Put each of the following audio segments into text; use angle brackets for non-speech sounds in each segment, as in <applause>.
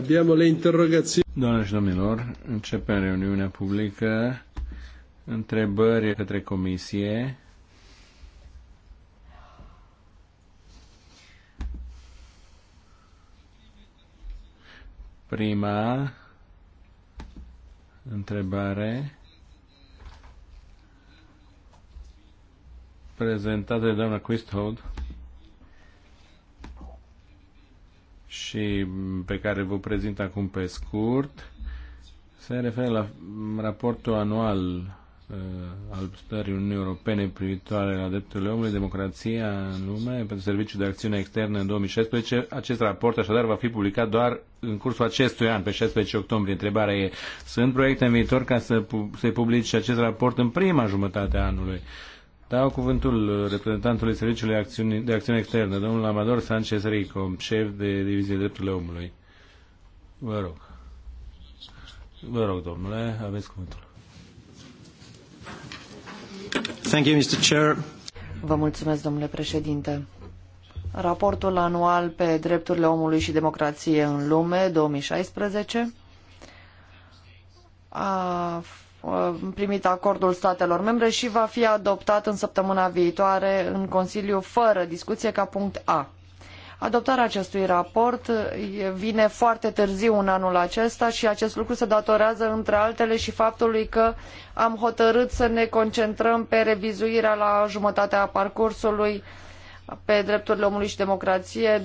Abbiamo le interrogazioni. Doamne și domnilor, începem reuniunea publică. Întrebări către comisie. Prima întrebare prezentată de doamna Quisthold și pe care vă prezint acum pe scurt se referă la raportul anual uh, al stării Uniunii Europene privitoare la drepturile omului, democrația în lume, pentru Serviciul de Acțiune Externă în 2016. Acest raport așadar va fi publicat doar în cursul acestui an, pe 16 octombrie. Întrebarea e, sunt proiecte în viitor ca să se publice acest raport în prima jumătate a anului? Uh, Dau cuvântul reprezentantului Serviciului de Acțiune Externă, domnul Amador Sanchez Rico, șef de Divizie Drepturile Omului. Vă rog. Vă rog, domnule, aveți cuvântul. Thank you, Mr. Chair. Vă mulțumesc, domnule președinte. Raportul anual pe drepturile omului și democrație în lume 2016 a Uh, primit acordul statelor membre și va fi adoptat în săptămâna viitoare în Consiliu fără discuție ca punct A. Adoptarea acestui raport vine foarte târziu în anul acesta și acest lucru se datorează între altele și faptului că am hotărât să ne concentrăm pe revizuirea la jumătatea parcursului pe drepturile omului și democrație 2012-2015,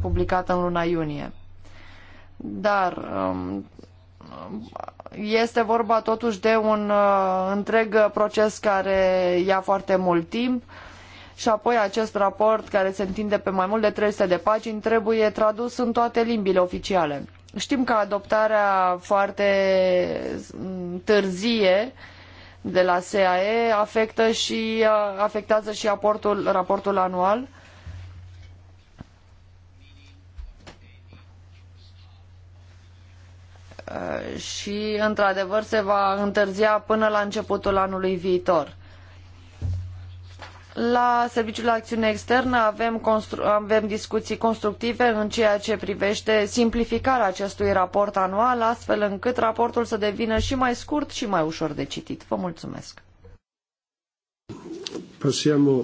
publicată în luna iunie. Dar um, este vorba totuși de un uh, întreg proces care ia foarte mult timp și apoi acest raport care se întinde pe mai mult de 300 de pagini trebuie tradus în toate limbile oficiale. Știm că adoptarea foarte mm, târzie de la SAE afectă și, uh, afectează și raportul, raportul anual uh, Uh, și, într-adevăr, se va întârzia până la începutul anului viitor. La Serviciul de Acțiune Externă avem, constru- avem discuții constructive în ceea ce privește simplificarea acestui raport anual, astfel încât raportul să devină și mai scurt și mai ușor de citit. Vă mulțumesc! Passiamo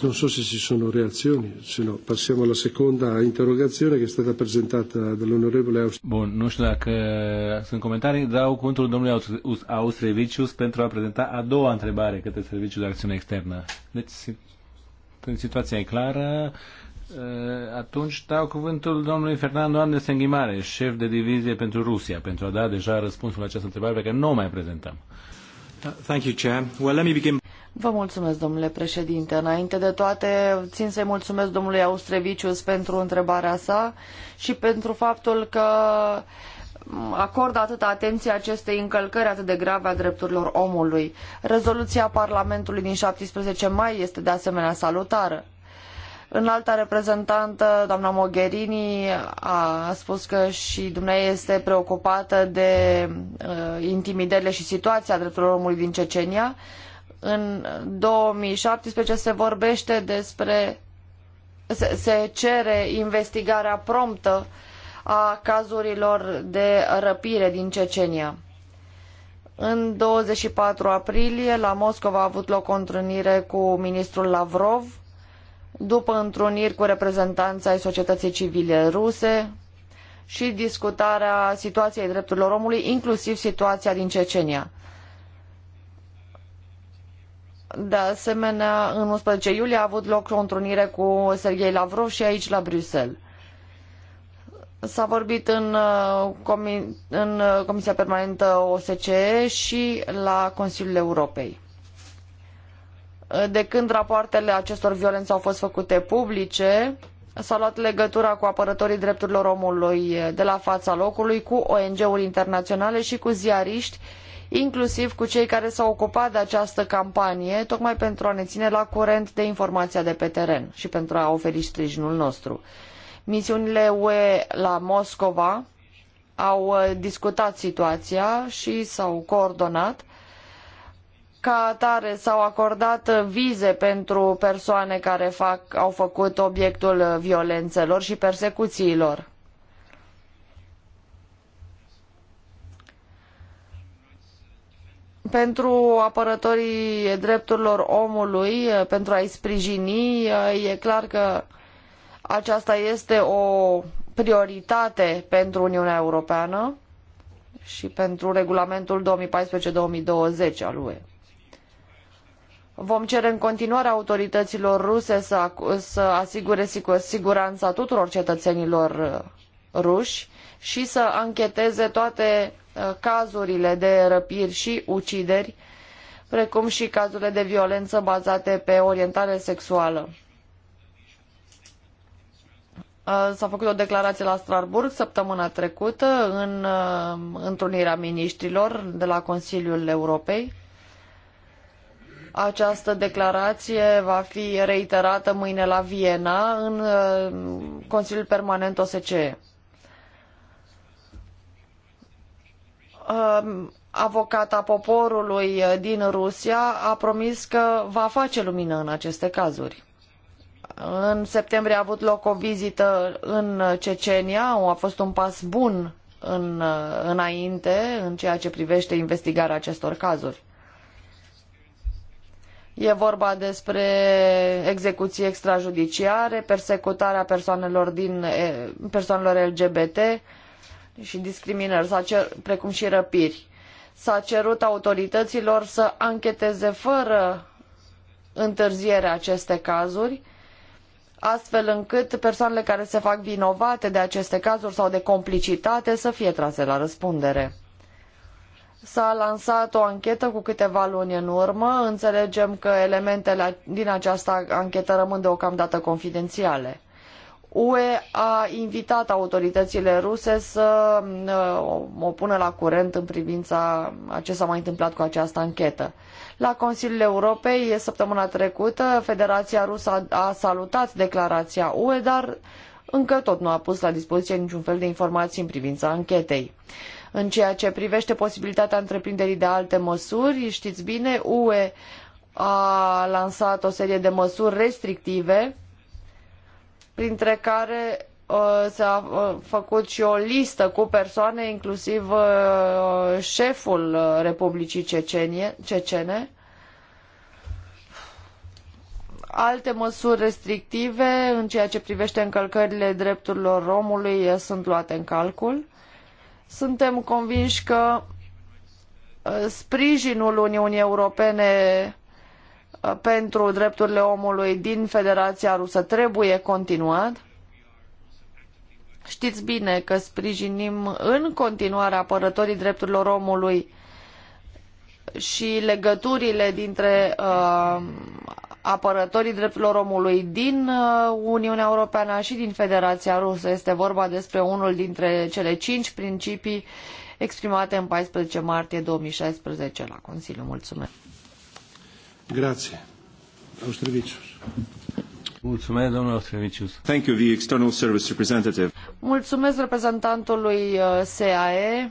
Non so se ci sono reazioni, se no passiamo alla seconda interrogazione che è stata presentata dall'onorevole Austrevicius. Bun, nu știu dacă uh, sunt comentarii, dau cuvântul domnului Austrevicius pentru a prezenta a doua întrebare către Serviciul de Acțiune Externă. Deci, situația e clară. Uh, atunci dau cuvântul domnului Fernando Andes Înghimare, șef de divizie pentru Rusia, pentru a da deja răspunsul la această întrebare pe care nu o mai prezentăm. Uh, thank you, Chair. Well, let me begin... Vă mulțumesc, domnule președinte. Înainte de toate, țin să-i mulțumesc domnului Austrevicius pentru întrebarea sa și pentru faptul că acordă atâta atenție acestei încălcări atât de grave a drepturilor omului. Rezoluția Parlamentului din 17 mai este de asemenea salutară. alta reprezentantă, doamna Mogherini, a spus că și dumneavoastră este preocupată de uh, intimidările și situația drepturilor omului din Cecenia. În 2017 se vorbește despre se, se cere investigarea promptă a cazurilor de răpire din Cecenia. În 24 aprilie, la Moscova a avut loc o întrunire cu ministrul Lavrov, după întruniri cu reprezentanța ai societății civile ruse și discutarea situației drepturilor omului, inclusiv situația din Cecenia. De asemenea, în 11 iulie a avut loc o întrunire cu Serghei Lavrov și aici la Bruxelles. S-a vorbit în, uh, comi în uh, Comisia Permanentă OSCE și la Consiliul Europei. De când rapoartele acestor violențe au fost făcute publice, s-a luat legătura cu apărătorii drepturilor omului de la fața locului, cu ONG-uri internaționale și cu ziariști inclusiv cu cei care s-au ocupat de această campanie, tocmai pentru a ne ține la curent de informația de pe teren și pentru a oferi sprijinul nostru. Misiunile UE la Moscova au uh, discutat situația și s-au coordonat ca atare s-au acordat uh, vize pentru persoane care fac, au făcut obiectul uh, violențelor și persecuțiilor. pentru apărătorii drepturilor omului, eh, pentru a-i sprijini, eh, e clar că aceasta este o prioritate pentru Uniunea Europeană și pentru regulamentul 2014-2020 al UE. Vom cere în continuare autorităților ruse să, să asigure siguranța tuturor cetățenilor eh, ruși și să ancheteze toate Uh, cazurile de răpiri și ucideri, precum și cazurile de violență bazate pe orientare sexuală. Uh, s-a făcut o declarație la Strasbourg săptămâna trecută în uh, întrunirea miniștrilor de la Consiliul Europei. Această declarație va fi reiterată mâine la Viena în Consiliul Permanent OSCE. Um, avocata poporului din Rusia a promis că va face lumină în aceste cazuri. În septembrie a avut loc o vizită în Cecenia, a fost un pas bun în, înainte în ceea ce privește investigarea acestor cazuri. E vorba despre execuții extrajudiciare, persecutarea persoanelor, din, persoanelor LGBT, și discriminări, cer, precum și răpiri. S-a cerut autorităților să ancheteze fără întârziere aceste cazuri, astfel încât persoanele care se fac vinovate de aceste cazuri sau de complicitate să fie trase la răspundere. S-a lansat o anchetă cu câteva luni în urmă. Înțelegem că elementele din această anchetă rămân deocamdată confidențiale. UE a invitat autoritățile ruse să uh, o pună la curent în privința a ce s-a mai întâmplat cu această anchetă. La Consiliul Europei, săptămâna trecută, Federația Rusă a salutat declarația UE, dar încă tot nu a pus la dispoziție niciun fel de informații în privința anchetei. În ceea ce privește posibilitatea întreprinderii de alte măsuri, știți bine, UE a lansat o serie de măsuri restrictive printre care uh, s-a uh, făcut și o listă cu persoane, inclusiv uh, șeful Republicii Cecenie, Cecene. Alte măsuri restrictive în ceea ce privește încălcările drepturilor omului sunt luate în calcul. Suntem convinși că sprijinul Uniunii Europene pentru drepturile omului din Federația Rusă trebuie continuat. Știți bine că sprijinim în continuare apărătorii drepturilor omului și legăturile dintre uh, apărătorii drepturilor omului din uh, Uniunea Europeană și din Federația Rusă. Este vorba despre unul dintre cele cinci principii exprimate în 14 martie 2016 la Consiliu. Mulțumesc! Grație. Austrevicius. Mulțumesc, domnul Austrevicius. Thank you, the External Service Representative. Mulțumesc reprezentantului uh, SAE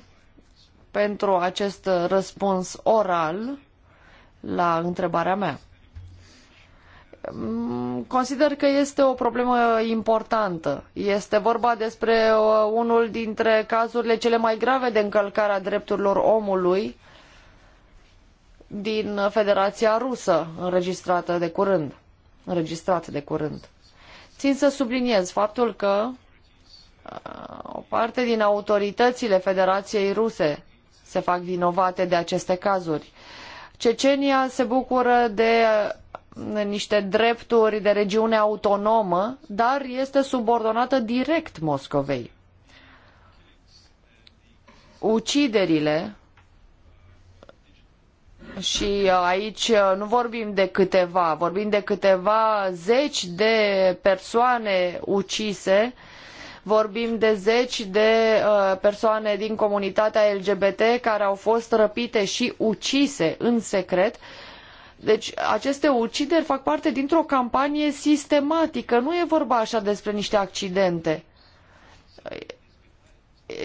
pentru acest răspuns oral la întrebarea mea. Mm, consider că este o problemă importantă. Este vorba despre uh, unul dintre cazurile cele mai grave de încălcare a drepturilor omului din Federația Rusă, înregistrată de curând. Înregistrat de curând. Țin să subliniez faptul că uh, o parte din autoritățile Federației Ruse se fac vinovate de aceste cazuri. Cecenia se bucură de uh, niște drepturi de regiune autonomă, dar este subordonată direct Moscovei. Uciderile și uh, aici uh, nu vorbim de câteva, vorbim de câteva zeci de persoane ucise, vorbim de zeci de uh, persoane din comunitatea LGBT care au fost răpite și ucise în secret. Deci aceste ucideri fac parte dintr-o campanie sistematică, nu e vorba așa despre niște accidente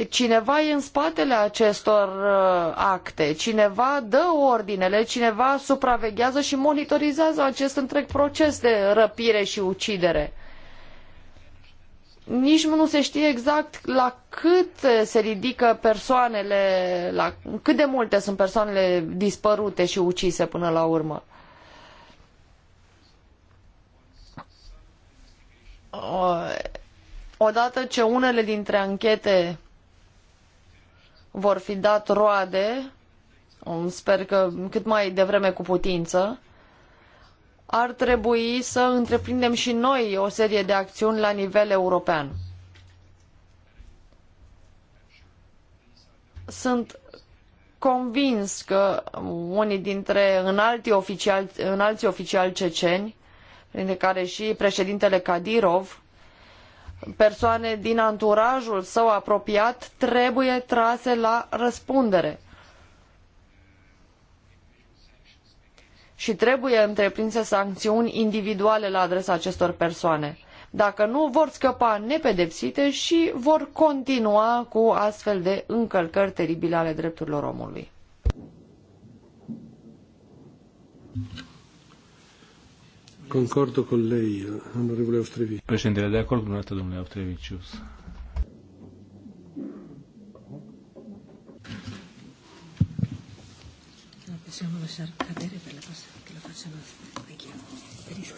cineva e în spatele acestor uh, acte, cineva dă ordinele, cineva supraveghează și monitorizează acest întreg proces de răpire și ucidere. Nici nu se știe exact la cât se ridică persoanele, la cât de multe sunt persoanele dispărute și ucise până la urmă. Odată ce unele dintre anchete vor fi dat roade, um, sper că cât mai devreme cu putință, ar trebui să întreprindem și noi o serie de acțiuni la nivel european. Sunt convins că unii dintre înalți oficiali, înalții oficiali ceceni, printre care și președintele Kadirov, persoane din anturajul său apropiat trebuie trase la răspundere. Și trebuie întreprinse sancțiuni individuale la adresa acestor persoane. Dacă nu, vor scăpa nepedepsite și vor continua cu astfel de încălcări teribile ale drepturilor omului concordo con lei, onorevole Austrevicius. Președintele, de acord cu dumneavoastră, domnule Austrevicius.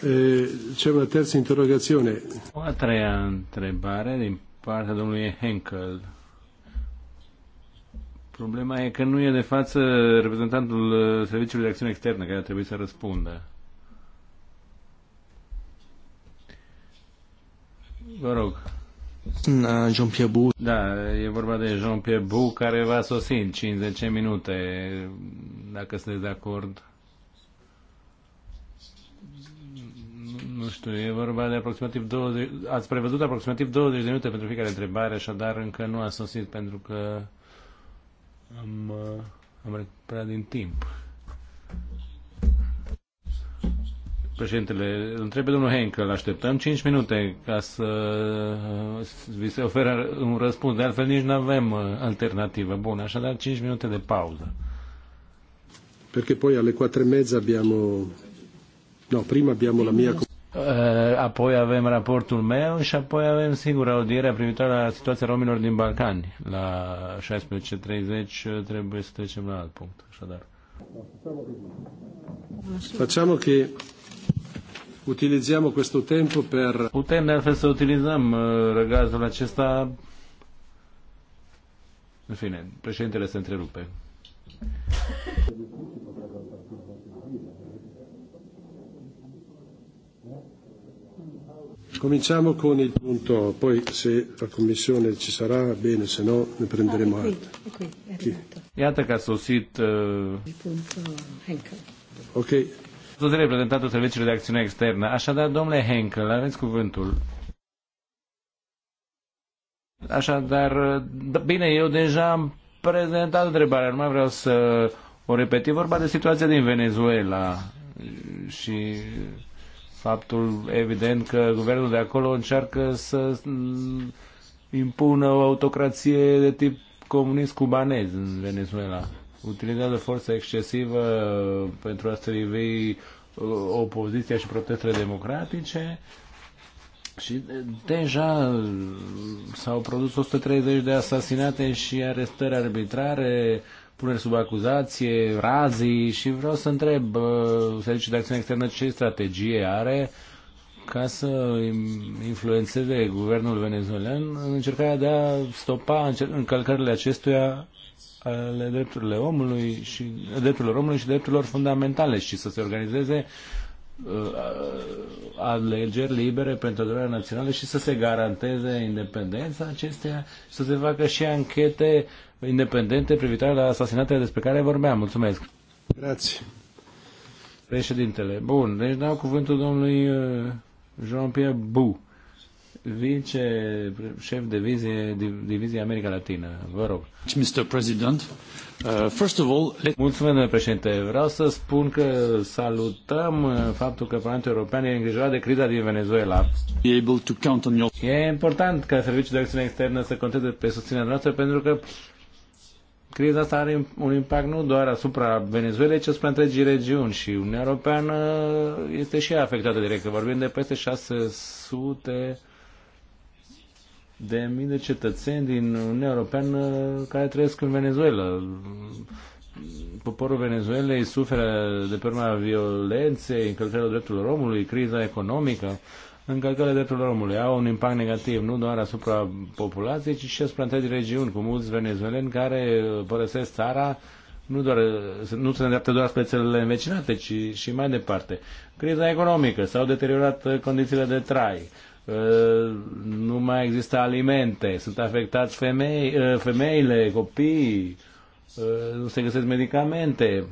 Eh, c'è una terza interrogazione. O a treia întrebare din partea domnului Henkel. Problema e că nu e de față reprezentantul Serviciului de Acțiune Externă care a trebuit să răspundă. Vă rog. Jean-Pierre Bou. Da, e vorba de Jean-Pierre Bou care va sosi în 50 minute, dacă sunteți de acord. Nu știu, e vorba de aproximativ 20... Ați prevăzut aproximativ 20 de minute pentru fiecare întrebare, așadar încă nu a sosit pentru că am, am prea din timp. Președintele, întrebe domnul Henkel, așteptăm 5 minute ca să vi se oferă un răspuns, de altfel nici nu avem uh, alternativă. Bun, așadar 5 minute de pauză. Perché poi alle 4 e mezza abbiamo... No, prima abbiamo la mia... Uh, apoi avem raportul meu și apoi avem singura audierea privitoare la situația romilor din Balcani. La 16.30 uh, trebuie să trecem la alt punct, așadar. Facciamo che utilizziamo questo tempo per... Putem de să utilizăm uh, răgazul acesta... În fine, președintele se întrerupe. Cominciamo con il punto, poi se la Commissione ci sarà, bene, se no ne prenderemo ah, altro. Qui, è Iată che ha sosit... Uh... Il punto Henkel. Ok tot reprezentantul Serviciului de Acțiune Externă. Așadar, domnule Henkel, aveți cuvântul. Așadar, bine, eu deja am prezentat întrebarea, nu mai vreau să o repet. E vorba de situația din Venezuela și faptul evident că guvernul de acolo încearcă să impună o autocrație de tip comunist cubanez în Venezuela utilizează forța excesivă pentru a strivi uh, opoziția și protestele democratice și uh, deja uh, s-au produs 130 de asasinate și arestări arbitrare, puneri sub acuzație, razii și vreau să întreb Serviciul de Acțiune Externă ce strategie are ca să influențeze guvernul venezuelan în încercarea de a stopa încălcările acestuia ale drepturile omului și drepturilor omului și drepturilor fundamentale și să se organizeze uh, alegeri libere pentru adunarea națională și să se garanteze independența acesteia și să se facă și anchete independente privitoare la asasinatele despre care vorbeam. Mulțumesc! Grație! Președintele. Bun, deci dau cuvântul domnului uh, Jean-Pierre Bou vice șef de vizie, divizie America Latină. Vă rog. Mr. President, uh, first of all, let... Mulțumesc, domnule președinte. Vreau să spun că salutăm uh, faptul că Parlamentul European e îngrijorat de criza din Venezuela. Be able to count on your... E important ca Serviciul de Acțiune Externă să conteze pe susținerea noastră pentru că criza asta are un impact nu doar asupra Venezuelei, ci asupra întregii regiuni și Uniunea Europeană este și ea afectată direct. Vorbim de peste 600 de mii de cetățeni din Uniunea Europeană care trăiesc în Venezuela. Poporul Venezuelei suferă de pe urma violenței, încălcările drepturilor omului, criza economică. Încălcările drepturilor omului au un impact negativ nu doar asupra populației, ci și asupra întregii regiuni, cu mulți venezueleni care părăsesc țara nu, doar, nu se îndreaptă doar spre țările învecinate, ci și mai departe. Criza economică, s-au deteriorat condițiile de trai nu mai există alimente, sunt afectați femei, ă, femeile, copiii, ă, nu se găsesc medicamente.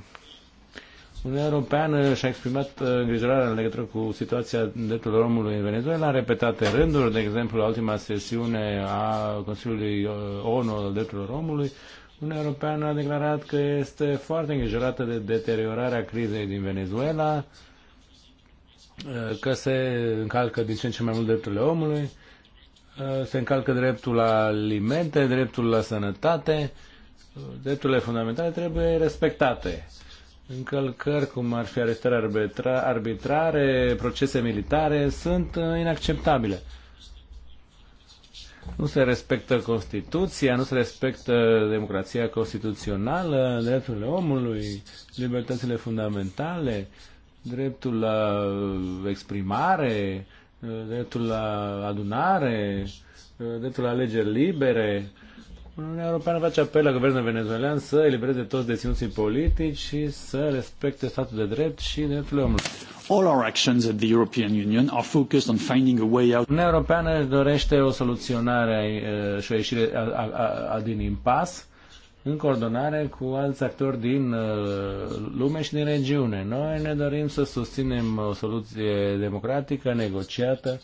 Uniunea Europeană și-a exprimat ă, îngrijorarea în legătură cu situația drepturilor omului în Venezuela repetate rânduri, de exemplu la ultima sesiune a Consiliului ONU al drepturilor omului, Uniunea Europeană a declarat că este foarte îngrijorată de deteriorarea crizei din Venezuela, că se încalcă din ce în ce mai mult drepturile omului, se încalcă dreptul la alimente, dreptul la sănătate, drepturile fundamentale trebuie respectate. Încălcări cum ar fi arestări arbitra, arbitrare, procese militare sunt inacceptabile. Nu se respectă Constituția, nu se respectă democrația constituțională, drepturile omului, libertățile fundamentale, uh, dreptul la exprimare, dreptul la adunare, dreptul la alegeri libere. Uniunea Europeană face apel la guvernul venezuelan să elibereze toți deținuții politici și să respecte statul de drept și dreptul omului. All our actions at the European Union are focused on finding a way out. Uniunea Europeană dorește o soluționare și o ieșire a, a, a, din impas în coordonare cu alți actori din uh, lume și din regiune. Noi ne dorim să susținem o soluție democratică, negociată,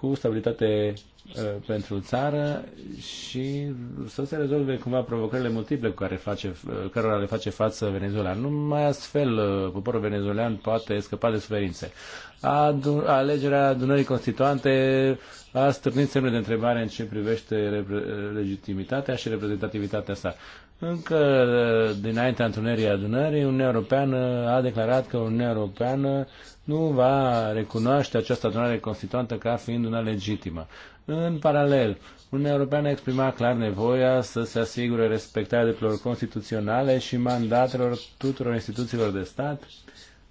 cu stabilitate uh, pentru țară și să se rezolve cumva provocările multiple cu care face, uh, cărora le face față Venezuela. Numai astfel poporul venezuelan poate scăpa de suferințe. Adu- alegerea adunării constituante a stârnit semne de întrebare în ce privește legitimitatea și reprezentativitatea sa. Încă dinaintea întunerii adunării, Uniunea Europeană a declarat că Uniunea Europeană nu va recunoaște această adunare constituantă ca fiind una legitimă. În paralel, Uniunea Europeană exprimat clar nevoia să se asigure respectarea drepturilor constituționale și mandatelor tuturor instituțiilor de stat,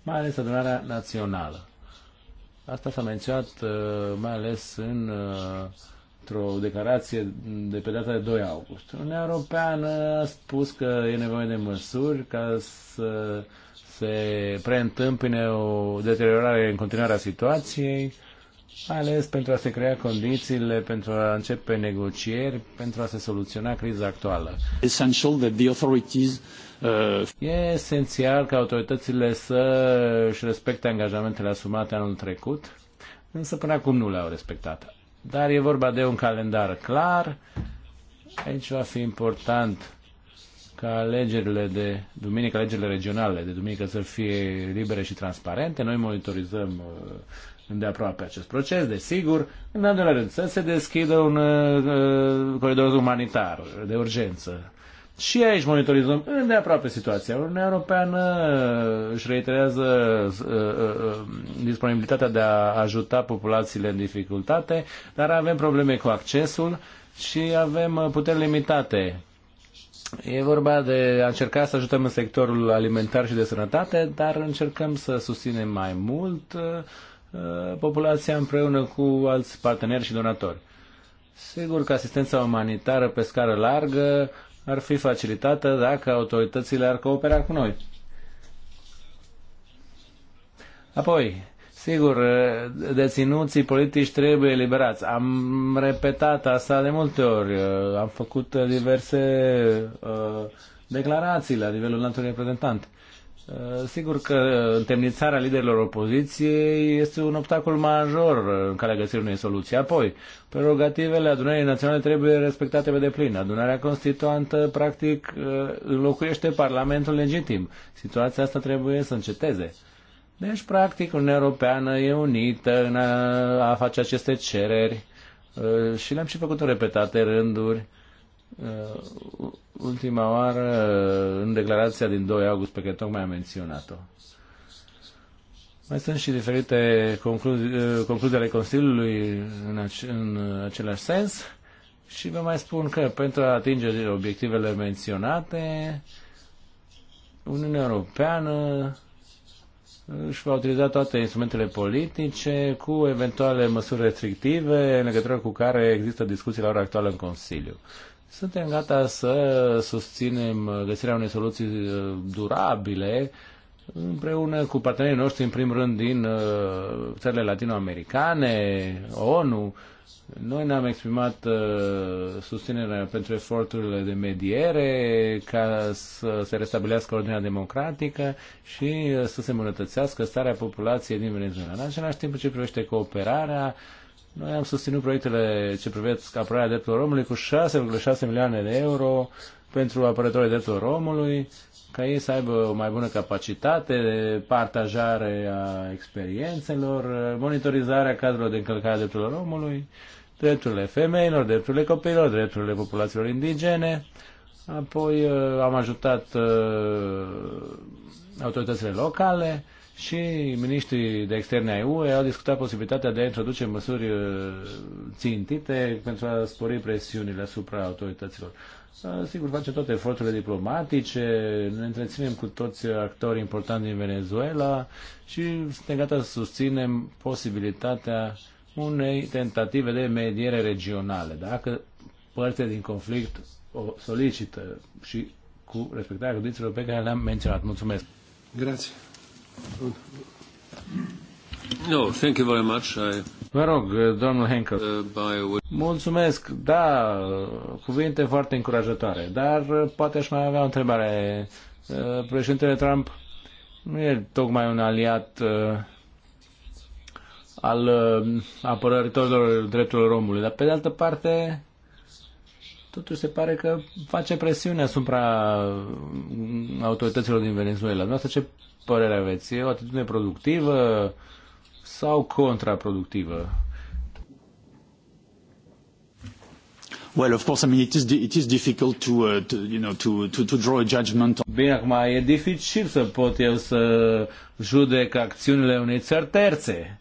mai ales adunarea națională. Asta s-a menționat uh, mai ales în uh, într-o declarație de pe data de 2 august. Uniunea Europeană a spus că e nevoie de măsuri ca să se preîntâmpine o deteriorare în continuare a situației, mai ales pentru a se crea condițiile pentru a începe negocieri, pentru a se soluționa criza actuală. Essential that the authorities uh, E esențial ca autoritățile să își respecte angajamentele asumate anul trecut, însă până acum nu le-au respectat. Dar e vorba de un calendar clar. Aici va fi important ca alegerile de duminică, alegerile regionale de duminică să fie libere și transparente. Noi monitorizăm uh, îndeaproape acest proces, desigur. În al doilea rând, să se deschidă un uh, uh coridor umanitar de urgență și aici monitorizăm îndeaproape situația. Uniunea Europeană uh, își reiterează uh, uh, disponibilitatea de a ajuta populațiile în dificultate, dar avem probleme cu accesul și avem puteri limitate. E vorba de a încerca să ajutăm în sectorul alimentar și de sănătate, dar încercăm să susținem mai mult populația împreună cu alți parteneri și donatori. Sigur că asistența umanitară pe scară largă ar fi facilitată dacă autoritățile ar coopera cu noi. Apoi, sigur, deținuții politici trebuie eliberați. Am repetat asta de multe ori. Am făcut diverse uh, declarații la nivelul înaltului reprezentant. Uh, sigur că întemnițarea liderilor opoziției este un obstacol major în calea găsirii unei soluții. Apoi, prerogativele adunării naționale trebuie respectate pe deplin. Adunarea constituantă, practic, uh, înlocuiește Parlamentul legitim. Situația asta trebuie să înceteze. Deci, practic, Uniunea Europeană e unită în a face aceste cereri uh, și le-am și făcut în repetate rânduri Uh, ultima oară uh, în declarația din 2 august pe care tocmai am menționat-o. Mai sunt și diferite concluzii, uh, concluzii ale Consiliului în, ace, în același sens și vă mai spun că pentru a atinge obiectivele menționate, Uniunea Europeană își va utiliza toate instrumentele politice cu eventuale măsuri restrictive în legătură cu care există discuții la ora actuală în Consiliu. Suntem gata să susținem găsirea unei soluții uh, durabile împreună cu partenerii noștri, în primul rând, din uh, țările latinoamericane, ONU. Noi ne-am exprimat uh, susținerea pentru eforturile de mediere ca să se restabilească ordinea democratică și să se îmbunătățească starea populației din Venezuela. În același timp, ce privește cooperarea, noi am susținut proiectele ce privesc apărarea drepturilor omului cu 6,6 milioane de euro pentru apărătorii drepturilor omului, ca ei să aibă o mai bună capacitate de partajare a experiențelor, monitorizarea cadrelor de încălcare a drepturilor omului, drepturile femeilor, drepturile copiilor, drepturile populațiilor indigene. Apoi uh, am ajutat uh, autoritățile locale și ministrii de externe ai UE au discutat posibilitatea de a introduce măsuri uh, țintite pentru a spori presiunile asupra autorităților. Uh, sigur, face toate eforturile diplomatice, ne întreținem cu toți actorii importanti din Venezuela și suntem gata să susținem posibilitatea unei tentative de mediere regionale, dacă părțile din conflict o solicită și cu respectarea condițiilor pe care le-am menționat. Mulțumesc! Grazie! No, thank you very much. I... Vă rog, domnul Henkel. Uh, by... Mulțumesc, da, cuvinte foarte încurajatoare, dar uh, poate aș mai avea o întrebare. Uh, președintele Trump nu e tocmai un aliat uh, al uh, apărătorilor drepturilor omului, dar pe de altă parte totuși se pare că face presiune asupra uh, autorităților din Venezuela. Noastră ce părere aveți? E o atitudine productivă sau contraproductivă? Well, of course, I mean, it is, it is difficult to, uh, to, you know, to, to, to draw a judgment. On... Bine, acum e dificil să pot eu să judec acțiunile unei țări terțe.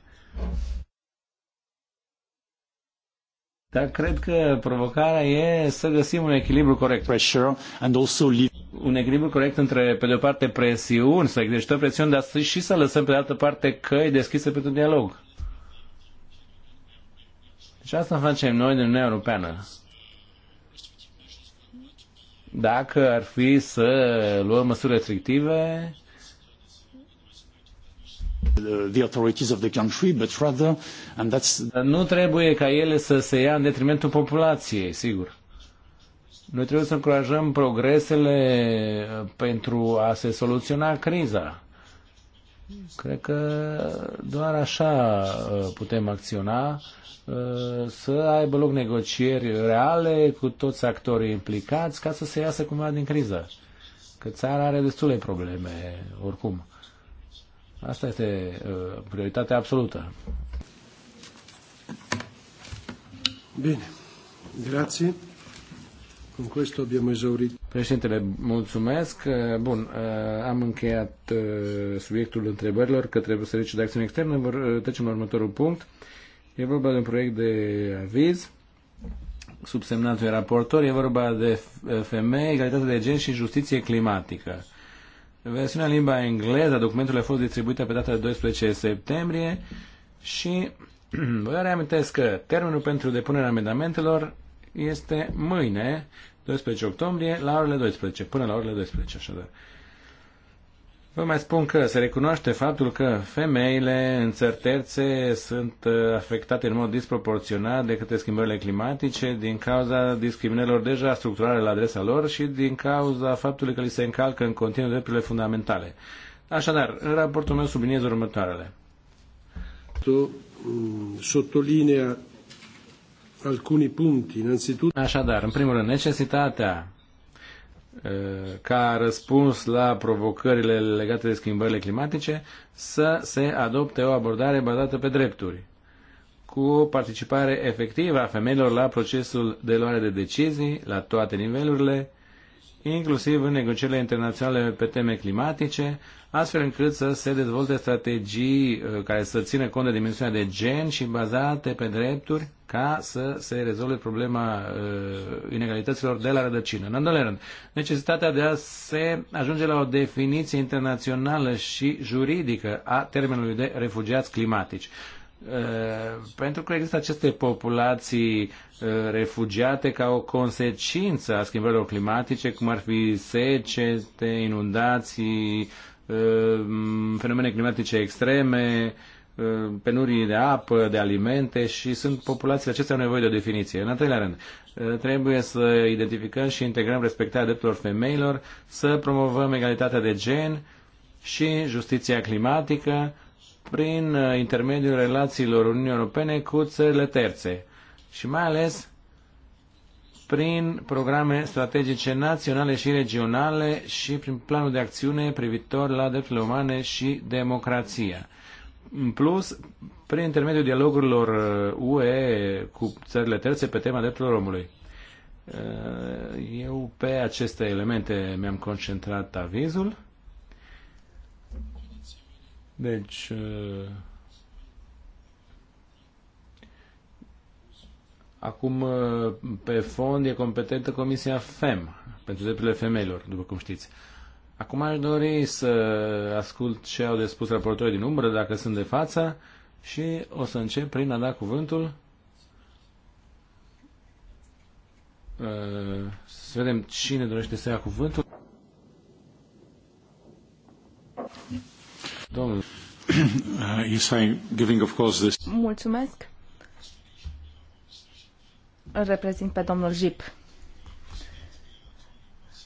Dar cred că provocarea e să găsim un echilibru corect. Pressure and also un echilibru corect între, pe de o parte, presiuni, să exercităm presiuni, dar și să lăsăm, pe de altă parte, căi deschise pentru dialog. Deci asta facem noi din Uniunea Europeană. Dacă ar fi să luăm măsuri restrictive, nu trebuie ca ele să se ia în detrimentul populației, sigur. Noi trebuie să încurajăm progresele uh, pentru a se soluționa criza. Cred că doar așa uh, putem acționa, uh, să aibă loc negocieri reale cu toți actorii implicați ca să se iasă cumva din criză. Că țara are destule probleme, oricum. Asta este uh, prioritatea absolută. Bine, grazie. Cu questo abbiamo esaurito. Președintele, mulțumesc. Uh, bun, uh, am încheiat subiectul întrebărilor către Serviciul de Acțiune Externă. Vor, trecem la următorul punct. E vorba de un proiect de aviz subsemnatul raportor. E vorba de femei, egalitate de gen și justiție climatică. Versiunea în limba engleză Documentul a fost distribuită pe data de 12 septembrie și <clears throat> vă reamintesc că termenul pentru depunerea amendamentelor este mâine, 12 octombrie, la orele 12, până la orele 12, așadar. Vă mai spun că se recunoaște faptul că femeile în țări terțe sunt uh, afectate în mod disproporționat de către schimbările climatice din cauza discriminărilor deja structurale la adresa lor și din cauza faptului că li se încalcă în continuu drepturile fundamentale. Așadar, în raportul meu subliniez următoarele. Mm, sottolinea alcuni punti, innanzitutto. Așadar, în primul rând, necesitatea ca răspuns la provocările legate de schimbările climatice să se adopte o abordare bazată pe drepturi, cu participare efectivă a femeilor la procesul de luare de decizii la toate nivelurile, inclusiv în negocierile internaționale pe teme climatice, astfel încât să se dezvolte strategii uh, care să țină cont de dimensiunea de gen și bazate pe drepturi ca să se rezolve problema uh, inegalităților de la rădăcină. În doilea rând, necesitatea de a se ajunge la o definiție internațională și juridică a termenului de refugiați climatici pentru că există aceste populații uh, refugiate ca o consecință a schimbărilor climatice, cum ar fi secete, inundații, uh, fenomene climatice extreme, uh, penurii de apă, de alimente și sunt populațiile acestea au nevoie de o definiție. În al treilea rând, trebuie să identificăm și integrăm respectarea drepturilor femeilor, să promovăm egalitatea de gen și justiția climatică, prin uh, intermediul relațiilor Uniunii Europene cu țările terțe și mai ales prin programe strategice naționale și regionale și prin planul de acțiune privitor la drepturile umane și democrația. În plus, prin intermediul dialogurilor uh, UE cu țările terțe pe tema drepturilor omului. Uh, eu pe aceste elemente mi-am concentrat avizul deci, uh, acum uh, pe fond e competentă Comisia FEM pentru drepturile femeilor, după cum știți. Acum aș dori să ascult ce au de spus raportorii din umbră, dacă sunt de față, și o să încep prin a da cuvântul. Uh, să vedem cine dorește să ia cuvântul. Uh, mulțumesc. Îl reprezint pe domnul Jip.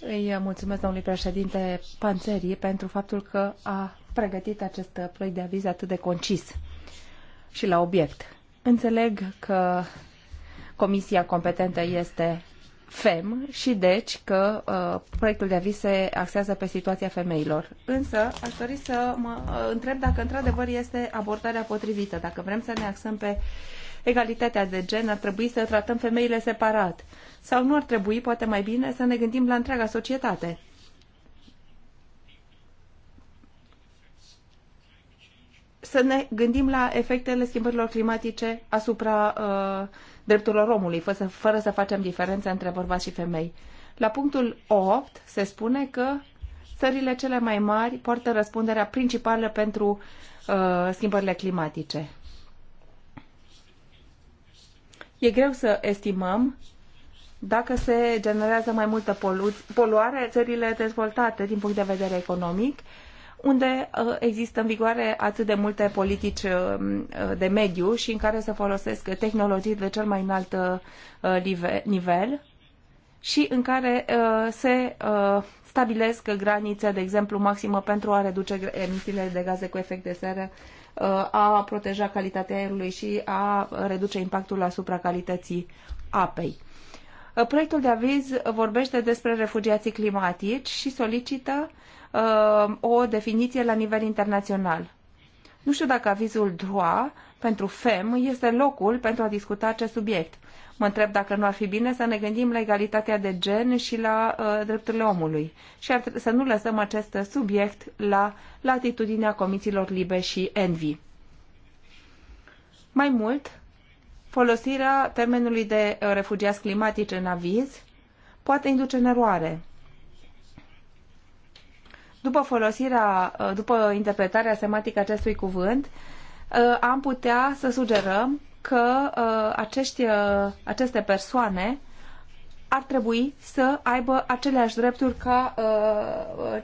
Îi mulțumesc domnului președinte Panțerii pentru faptul că a pregătit acest proiect de aviz atât de concis și la obiect. Înțeleg că comisia competentă este FEM și deci că uh, proiectul de aviz se axează pe situația femeilor. Însă aș dori să mă uh, întreb dacă într-adevăr este abordarea potrivită. Dacă vrem să ne axăm pe egalitatea de gen, ar trebui să tratăm femeile separat. Sau nu ar trebui, poate mai bine, să ne gândim la întreaga societate. Să ne gândim la efectele schimbărilor climatice asupra uh, drepturilor omului, fără să, fără să facem diferența între bărbați și femei. La punctul 8 se spune că țările cele mai mari poartă răspunderea principală pentru uh, schimbările climatice. E greu să estimăm dacă se generează mai multă polu- poluare, țările dezvoltate din punct de vedere economic uh, unde uh, există în vigoare atât de multe politici uh, uh, de mediu și în care se folosesc tehnologii de cel mai înalt nivel și în care se stabilesc granițe, de exemplu, maximă pentru a reduce emisiile de gaze cu efect de seră, a proteja calitatea aerului și a reduce impactul asupra calității apei. Proiectul de aviz vorbește despre refugiații climatici și solicită uh, Uh, o definiție la nivel internațional. Nu știu dacă avizul DROA pentru FEM este locul pentru a discuta acest subiect. Mă întreb dacă nu ar fi bine să ne gândim la egalitatea de gen și la uh, drepturile omului și ar să nu lăsăm acest subiect la latitudinea comisiilor libe și envi. Mai mult, folosirea termenului de uh, refugiați climatici în aviz poate induce în eroare. După folosirea, uh, după interpretarea semantică acestui cuvânt, uh, am putea să sugerăm că uh, acești, aceste persoane ar trebui să aibă aceleași drepturi ca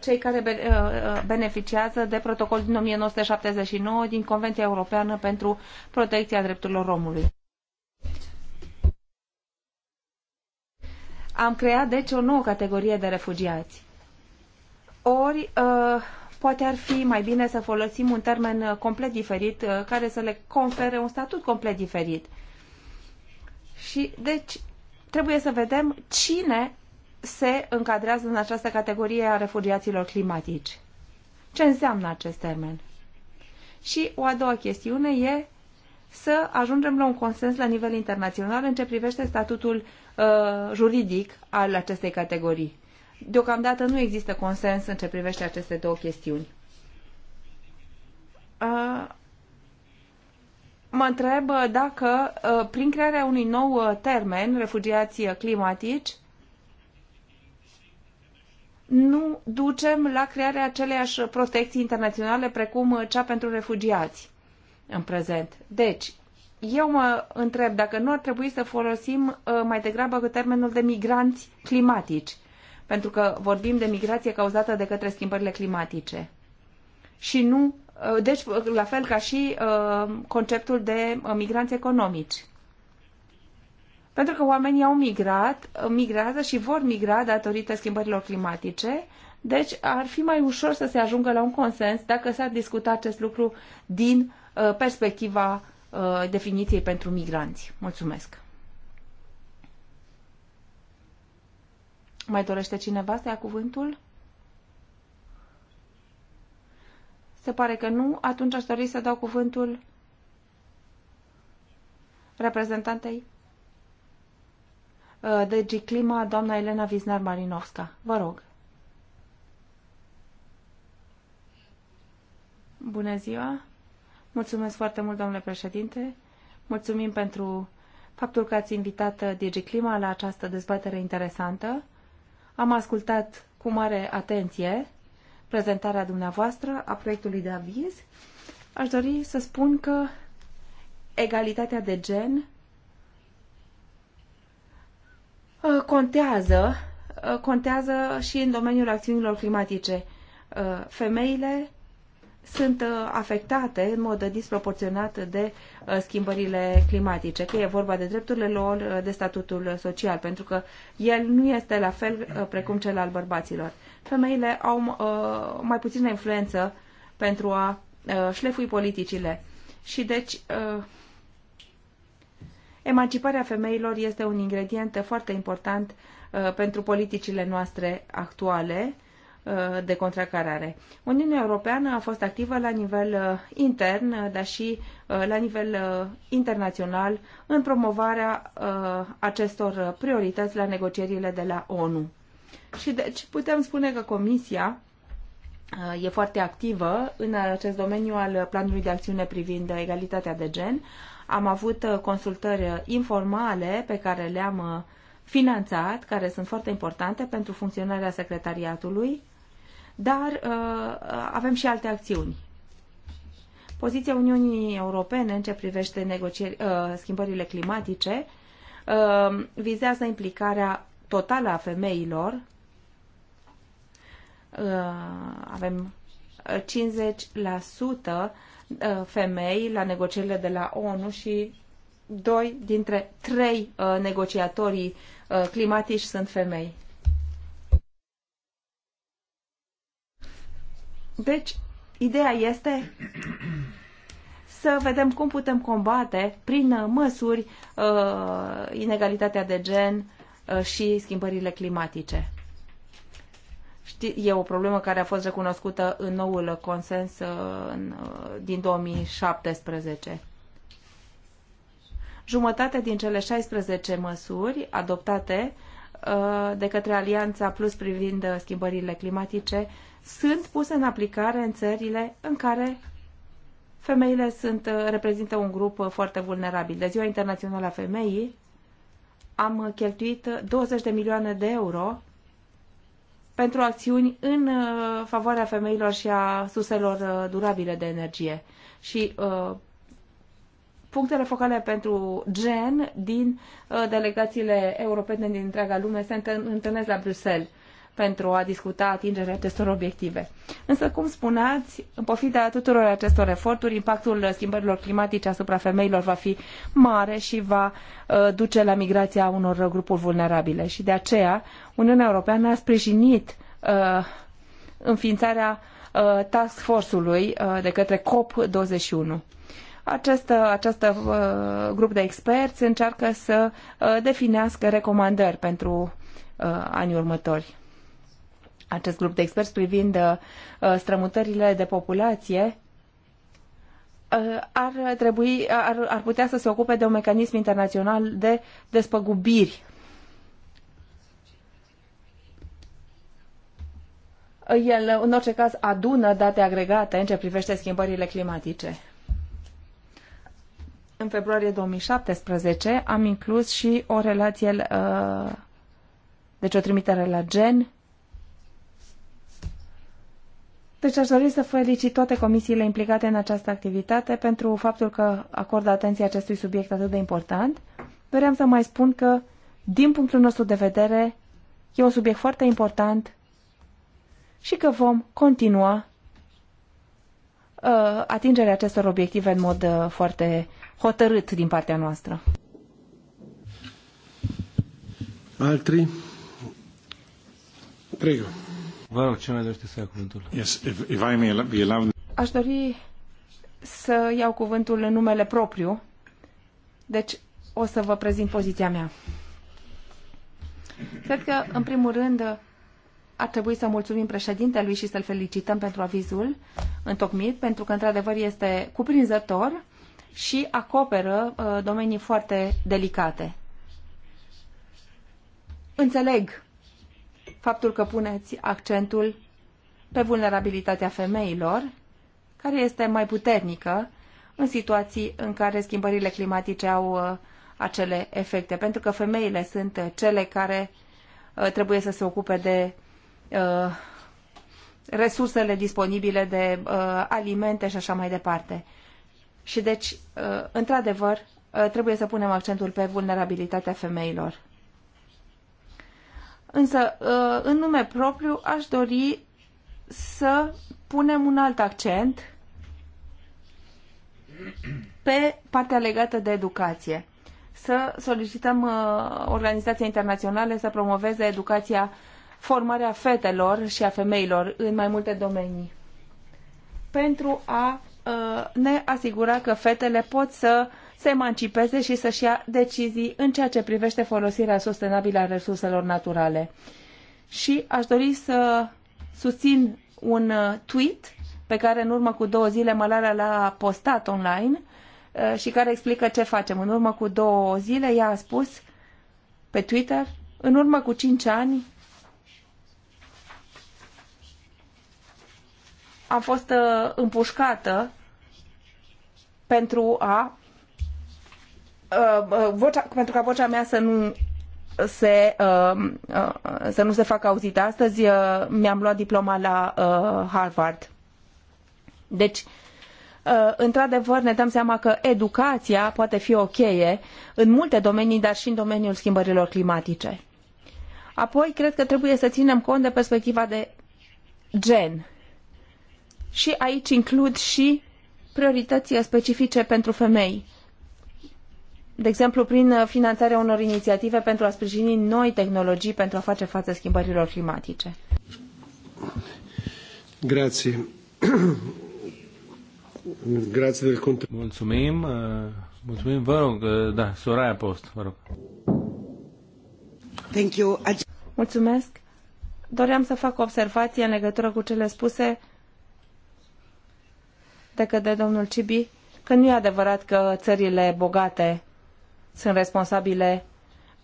cei care beneficiază de protocolul din 1979 din Convenția Europeană pentru Protecția Drepturilor Omului. Am creat, deci, o nouă categorie de refugiați. Ori uh, poate ar fi mai bine să folosim un termen uh, complet diferit uh, care să le confere un statut complet diferit. Și deci trebuie să vedem cine se încadrează în această categorie a refugiaților climatici. Ce înseamnă acest termen? Și o a doua chestiune e să ajungem la un consens la nivel internațional în ce privește statutul uh, juridic al acestei categorii. Deocamdată nu există consens în ce privește aceste două chestiuni. Mă întreb dacă, prin crearea unui nou termen, refugiații climatici, nu ducem la crearea aceleiași protecții internaționale precum cea pentru refugiați în prezent. Deci, eu mă întreb dacă nu ar trebui să folosim mai degrabă termenul de migranți climatici pentru că vorbim de migrație cauzată de către schimbările climatice. Și nu, uh, deci, uh, la fel ca și uh, conceptul de migranți economici. Pentru că oamenii au migrat, migrează și vor migra datorită schimbărilor climatice, deci ar fi mai ușor să se ajungă la un consens dacă s-ar discuta acest lucru din perspectiva definiției pentru migranți. Mulțumesc! Mai dorește cineva să ia cuvântul? Se pare că nu. Atunci aș dori să dau cuvântul reprezentantei uh, DG Clima, doamna Elena Viznar-Marinovska. Vă rog. Bună ziua! Mulțumesc foarte mult, domnule președinte! Mulțumim pentru faptul că ați invitat DigiClima la această dezbatere interesantă. Am ascultat cu mare atenție prezentarea dumneavoastră a proiectului de aviz. Aș dori să spun că egalitatea de gen uh, contează, uh, contează și în domeniul acțiunilor climatice. Uh, femeile sunt uh, afectate în mod disproporționat de uh, schimbările climatice, că e vorba de drepturile lor, uh, de statutul social, pentru că el nu este la fel precum cel al bărbaților. Femeile au mai puțină influență pentru a șlefui politicile. Și deci emanciparea femeilor este un ingredient foarte important pentru politicile noastre actuale Uh, de contracarare. Uniunea Europeană a fost activă la nivel uh, intern, uh, dar și la nivel internațional în promovarea acestor priorități la negocierile de la ONU. Și deci putem spune că Comisia e foarte activă în acest domeniu al planului de acțiune privind egalitatea de gen. Am avut consultări informale pe care le-am finanțat, care sunt foarte importante pentru funcționarea secretariatului dar uh, uh, avem și alte acțiuni. Poziția Uniunii Europene în ce privește uh, schimbările climatice vizează implicarea totală a femeilor. Avem 50% femei la negocierile de la ONU și doi dintre trei negociatorii climatici sunt femei. Deci, ideea este să vedem cum putem combate prin măsuri uh, inegalitatea de gen uh, și schimbările climatice. e o problemă care a fost recunoscută în noul consens uh, din 2017. Jumătate din cele 16 măsuri adoptate de către Alianța Plus privind schimbările climatice sunt puse în aplicare în țările în care femeile sunt, uh, reprezintă un grup uh, foarte vulnerabil. De Ziua Internațională a Femeii am cheltuit 20 uh, de milioane de euro pentru acțiuni în favoarea femeilor și a suselor durabile de energie. Și punctele focale pentru gen din uh, delegațiile europene din întreaga lume se întâlnesc la Bruxelles pentru a discuta atingerea acestor obiective. Însă, cum spuneați, în pofida tuturor acestor eforturi, impactul schimbărilor climatice asupra femeilor va fi mare și va uh, duce la migrația unor grupuri vulnerabile. Și de aceea, Uniunea Europeană a sprijinit uh, înființarea uh, task force-ului uh, de către COP21 acest, această, uh, grup de experți încearcă să uh, definească recomandări pentru uh, anii următori acest grup de experți privind uh, strămutările de populație uh, ar, trebui, uh, ar, ar putea să se ocupe de un mecanism internațional de despăgubiri. El, în orice caz, adună date agregate în ce privește schimbările climatice. În februarie 2017 am inclus și o relație, deci o trimitere la gen, deci aș dori să felicit toate comisiile implicate în această activitate pentru faptul că acordă atenție acestui subiect atât de important. Doream să mai spun că, din punctul nostru de vedere, e un subiect foarte important și că vom continua uh, atingerea acestor obiective în mod uh, foarte hotărât din partea noastră. Altri? Prego. Vă rog, ce mai dorește să ia cuvântul? Yes, if, if I may be allowed... Aș dori să iau cuvântul în numele propriu, deci o să vă prezint poziția mea. Cred că, în primul rând, ar trebui să mulțumim președintelui și să-l felicităm pentru avizul întocmit, pentru că, într-adevăr, este cuprinzător și acoperă uh, domenii foarte delicate. Înțeleg faptul că puneți accentul pe vulnerabilitatea femeilor, care este mai puternică în situații în care schimbările climatice au uh, acele efecte, pentru că femeile sunt uh, cele care uh, trebuie să se ocupe de resursele disponibile de uh, alimente și așa mai departe. Și deci, uh, într-adevăr, uh, trebuie să punem accentul pe vulnerabilitatea femeilor. Însă, uh, în nume propriu, aș dori să punem un alt accent pe partea legată de educație. Să solicităm uh, organizația internaționale să promoveze educația, formarea fetelor și a femeilor în mai multe domenii. Pentru a uh, ne asigura că fetele pot să se emancipeze și să-și ia decizii în ceea ce privește folosirea sustenabilă a resurselor naturale. Și aș dori să susțin un uh, tweet pe care în urmă cu două zile Malala l-a postat online uh, și care explică ce facem. În urmă cu două zile ea a spus pe Twitter, în urmă cu cinci ani am fost uh, împușcată pentru a Uh, uh, vocea, pentru ca vocea mea să nu se, uh, uh, să nu se facă auzită. Astăzi uh, mi-am luat diploma la uh, Harvard. Deci, uh, într-adevăr, ne dăm seama că educația poate fi o cheie în multe domenii, dar și în domeniul schimbărilor climatice. Apoi, cred că trebuie să ținem cont de perspectiva de gen. Și aici includ și priorități specifice pentru femei de exemplu, prin uh, finanțarea unor inițiative pentru a sprijini noi tehnologii pentru a face față schimbărilor climatice. Grazie. <clears throat> Grazie del Mulțumim. Uh, mulțumim, vă rog, uh, da, Soraya Post, vă rog. Thank you. Mulțumesc. Doream să fac o observație în legătură cu cele spuse de către domnul Cibi, că nu e adevărat că țările bogate sunt responsabile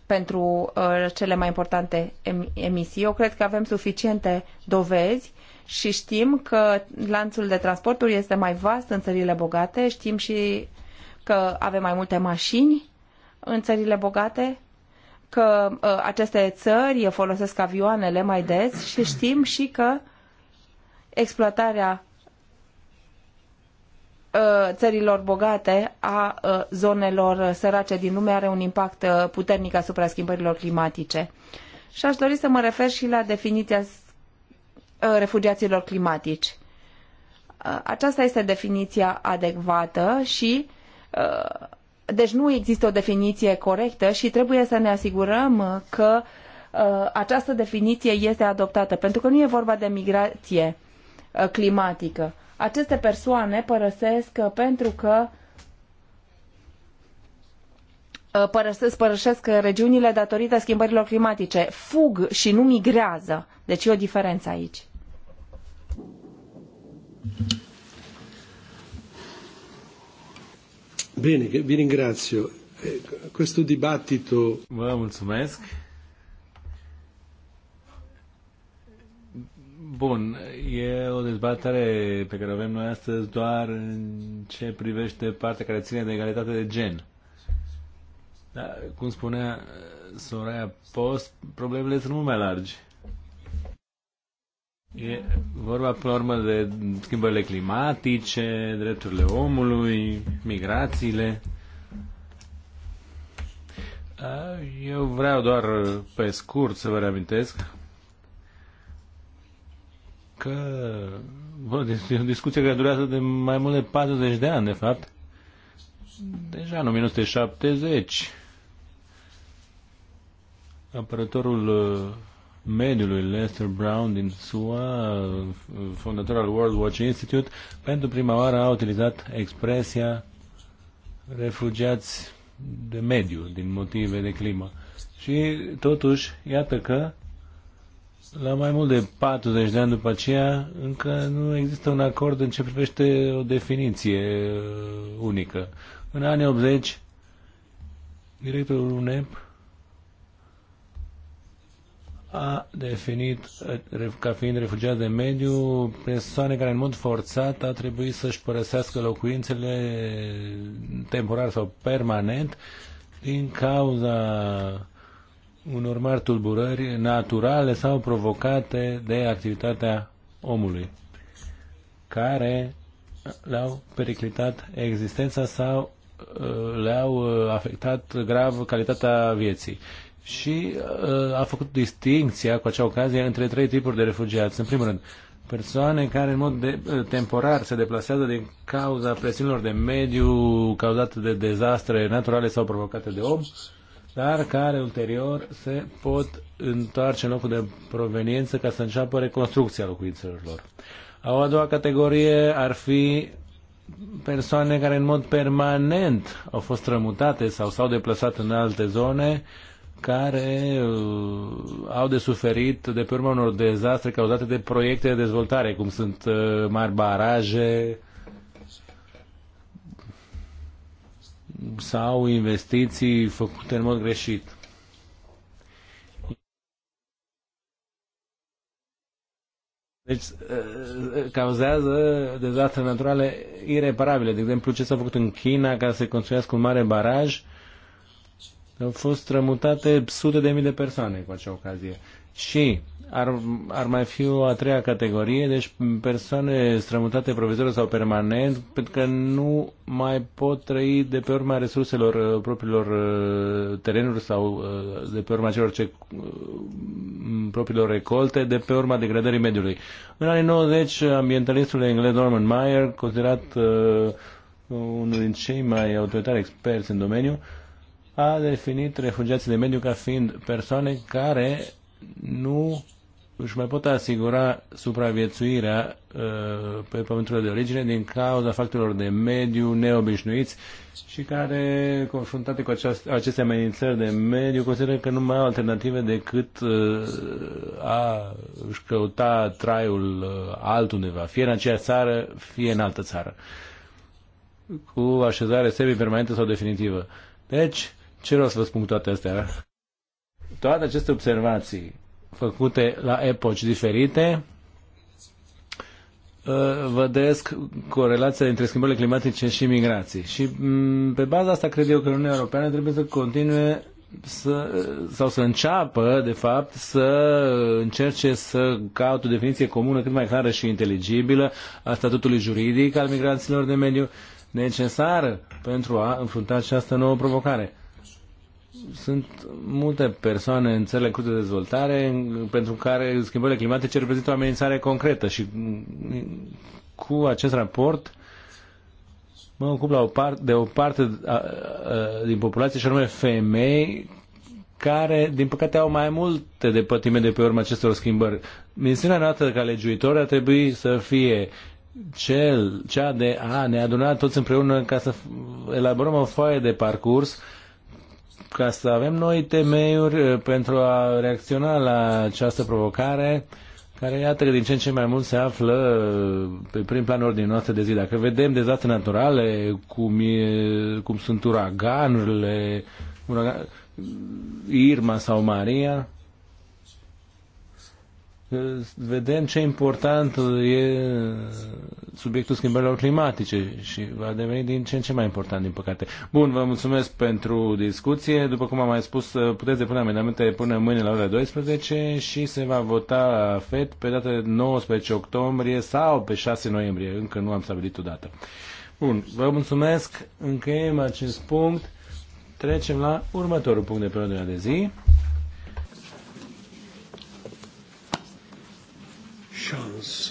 pentru uh, cele mai importante emisii. Eu cred că avem suficiente dovezi și știm că lanțul de transporturi este mai vast în țările bogate, știm și că avem mai multe mașini în țările bogate, că uh, aceste țări folosesc avioanele mai des și știm și că exploatarea Uh, țărilor bogate a uh, zonelor sărace din lume are un impact uh, puternic asupra schimbărilor climatice. Și aș dori să mă refer și la definiția refugiaților climatici. Aceasta este definiția adecvată și deci nu există o definiție corectă și trebuie să ne asigurăm că această definiție este adoptată, pentru că nu e vorba de migrație climatică aceste persoane părăsesc uh, pentru că părăsesc, uh, părăsesc uh, regiunile datorită schimbărilor climatice. Fug și nu migrează. Deci e o diferență aici. Bine, vi ringrazio. Eh, questo dibattito... Vă mulțumesc. Bun, e o dezbatere pe care o avem noi astăzi doar în ce privește partea care ține de egalitate de gen. Dar, cum spunea Soraya Post, problemele sunt mult mai largi. E vorba, până la urmă, de schimbările climatice, drepturile omului, migrațiile. Eu vreau doar, pe scurt, să vă reamintesc că bă, este o discuție care durează de mai mult de 40 de ani, de fapt. Deja în 1970, apărătorul uh, mediului Lester Brown din SUA, fondator al World Watch Institute, pentru prima oară a utilizat expresia refugiați de mediu, din motive de climă. Și totuși, iată că la mai mult de 40 de ani după aceea, încă nu există un acord în ce privește o definiție uh, unică. În anii 80, directorul UNEP a definit uh, ca fiind refugiat de mediu persoane care în mod forțat a trebuit să-și părăsească locuințele temporar sau permanent din cauza unor mari tulburări naturale sau provocate de activitatea omului, care le-au periclitat existența sau uh, le-au uh, afectat grav calitatea vieții. Și uh, a făcut distinția cu acea ocazie între trei tipuri de refugiați. În primul rând, persoane care în mod de, temporar se deplasează din cauza presiunilor de mediu cauzate de dezastre naturale sau provocate de om, dar care ulterior se pot întoarce în locul de proveniență ca să înceapă reconstrucția locuințelor lor. A doua categorie ar fi persoane care în mod permanent au fost rămutate sau s-au deplasat în alte zone care uh, au de suferit de pe urma unor dezastre cauzate de proiecte de dezvoltare, cum sunt uh, mari baraje, sau investiții făcute în mod greșit. Deci uh, uh, cauzează dezastre naturale ireparabile. De exemplu, ce s-a făcut în China ca să se construiască un mare baraj, au fost strămutate sute de mii de persoane cu acea ocazie. Și ar, ar mai fi o a treia categorie, deci persoane strămutate provizor sau permanent, pentru că nu mai pot trăi de pe urma resurselor uh, propriilor uh, terenuri sau uh, de pe urma celor ce propriilor recolte, de pe urma degradării mediului. În anii 90, ambientalistul englez Norman Meyer considerat uh, unul din cei mai autoritari experți în domeniu, a definit refugiații de mediu ca fiind persoane care nu își mai pot asigura supraviețuirea uh, pe pământul de origine din cauza factorilor de mediu neobișnuiți și care, confruntate cu aceast- aceste amenințări de mediu, consideră că nu mai au alternative decât uh, a își căuta traiul uh, altundeva, fie în aceeași țară, fie în altă țară, cu așezare semi-permanentă sau definitivă. Deci, ce vreau să vă spun cu toate astea? Toate aceste observații făcute la epoci diferite, ă, vădesc corelația dintre schimbările climatice și migrații. Și mm, pe baza asta cred eu că Uniunea Europeană trebuie să continue să, sau să înceapă, de fapt, să încerce să caute o definiție comună cât mai clară și inteligibilă a statutului juridic al migranților de mediu necesară pentru a înfrunta această nouă provocare sunt multe persoane în țările în curs de dezvoltare pentru care schimbările climatice reprezintă o amenințare concretă și cu acest raport mă ocup la o part, de o parte a, a, din populație și anume femei care, din păcate, au mai multe de pătime de pe urma acestor schimbări. Misiunea noastră ca legiuitor ar trebui să fie cel, cea de a ne aduna toți împreună ca să elaborăm o foaie de parcurs uh, ca să avem noi temeiuri uh, pentru a reacționa la această provocare care iată că din ce în ce mai mult se află uh, pe prim plan din noastră de zi. Dacă vedem dezastre naturale, cum, e, cum sunt uraganurile, uragan, Irma sau Maria, vedem ce important e subiectul schimbărilor climatice și va deveni din ce în ce mai important, din păcate. Bun, vă mulțumesc pentru discuție. După cum am mai spus, puteți depune amendamente până mâine la ora 12 și se va vota FED pe data de 19 octombrie sau pe 6 noiembrie. Încă nu am stabilit o dată. Bun, vă mulțumesc. Încheiem acest punct. Trecem la următorul punct de pe ordinea de zi. chance.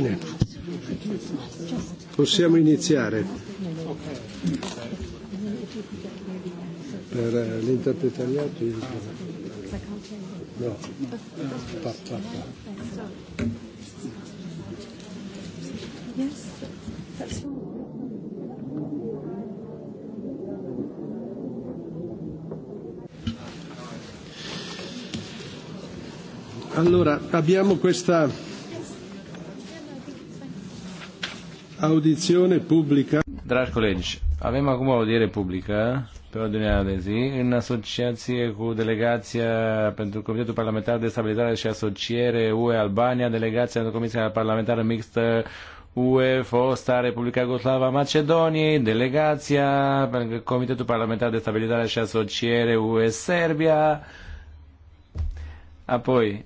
Bene, possiamo iniziare. Per l'interpretariato io... No, pa, pa, pa. Allora, abbiamo questa Audiție publică. Dragi colegi, avem acum o audiere publică pe ordinea de zi în asociație cu delegația pentru Comitetul Parlamentar de Stabilizare și Asociere UE Albania, delegația pentru Comisia Parlamentară Mixtă UE, fosta Republica Goslava Macedoniei, delegația pentru Comitetul Parlamentar de Stabilizare și Asociere UE Serbia, apoi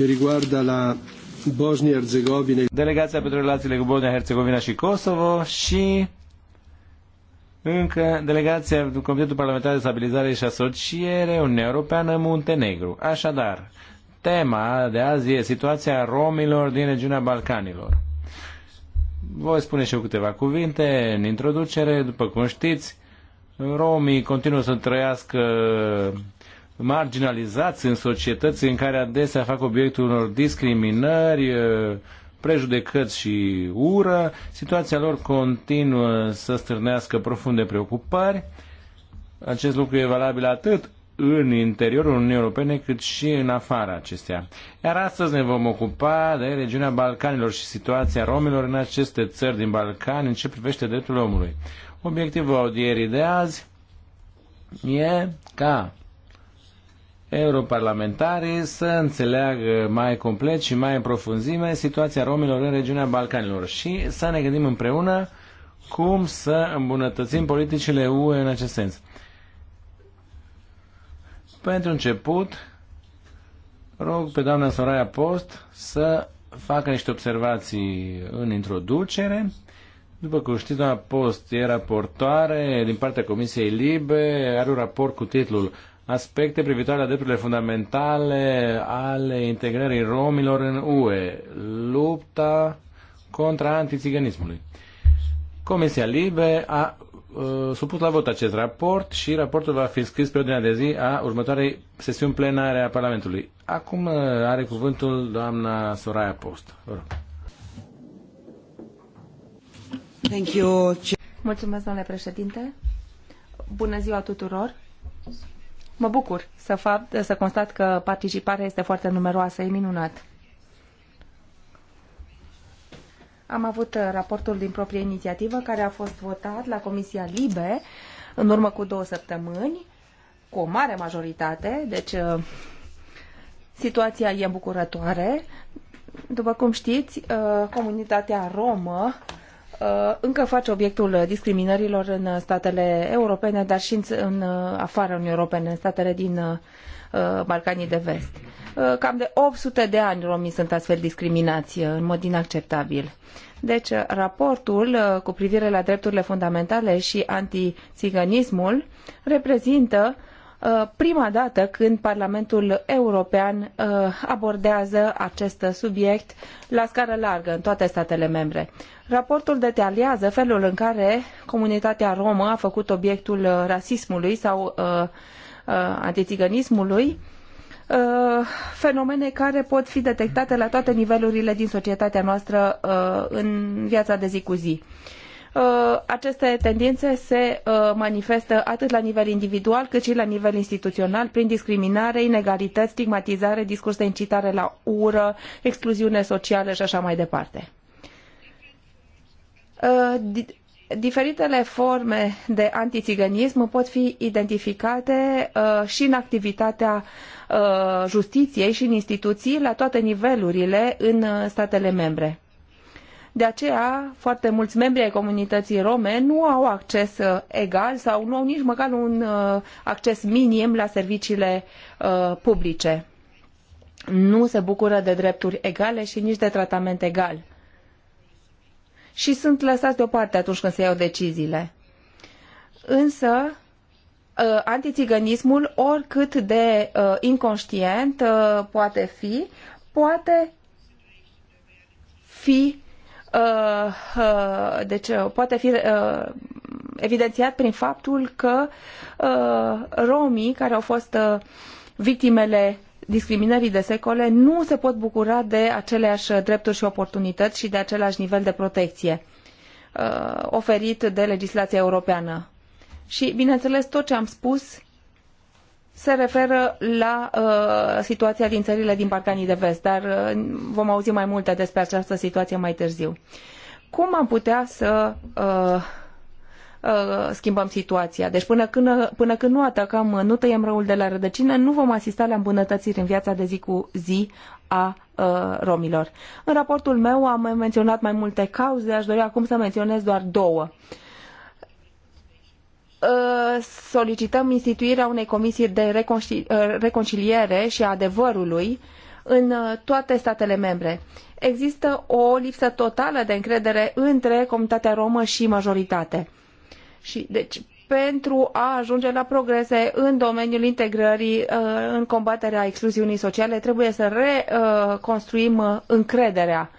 che riguarda la Bosnia-Herzegovina. Delegația pentru relațiile cu Bosnia-Herzegovina și Kosovo și încă delegația din Comitetul Parlamentar de Stabilizare și Asociere Uniunea Europeană Muntenegru. Așadar, tema de azi e situația romilor din regiunea Balcanilor. Voi spune și eu câteva cuvinte în introducere. După cum știți, romii continuă să trăiască marginalizați în societăți în care adesea fac obiectul unor discriminări, eh, prejudecăți și ură. Situația lor continuă să stârnească profunde preocupări. Acest lucru e valabil atât în interiorul Uniunii Europene cât și în afara acesteia. Iar astăzi ne vom ocupa de regiunea Balcanilor și situația romilor în aceste țări din Balcani în ce privește dreptul omului. Obiectivul audierii de azi e ca europarlamentarii să înțeleagă mai complet și mai în profunzime situația romilor în regiunea Balcanilor și să ne gândim împreună cum să îmbunătățim politicile UE în acest sens. Pentru început, rog pe doamna Soraya Post să facă niște observații în introducere. După cum știți, doamna Post e raportoare din partea Comisiei Libe, are un raport cu titlul aspecte privitoare la drepturile fundamentale ale integrării romilor în UE, lupta contra antiziganismului. Comisia Libe a uh, supus la vot acest raport și raportul va fi scris pe ordinea de zi a următoarei sesiuni plenare a Parlamentului. Acum uh, are cuvântul doamna Soraya Post. Thank you. Mulțumesc, domnule președinte. Bună ziua tuturor. Mă bucur să, fac, să constat că participarea este foarte numeroasă, e minunat. Am avut uh, raportul din proprie inițiativă care a fost votat la Comisia Libe în urmă cu două săptămâni, cu o mare majoritate, deci uh, situația e bucurătoare. După cum știți, uh, comunitatea romă Uh, încă face obiectul discriminărilor în statele europene, dar și în uh, afara Uniunii Europene, în statele din uh, Balcanii de Vest. Cam de 800 de ani romii sunt astfel discriminați în mod inacceptabil. Deci, raportul cu privire la drepturile fundamentale și antițiganismul reprezintă uh, Uh, prima dată când Parlamentul European uh, abordează acest subiect la scară largă în toate statele membre. Raportul detaliază felul în care comunitatea romă a făcut obiectul uh, rasismului sau antiziganismului, fenomene care pot fi detectate la toate nivelurile din societatea noastră în viața de zi cu zi. Uh, aceste tendințe se uh, manifestă atât la nivel individual cât și la nivel instituțional prin discriminare, inegalități, stigmatizare, discurs de incitare la ură, excluziune socială și așa mai departe. Uh, diferitele forme de antițiganism pot fi identificate uh, și în activitatea uh, justiției și în instituții la toate nivelurile în statele membre de aceea, foarte mulți membri ai comunității rome nu au acces uh, egal sau nu au nici măcar un uh, acces minim la serviciile uh, publice. Nu se bucură de drepturi egale și nici de tratament egal. Și sunt lăsați deoparte atunci când se iau deciziile. Însă, antițiganismul, oricât de inconștient poate fi, poate fi Uh, uh, deci uh, poate fi evidențiat prin faptul că romii care au fost victimele discriminării de secole nu se pot bucura de aceleași drepturi și oportunități și de același nivel de protecție oferit de legislația europeană. Și, bineînțeles, tot ce am spus se referă la uh, situația din țările din Balcanii de Vest, dar uh, vom auzi mai multe despre această situație mai târziu. Cum am putea să uh, uh, schimbăm situația. Deci până când, până când nu atacăm, nu tăiem răul de la rădăcină, nu vom asista la îmbunătățiri în viața de zi cu zi a uh, romilor. În raportul meu am menționat mai multe cauze, aș dori acum să menționez doar două. Uh, Uh, solicităm instituirea unei comisii de uh, reconciliere și a adevărului în uh, toate statele membre. Există o lipsă totală de încredere între comunitatea romă și majoritate. Și, deci, pentru a ajunge la progrese în domeniul integrării, în combaterea excluziunii sociale, trebuie să reconstruim încrederea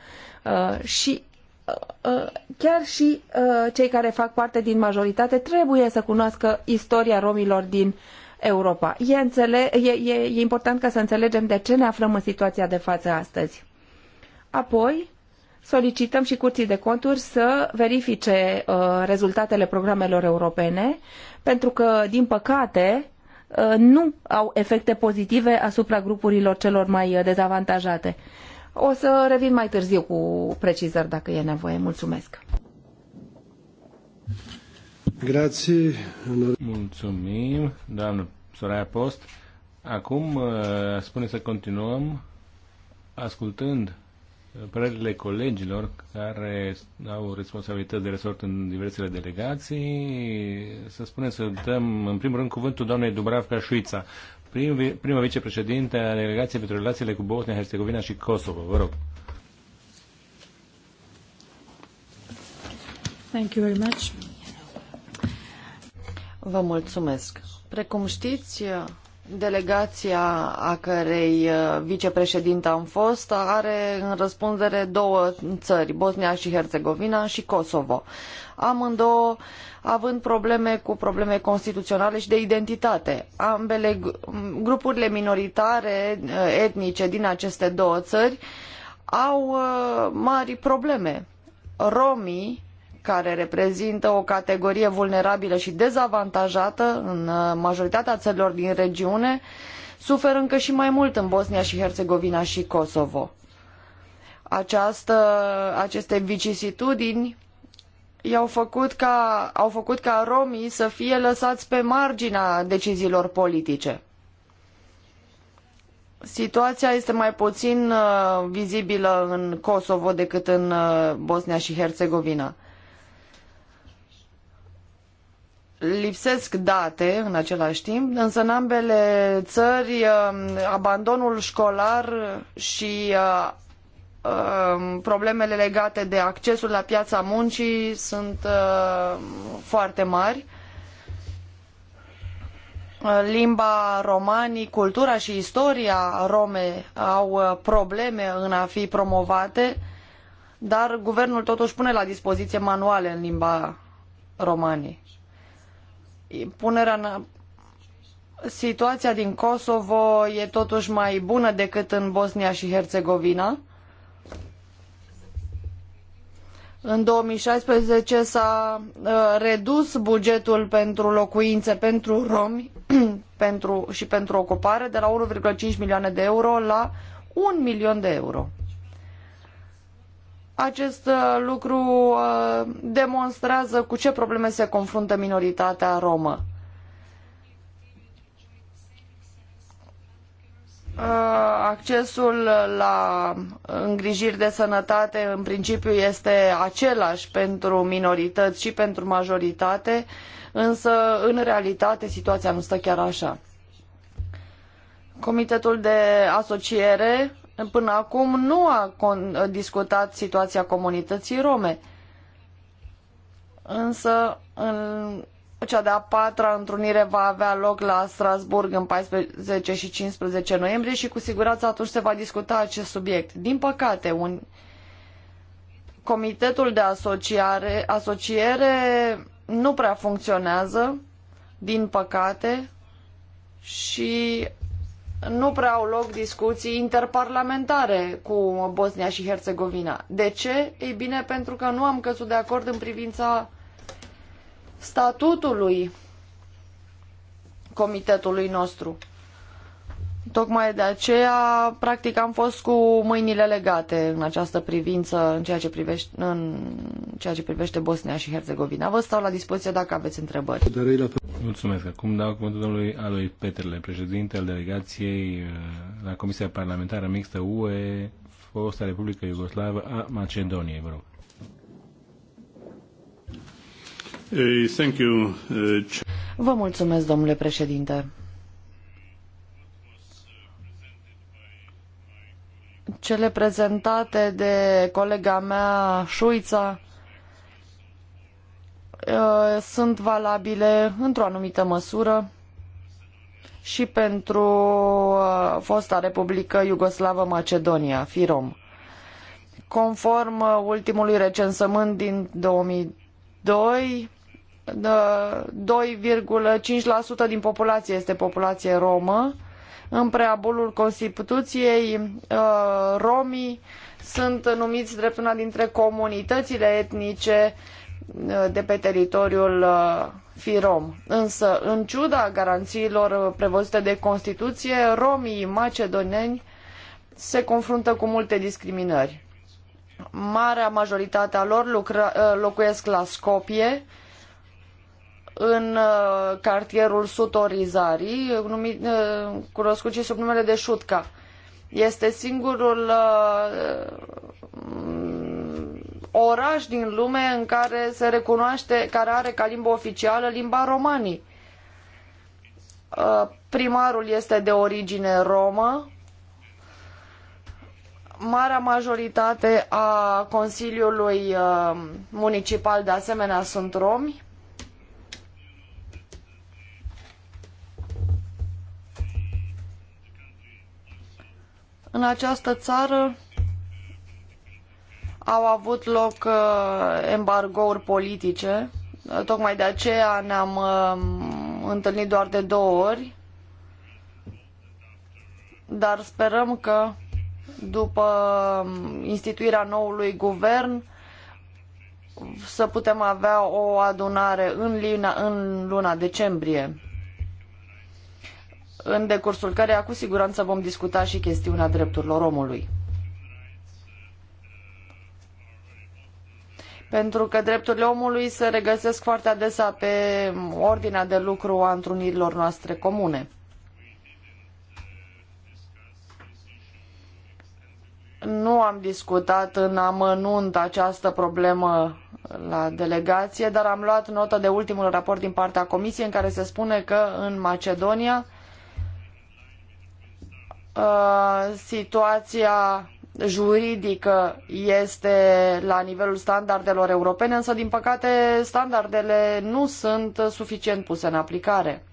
și Uh, uh, chiar și uh, cei care fac parte din majoritate trebuie să cunoască istoria romilor din Europa. E, înțele- e, e, e important ca să înțelegem de ce ne aflăm în situația de față astăzi. Apoi, solicităm și curții de conturi să verifice uh, rezultatele programelor europene, pentru că, din păcate, uh, nu au efecte pozitive asupra grupurilor celor mai dezavantajate. Uh, o să revin mai târziu cu precizări dacă e nevoie. Mulțumesc! Grazie. Mulțumim, doamnă Soraya Post. Acum uh, spune să continuăm ascultând părerile colegilor care au responsabilități de resort în diversele delegații, să spunem să dăm în primul rând cuvântul doamnei Dubravka Șuița, prim, prima vicepreședinte a delegației pentru relațiile cu Bosnia-Herzegovina și Kosovo. Vă rog. Thank you very much. Vă mulțumesc. Precum știți, Delegația a cărei uh, vicepreședinte am fost are în răspundere două țări, Bosnia și Herțegovina și Kosovo. Amândouă având probleme cu probleme constituționale și de identitate. Ambele grupurile minoritare uh, etnice din aceste două țări au uh, mari probleme. Romii care reprezintă o categorie vulnerabilă și dezavantajată în uh, majoritatea țărilor din regiune, suferă încă și mai mult în Bosnia și Herțegovina și Kosovo. Această, aceste vicisitudini i-au făcut ca, au făcut ca romii să fie lăsați pe marginea deciziilor politice. Situația este mai puțin uh, vizibilă în Kosovo decât în uh, Bosnia și Herțegovina. lipsesc date în același timp, însă în ambele țări um, abandonul școlar și uh, um, problemele legate de accesul la piața muncii sunt uh, foarte mari. Limba romanii, cultura și istoria rome au uh, probleme în a fi promovate, dar guvernul totuși pune la dispoziție manuale în limba romanii punerea în situația din Kosovo e totuși mai bună decât în Bosnia și Herțegovina. În 2016 s-a uh, redus bugetul pentru locuințe pentru romi <clears throat> pentru, și pentru ocupare de la 1,5 milioane de euro la 1 milion de euro. Acest uh, lucru uh, demonstrează cu ce probleme se confruntă minoritatea romă. Uh, accesul la îngrijiri de sănătate în principiu este același pentru minorități și pentru majoritate, însă în realitate situația nu stă chiar așa. Comitetul de asociere până acum nu a discutat situația comunității rome. Însă, în cea de-a patra întrunire va avea loc la Strasbourg în 14 și 15 noiembrie și cu siguranță atunci se va discuta acest subiect. Din păcate, un... Comitetul de asociare, asociere nu prea funcționează, din păcate, și nu prea au loc discuții interparlamentare cu Bosnia și Herțegovina. De ce? Ei bine, pentru că nu am căzut de acord în privința statutului comitetului nostru. Tocmai de aceea, practic, am fost cu mâinile legate în această privință, în ceea ce privește, în ceea ce privește Bosnia și Herțegovina. Vă stau la dispoziție dacă aveți întrebări. Mulțumesc. Acum dau cuvântul lui Aloi Peterle, președinte al delegației uh, la Comisia Parlamentară Mixtă UE, fosta Republică Iugoslavă a Macedoniei. Vă rog. Uh, Vă mulțumesc, domnule președinte. cele prezentate de colega mea Șuița uh, sunt valabile într-o anumită măsură și pentru uh, fosta Republică Iugoslavă Macedonia, FIROM. Conform uh, ultimului recensământ din 2002, 2,5% din populație este populație romă, în preabulul Constituției, uh, romii sunt numiți drept una dintre comunitățile etnice uh, de pe teritoriul uh, Firom. Însă, în ciuda garanțiilor prevăzute de Constituție, romii macedoneni se confruntă cu multe discriminări. Marea majoritate a lor locuiesc la Scopie, în uh, cartierul Sutorizari, numit, uh, cunoscut și sub numele de Șutca. Este singurul uh, oraș din lume în care se recunoaște, care are ca limbă oficială limba romanii. Primarul este de origine romă. Marea majoritate a Consiliului Municipal de asemenea sunt romi În această țară au avut loc uh, embargouri politice. Tocmai de aceea ne-am uh, întâlnit doar de două ori. Dar sperăm că după um, instituirea noului guvern să putem avea o adunare în luna, în luna decembrie în decursul căreia cu siguranță vom discuta și chestiunea drepturilor omului. Pentru că drepturile omului se regăsesc foarte adesea pe ordinea de lucru a întrunirilor noastre comune. Nu am discutat în amănunt această problemă la delegație, dar am luat notă de ultimul raport din partea Comisiei în care se spune că în Macedonia uh, situația juridică este la nivelul standardelor europene, însă, din păcate, standardele nu sunt suficient puse în aplicare.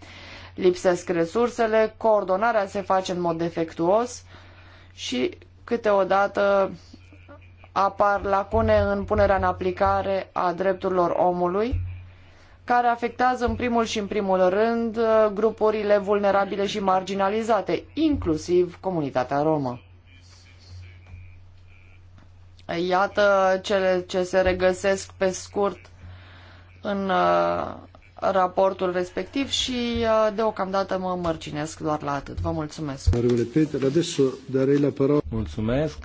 Lipsesc resursele, coordonarea se face în mod defectuos și câteodată apar lacune în punerea în aplicare a drepturilor omului care afectează în primul și în primul rând uh, grupurile vulnerabile și marginalizate, inclusiv comunitatea romă. Iată cele ce se regăsesc pe scurt în uh, raportul respectiv și uh, deocamdată mă mărcinesc doar la atât. Vă mulțumesc. Mulțumesc.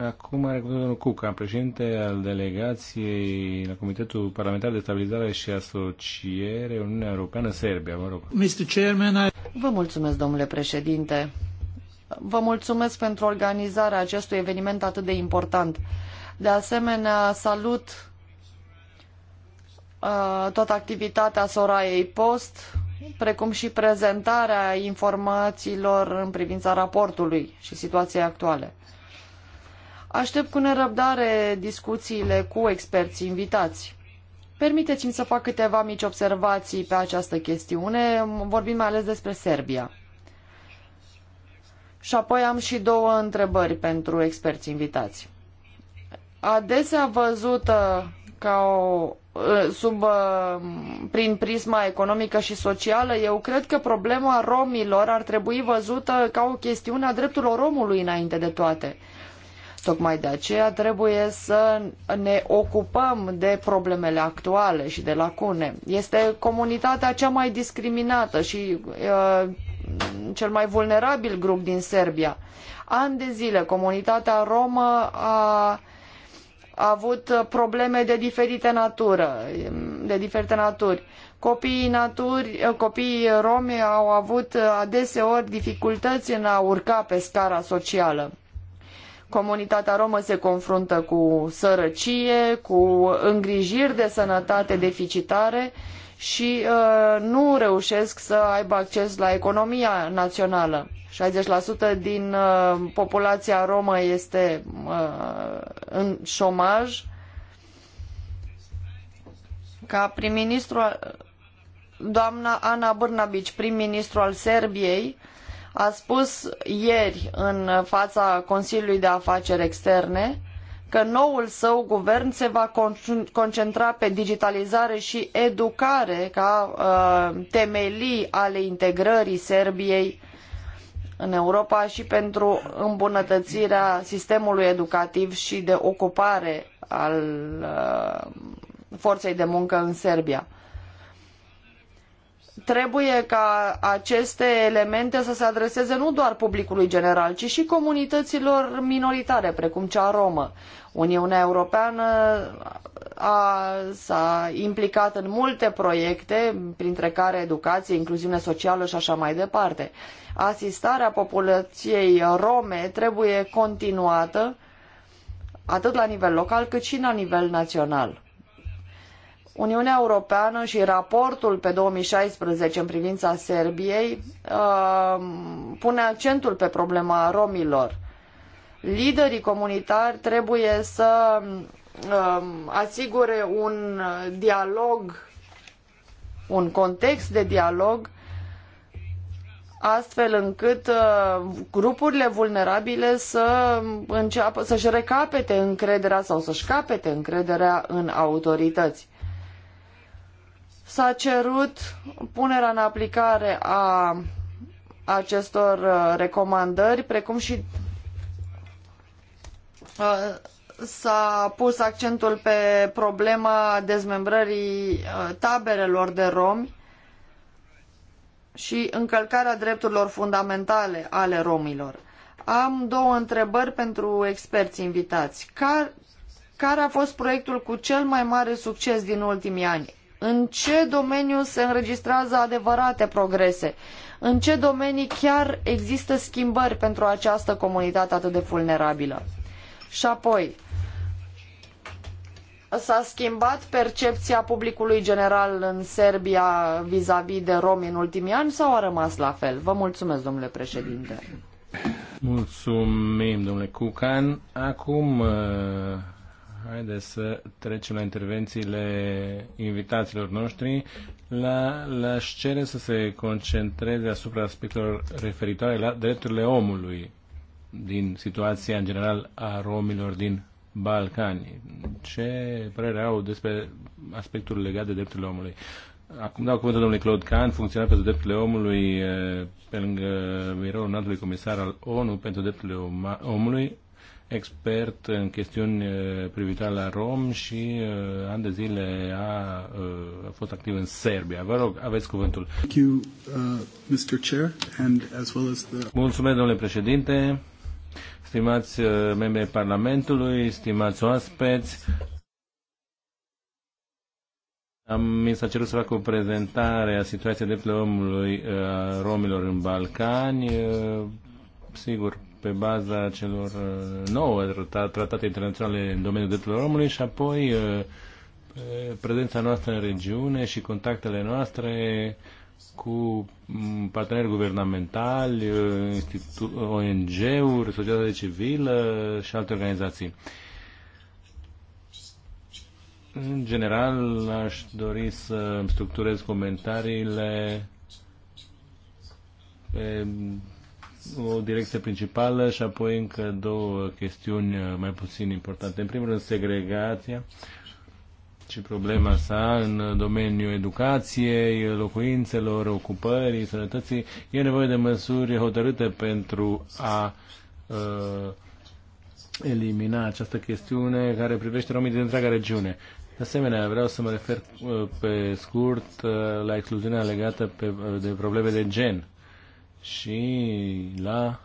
Acum are cuvântul domnul Cuca, președinte al delegației la Comitetul Parlamentar de Stabilizare și Asociere Uniunea Europeană-Serbia. Vă mă rog. Mr. Chairman, I... Vă mulțumesc, domnule președinte. Vă mulțumesc pentru organizarea acestui eveniment atât de important. De asemenea, salut uh, toată activitatea Soraiei Post, precum și prezentarea informațiilor în privința raportului și situației actuale. Aștept cu nerăbdare discuțiile cu experții invitați. Permiteți-mi să fac câteva mici observații pe această chestiune, vorbim mai ales despre Serbia. Și apoi am și două întrebări pentru experți invitați. Adesea văzută ca o, ă, sub, ă, prin prisma economică și socială, eu cred că problema romilor ar trebui văzută ca o chestiune a drepturilor omului înainte de toate. Tocmai de aceea trebuie să ne ocupăm de problemele actuale și de lacune. Este comunitatea cea mai discriminată și uh, cel mai vulnerabil grup din Serbia. Ani de zile, comunitatea romă a a avut probleme de diferite natură, de diferite naturi. Copiii, naturi, copiii romi au avut adeseori dificultăți în a urca pe scara socială. Comunitatea romă se confruntă cu sărăcie, cu îngrijiri de sănătate deficitare și uh, nu reușesc să aibă acces la economia națională. 60% din uh, populația romă este uh, în șomaj. Ca prim-ministru, doamna Ana Brnabici, prim-ministru al Serbiei, uh, a spus ieri în fața Consiliului de Afaceri Externe că noul său guvern se va concentra pe digitalizare și educare ca uh, temelii ale integrării Serbiei în Europa și pentru îmbunătățirea sistemului educativ și de ocupare al uh, forței de muncă în Serbia trebuie ca aceste elemente să se adreseze nu doar publicului general, ci și comunităților minoritare, precum cea romă. Uniunea Europeană s-a implicat în multe proiecte, printre care educație, incluziune socială și așa mai departe. Asistarea populației rome trebuie continuată atât la nivel local cât și la nivel național Uniunea Europeană și raportul pe 2016 în privința Serbiei uh, pune accentul pe problema romilor. Liderii comunitari trebuie să uh, asigure un dialog, un context de dialog astfel încât uh, grupurile vulnerabile să înceapă să-și recapete încrederea sau să-și capete încrederea în autorități S-a cerut punerea în aplicare a acestor uh, recomandări, precum și uh, s-a pus accentul pe problema dezmembrării uh, taberelor de romi și încălcarea drepturilor fundamentale ale romilor. Am două întrebări pentru experți invitați. Care, care a fost proiectul cu cel mai mare succes din ultimii ani? în ce domeniu se înregistrează adevărate progrese, în ce domenii chiar există schimbări pentru această comunitate atât de vulnerabilă. Și apoi, s-a schimbat percepția publicului general în Serbia vizavi de romi în ultimii ani sau a rămas la fel? Vă mulțumesc, domnule președinte. Mulțumim, domnule Cucan. Acum uh, Haideți să trecem la intervențiile invitațiilor noștri. La, la cere să se concentreze asupra aspectelor referitoare la drepturile omului din situația în general a romilor din Balcani. Ce părere au despre aspectul legat de drepturile omului? Acum dau cuvântul domnului Claude Kahn, funcționar pentru drepturile omului eh, pe lângă biroul înaltului comisar al ONU pentru drepturile omului, expert în chestiuni privitoare la rom și uh, ani de zile a, uh, a fost activ în Serbia. Vă rog, aveți cuvântul. Thank you, uh, Mr. Chair, and as well as the... Mulțumesc, domnule președinte, stimați uh, membrii Parlamentului, stimați oaspeți, am, mi s-a cerut să fac o prezentare a situației drepturilor omului a romilor în Balcani. Sigur, pe baza celor uh, nouă tratate internaționale în domeniul drepturilor omului și apoi uh, prezența noastră în regiune și contactele noastre cu mm, parteneri guvernamentali, uh, ONG-uri, societatea civilă și alte organizații. În general, aș dori să structurez comentariile pe o direcție principală și apoi încă două chestiuni uh, mai puțin importante. În primul rând, segregația și problema sa în domeniul educației, locuințelor, ocupării, sănătății. E nevoie de măsuri hotărâte pentru a uh, elimina această chestiune care privește romii din întreaga regiune. De asemenea, vreau să mă refer uh, pe scurt uh, la excluziunea legată pe, de probleme de gen și la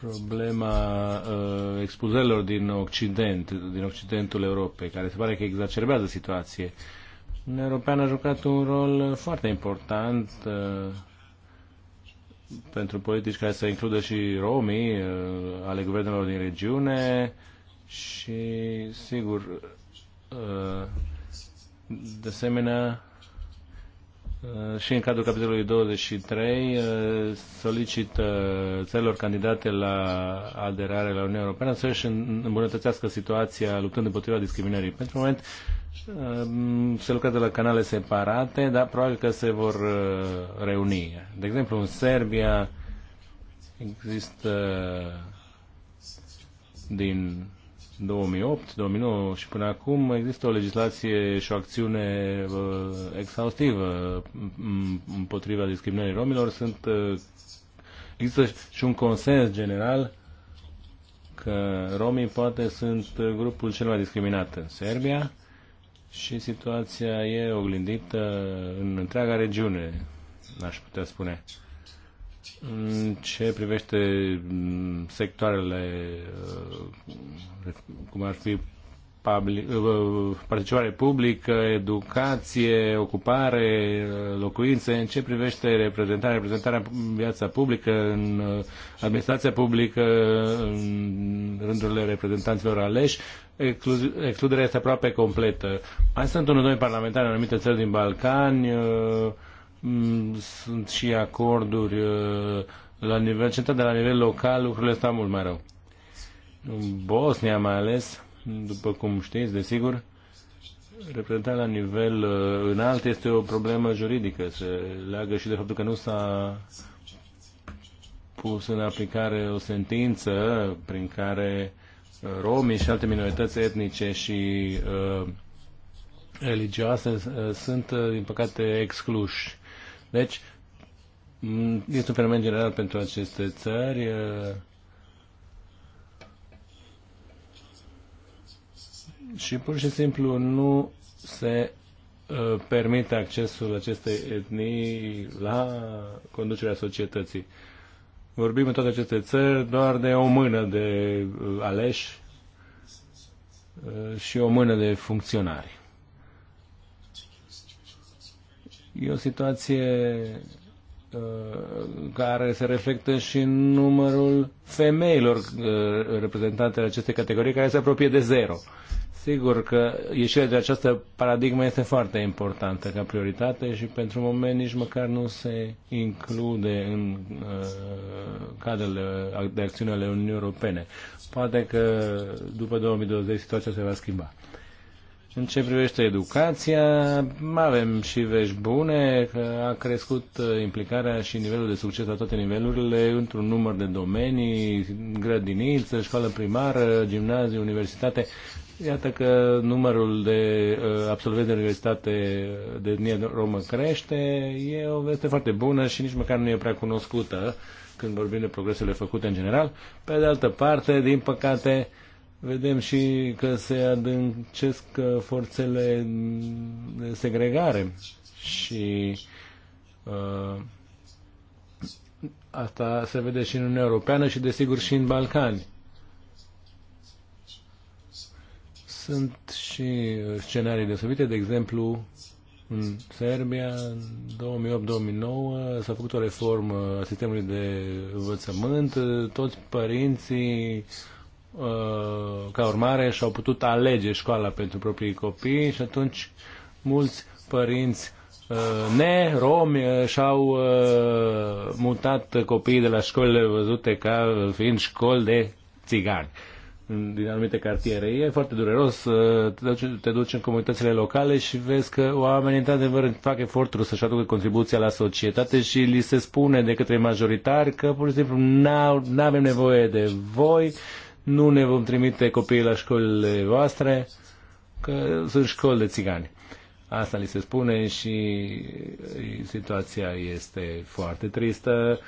problema uh, expulzărilor din Occident, din Occidentul Europei, care se pare că exacerbează situație. Uniunea Europeană a jucat un rol foarte important uh, pentru politici care să includă și romii uh, ale guvernelor din regiune și, sigur, uh, de asemenea, și în cadrul capitolului 23 uh, solicit țărilor candidate la aderare la Uniunea Europeană să-și îmbunătățească situația luptând împotriva discriminării. Pentru moment uh, se lucrează la canale separate, dar probabil că se vor uh, reuni. De exemplu, în Serbia există din 2008, 2009 și până acum există o legislație și o acțiune uh, exhaustivă mm, împotriva discriminării romilor. Sunt, uh, există și un consens general că romii poate sunt uh, grupul cel mai discriminat în Serbia și situația e oglindită în întreaga regiune, aș putea spune. Uh, în ce privește mm, sectoarele uh, cum ar fi uh, participare publică, educație, ocupare, locuințe, în ce privește reprezentarea, reprezentarea în viața publică, în uh, administrația publică, în rândurile reprezentanților aleși, excluderea este aproape completă. Mai sunt unul doi parlamentari în anumite țări din Balcani, Mm, sunt și acorduri uh, la nivel central, dar la nivel local lucrurile stau mult mai rău. În Bosnia mai ales, după cum știți, desigur, reprezentarea la nivel uh, înalt este o problemă juridică. Se leagă și de faptul că nu s-a pus în aplicare o sentință prin care uh, romii și alte minorități etnice și uh, religioase sunt, din păcate, excluși deci, este un fenomen general pentru aceste țări. Și pur și simplu nu se uh, permite accesul acestei etnii la conducerea societății. Vorbim în toate aceste țări doar de o mână de uh, aleși uh, și o mână de funcționari. E o situație uh, care se reflectă și în numărul femeilor uh, reprezentante ale acestei categorii, care se apropie de zero. Sigur că ieșirea de această paradigmă este foarte importantă ca prioritate și pentru moment nici măcar nu se include în uh, cadrele de acțiune ale Uniunii Europene. Poate că după 2020 situația se va schimba. În ce privește educația, avem și vești bune, că a crescut uh, implicarea și nivelul de succes la toate nivelurile, într-un număr de domenii, grădiniță, școală primară, gimnaziu, universitate. Iată că numărul de uh, absolvenți de universitate uh, de etnie romă crește, e o veste foarte bună și nici măcar nu e prea cunoscută când vorbim de progresele făcute în general. Pe de altă parte, din păcate, Vedem și că se adâncesc uh, forțele de segregare și uh, asta se vede și în Uniunea Europeană și desigur și în Balcani. Sunt și uh, scenarii deosebite, de exemplu, în Serbia, în 2008-2009, s-a făcut o reformă a sistemului de învățământ. Toți părinții ca urmare și-au putut alege școala pentru proprii copii și atunci mulți părinți uh, ne-romi uh, și-au uh, mutat copiii de la școlile văzute ca fiind școli de țigani din anumite cartiere. E foarte dureros să te duci, te duci în comunitățile locale și vezi că oamenii, într-adevăr, fac eforturi să-și aducă contribuția la societate și li se spune de către majoritari că, pur și simplu, nu avem nevoie de voi, nu ne vom trimite copiii la școlile voastre, că sunt școli de țigani. Asta li se spune și situația este foarte tristă.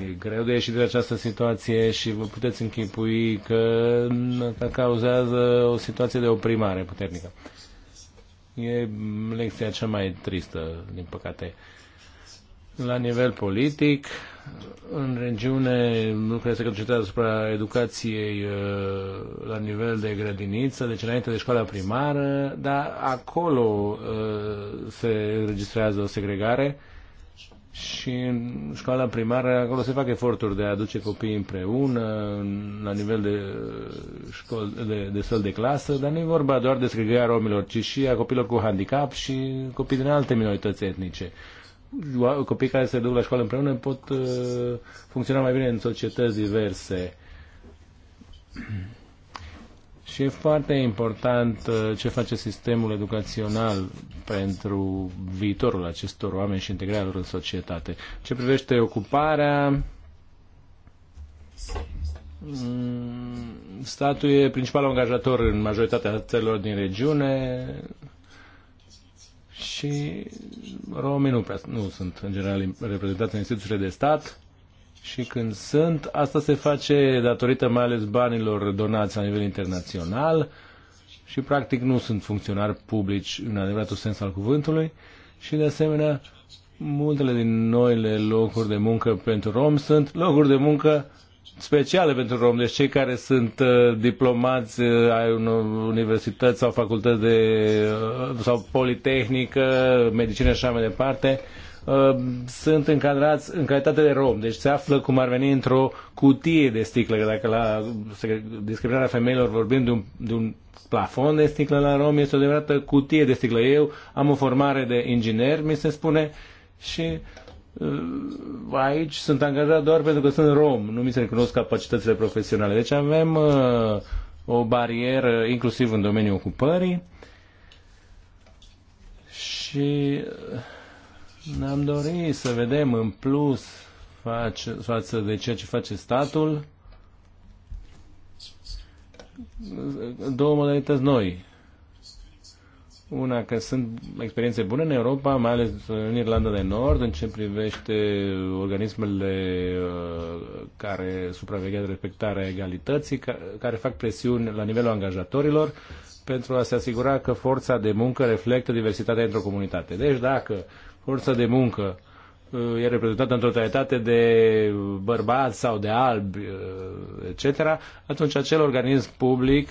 E greu de ieșit de această situație și vă puteți închipui că cauzează o situație de oprimare puternică. E lecția cea mai tristă, din păcate. La nivel politic, în regiune lucrurile se concentrează asupra educației uh, la nivel de grădiniță, deci înainte de școala primară, dar acolo uh, se înregistrează o segregare și în școala primară acolo se fac eforturi de a aduce copiii împreună la nivel de, uh, școl, de, de săl de clasă, dar nu e vorba doar de segregarea romilor, ci și a copilor cu handicap și copii din alte minorități etnice. Uh, copiii care se duc la școală împreună pot uh, funcționa mai bine în societăți diverse. <clears throat> Și e foarte important uh, ce face sistemul educațional pentru viitorul acestor oameni și integrarea lor în societate. Ce privește ocuparea, mm, statul e principalul angajator în majoritatea țărilor din regiune și romii nu, prea, nu sunt în general reprezentați în instituțiile de stat și când sunt, asta se face datorită mai ales banilor donați la nivel internațional și practic nu sunt funcționari publici în adevăratul sens al cuvântului și de asemenea multele din noile locuri de muncă pentru romi sunt locuri de muncă speciale pentru romi, deci cei care sunt uh, diplomați uh, ai unor universități sau facultăți de, uh, sau politehnică, medicină și așa mai departe, sunt încadrați în calitate de rom, deci se află cum ar veni într-o cutie de sticlă, că dacă la discriminarea femeilor vorbim de un, de un plafon de sticlă la rom, este o adevărată cutie de sticlă. Eu am o formare de inginer, mi se spune, și Uh, aici sunt angajat doar pentru că sunt rom, nu mi se recunosc capacitățile profesionale. Deci avem uh, o barieră inclusiv în domeniul ocupării și uh, ne-am dorit să vedem în plus face, față de ceea ce face statul două modalități noi una, că sunt experiențe bune în Europa, mai ales în Irlanda de Nord, în ce privește organismele uh, care supraveghează respectarea egalității, care fac presiuni la nivelul angajatorilor pentru a se asigura că forța de muncă reflectă diversitatea într-o comunitate. Deci dacă forța de muncă uh, e reprezentată într-o totalitate de bărbați sau de albi, uh, etc., atunci acel organism public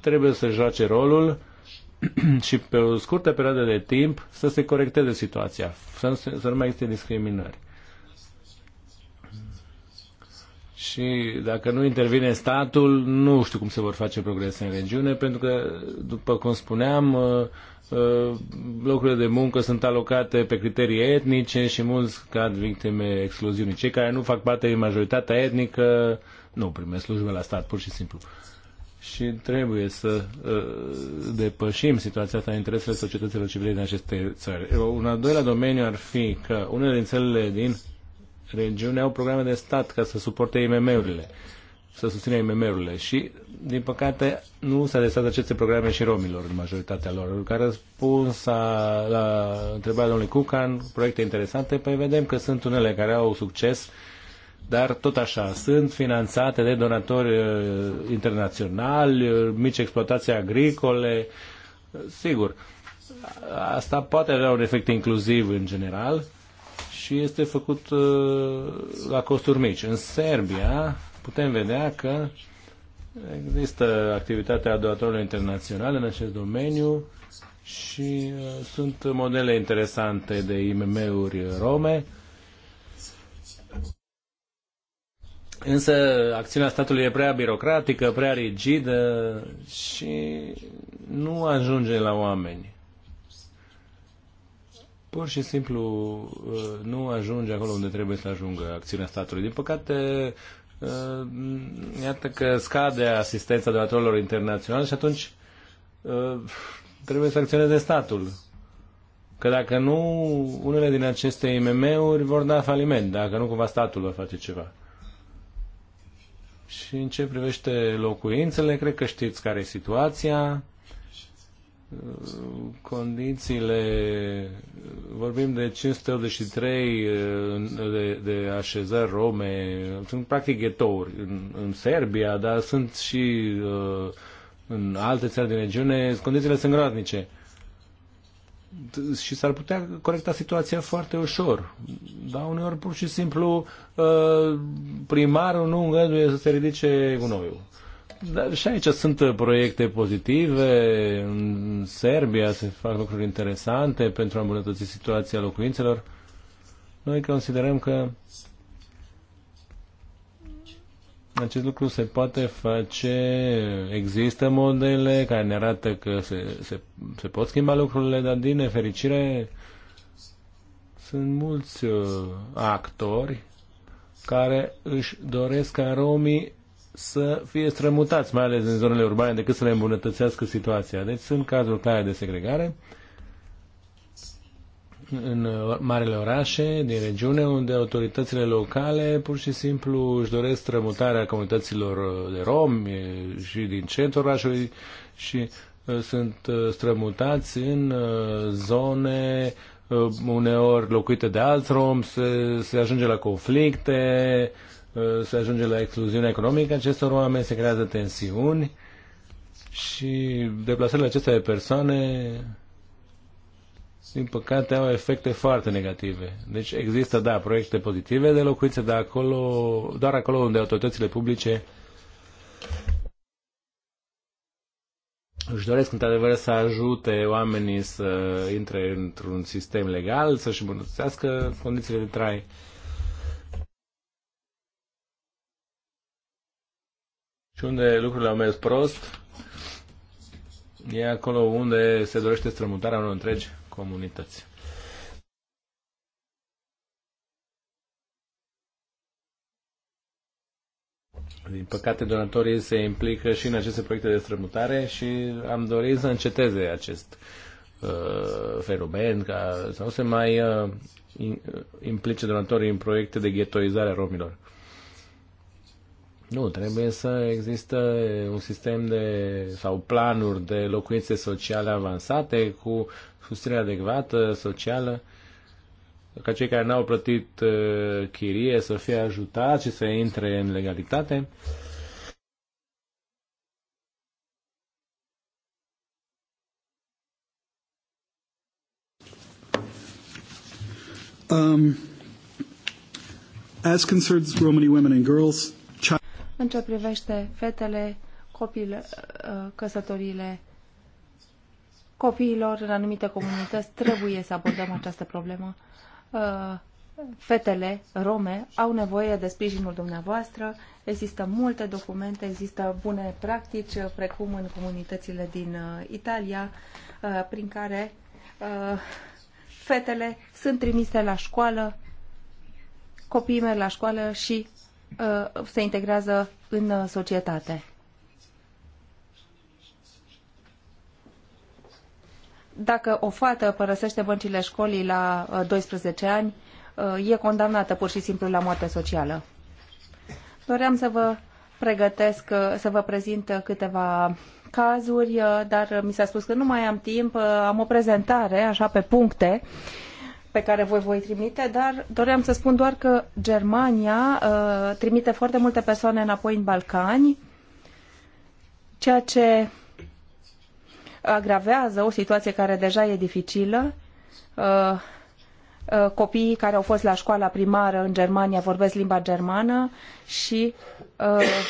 trebuie să joace rolul <clears throat> și pe o scurtă perioadă de timp să se corecteze situația, să nu, să nu mai existe discriminări. Și dacă nu intervine statul, nu știu cum se vor face progrese în regiune, pentru că, după cum spuneam, uh, uh, locurile de muncă sunt alocate pe criterii etnice și mulți cad victime excluziunii. Cei care nu fac parte din majoritatea etnică nu primesc slujbe la stat, pur și simplu și trebuie să uh, depășim situația asta în interesele societăților civile din aceste țări. Un al doilea domeniu ar fi că unele din țările din regiune au programe de stat ca să suporte IMM-urile, să susțină IMM-urile și, din păcate, nu s-a adresat aceste programe și romilor în majoritatea lor. Ca răspuns la întrebarea domnului Cucan, proiecte interesante, păi vedem că sunt unele care au succes dar tot așa, sunt finanțate de donatori uh, internaționali, uh, mici exploatații agricole, sigur. Asta poate avea un efect inclusiv în general și este făcut uh, la costuri mici. În Serbia putem vedea că există activitatea donatorilor internaționale în acest domeniu și sunt modele interesante de IMM-uri rome Însă acțiunea statului e prea birocratică, prea rigidă și nu ajunge la oameni. Pur și simplu uh, nu ajunge acolo unde trebuie să ajungă acțiunea statului. Din păcate, uh, iată că scade asistența donatorilor internaționali și atunci uh, trebuie să acționeze statul. Că dacă nu, unele din aceste IMM-uri vor da faliment, dacă nu cumva statul va face ceva. Și în ce privește locuințele, cred că știți care e situația. Condițiile, vorbim de 583 de, de așezări rome, sunt practic ghetouri în, în Serbia, dar sunt și uh, în alte țări din regiune, condițiile sunt groaznice și s-ar putea corecta situația foarte ușor. Dar uneori pur și simplu uh, primarul nu îngăduie să se ridice gunoiul. Dar și aici sunt proiecte pozitive, în Serbia se fac lucruri interesante pentru a îmbunătăți situația locuințelor. Noi considerăm că acest lucru se poate face, există modele care ne arată că se, se, se pot schimba lucrurile, dar din nefericire sunt mulți uh, actori care își doresc ca romii să fie strămutați, mai ales în zonele urbane, decât să le îmbunătățească situația. Deci sunt cazuri clare de segregare. Uh, în marele orașe din regiune unde autoritățile locale pur și simplu își doresc strămutarea comunităților de romi și din centrul orașului și uh, sunt uh, strămutați în uh, zone uneori locuite de alți romi, se, se ajunge la conflicte, se ajunge la excluziunea economică acestor oameni, se creează tensiuni și deplasările acestea de persoane din păcate, au efecte foarte negative. Deci există, da, proiecte pozitive de locuințe, dar acolo, doar acolo unde autoritățile publice își doresc într-adevăr să ajute oamenii să intre într-un sistem legal, să-și îmbunătățească condițiile de trai. Și unde lucrurile au mers prost, e acolo unde se dorește strămutarea unor întregi comunități. Din păcate, donatorii se implică și în aceste proiecte de strămutare și am dorit să înceteze acest uh, fenomen, ca să nu se mai uh, uh, implice donatorii în proiecte de ghetoizare a romilor. Nu, trebuie să există un sistem de, sau planuri de locuințe sociale avansate cu susținere adecvată, socială, ca cei care n-au plătit uh, chirie să fie ajutați și să intre în legalitate. Um, as concerns Romani women and girls, în ce privește fetele, copile, uh, căsătoriile copiilor în anumite comunități, trebuie să abordăm această problemă. Uh, fetele rome au nevoie de sprijinul dumneavoastră. Există multe documente, există bune practici, uh, precum în comunitățile din uh, Italia, prin care fetele sunt trimise la școală, copiii merg la școală și se integrează în societate. dacă o fată părăsește băncile școlii la 12 uh, ani, uh, e condamnată pur și simplu la moarte socială. Doream să vă pregătesc, uh, să vă prezint câteva cazuri, dar mi s-a spus că nu mai am timp, am o prezentare, așa, pe puncte pe care voi voi trimite, dar doream să spun doar că Germania trimite foarte multe persoane înapoi în Balcani, ceea ce agravează o situație care deja e dificilă. Uh, uh, copiii care au fost la școala primară în Germania vorbesc limba germană și uh,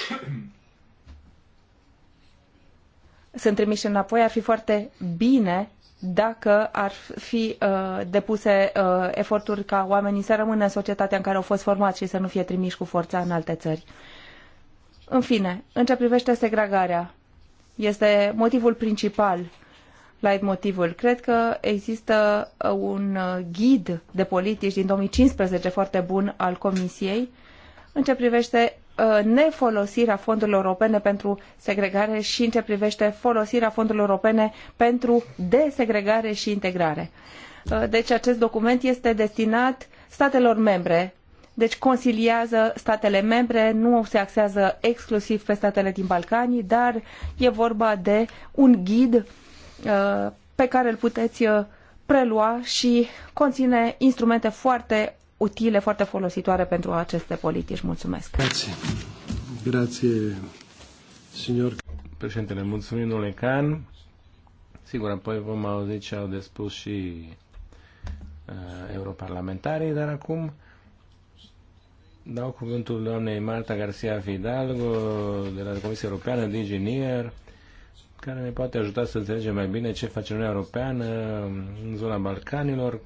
sunt trimiși înapoi. Ar fi foarte bine dacă ar fi uh, depuse uh, eforturi ca oamenii să rămână în societatea în care au fost formați și să nu fie trimiși cu forța în alte țări. În fine, în ce privește segregarea, este motivul principal, leitmotivul. motivul. Cred că există uh, un uh, ghid de politici din 2015 foarte bun al Comisiei în ce privește uh, nefolosirea fondurilor europene pentru segregare și în ce privește folosirea fondurilor europene pentru desegregare și integrare. Deci acest document este destinat statelor membre deci consiliază statele membre, nu se axează exclusiv pe statele din Balcani, dar e vorba de un ghid uh, pe care îl puteți uh, prelua și conține instrumente foarte utile, foarte folositoare pentru aceste politici. Mulțumesc! Grazie. Grazie, signor. Președintele, mulțumim, domnule Can. Sigur, apoi vom auzi ce au de spus și uh, europarlamentarii, dar acum Dau cuvântul doamnei Marta Garcia Fidalgo de la Comisia Europeană, de inginer, care ne poate ajuta să înțelegem mai bine ce face Uniunea Europeană în zona Balcanilor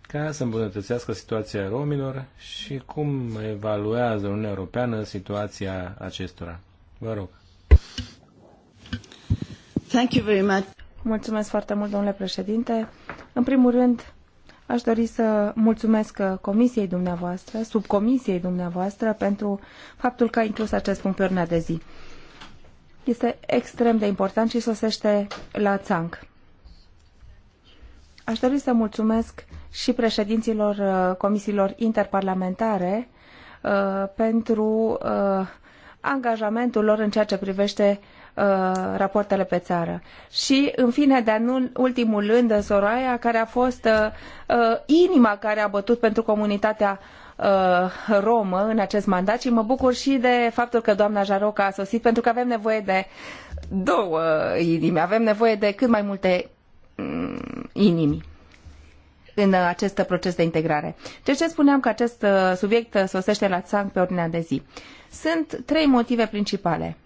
ca să îmbunătățească situația romilor și cum evaluează Uniunea Europeană situația acestora. Vă rog. Thank you very much. Mulțumesc foarte mult, domnule președinte. În primul rând, Aș dori să mulțumesc uh, comisiei dumneavoastră, subcomisiei dumneavoastră, pentru faptul că a inclus acest punct pe ordinea de zi. Este extrem de important și sosește la țanc. Aș dori să mulțumesc și președinților uh, comisiilor interparlamentare uh, pentru angajamentul lor în ceea ce privește Uh, rapoartele pe țară. Și, în fine, de anul ultimul rând, Soraya, care a fost uh, uh, inima care a bătut pentru comunitatea romă în acest mandat și mă bucur și de faptul că doamna Jaroca a sosit, pentru că avem nevoie de două inimi, avem nevoie de cât mai multe mm, inimi în acest proces de integrare. De deci, ce spuneam că acest subiect sosește la țang pe ordinea de zi? Sunt trei motive principale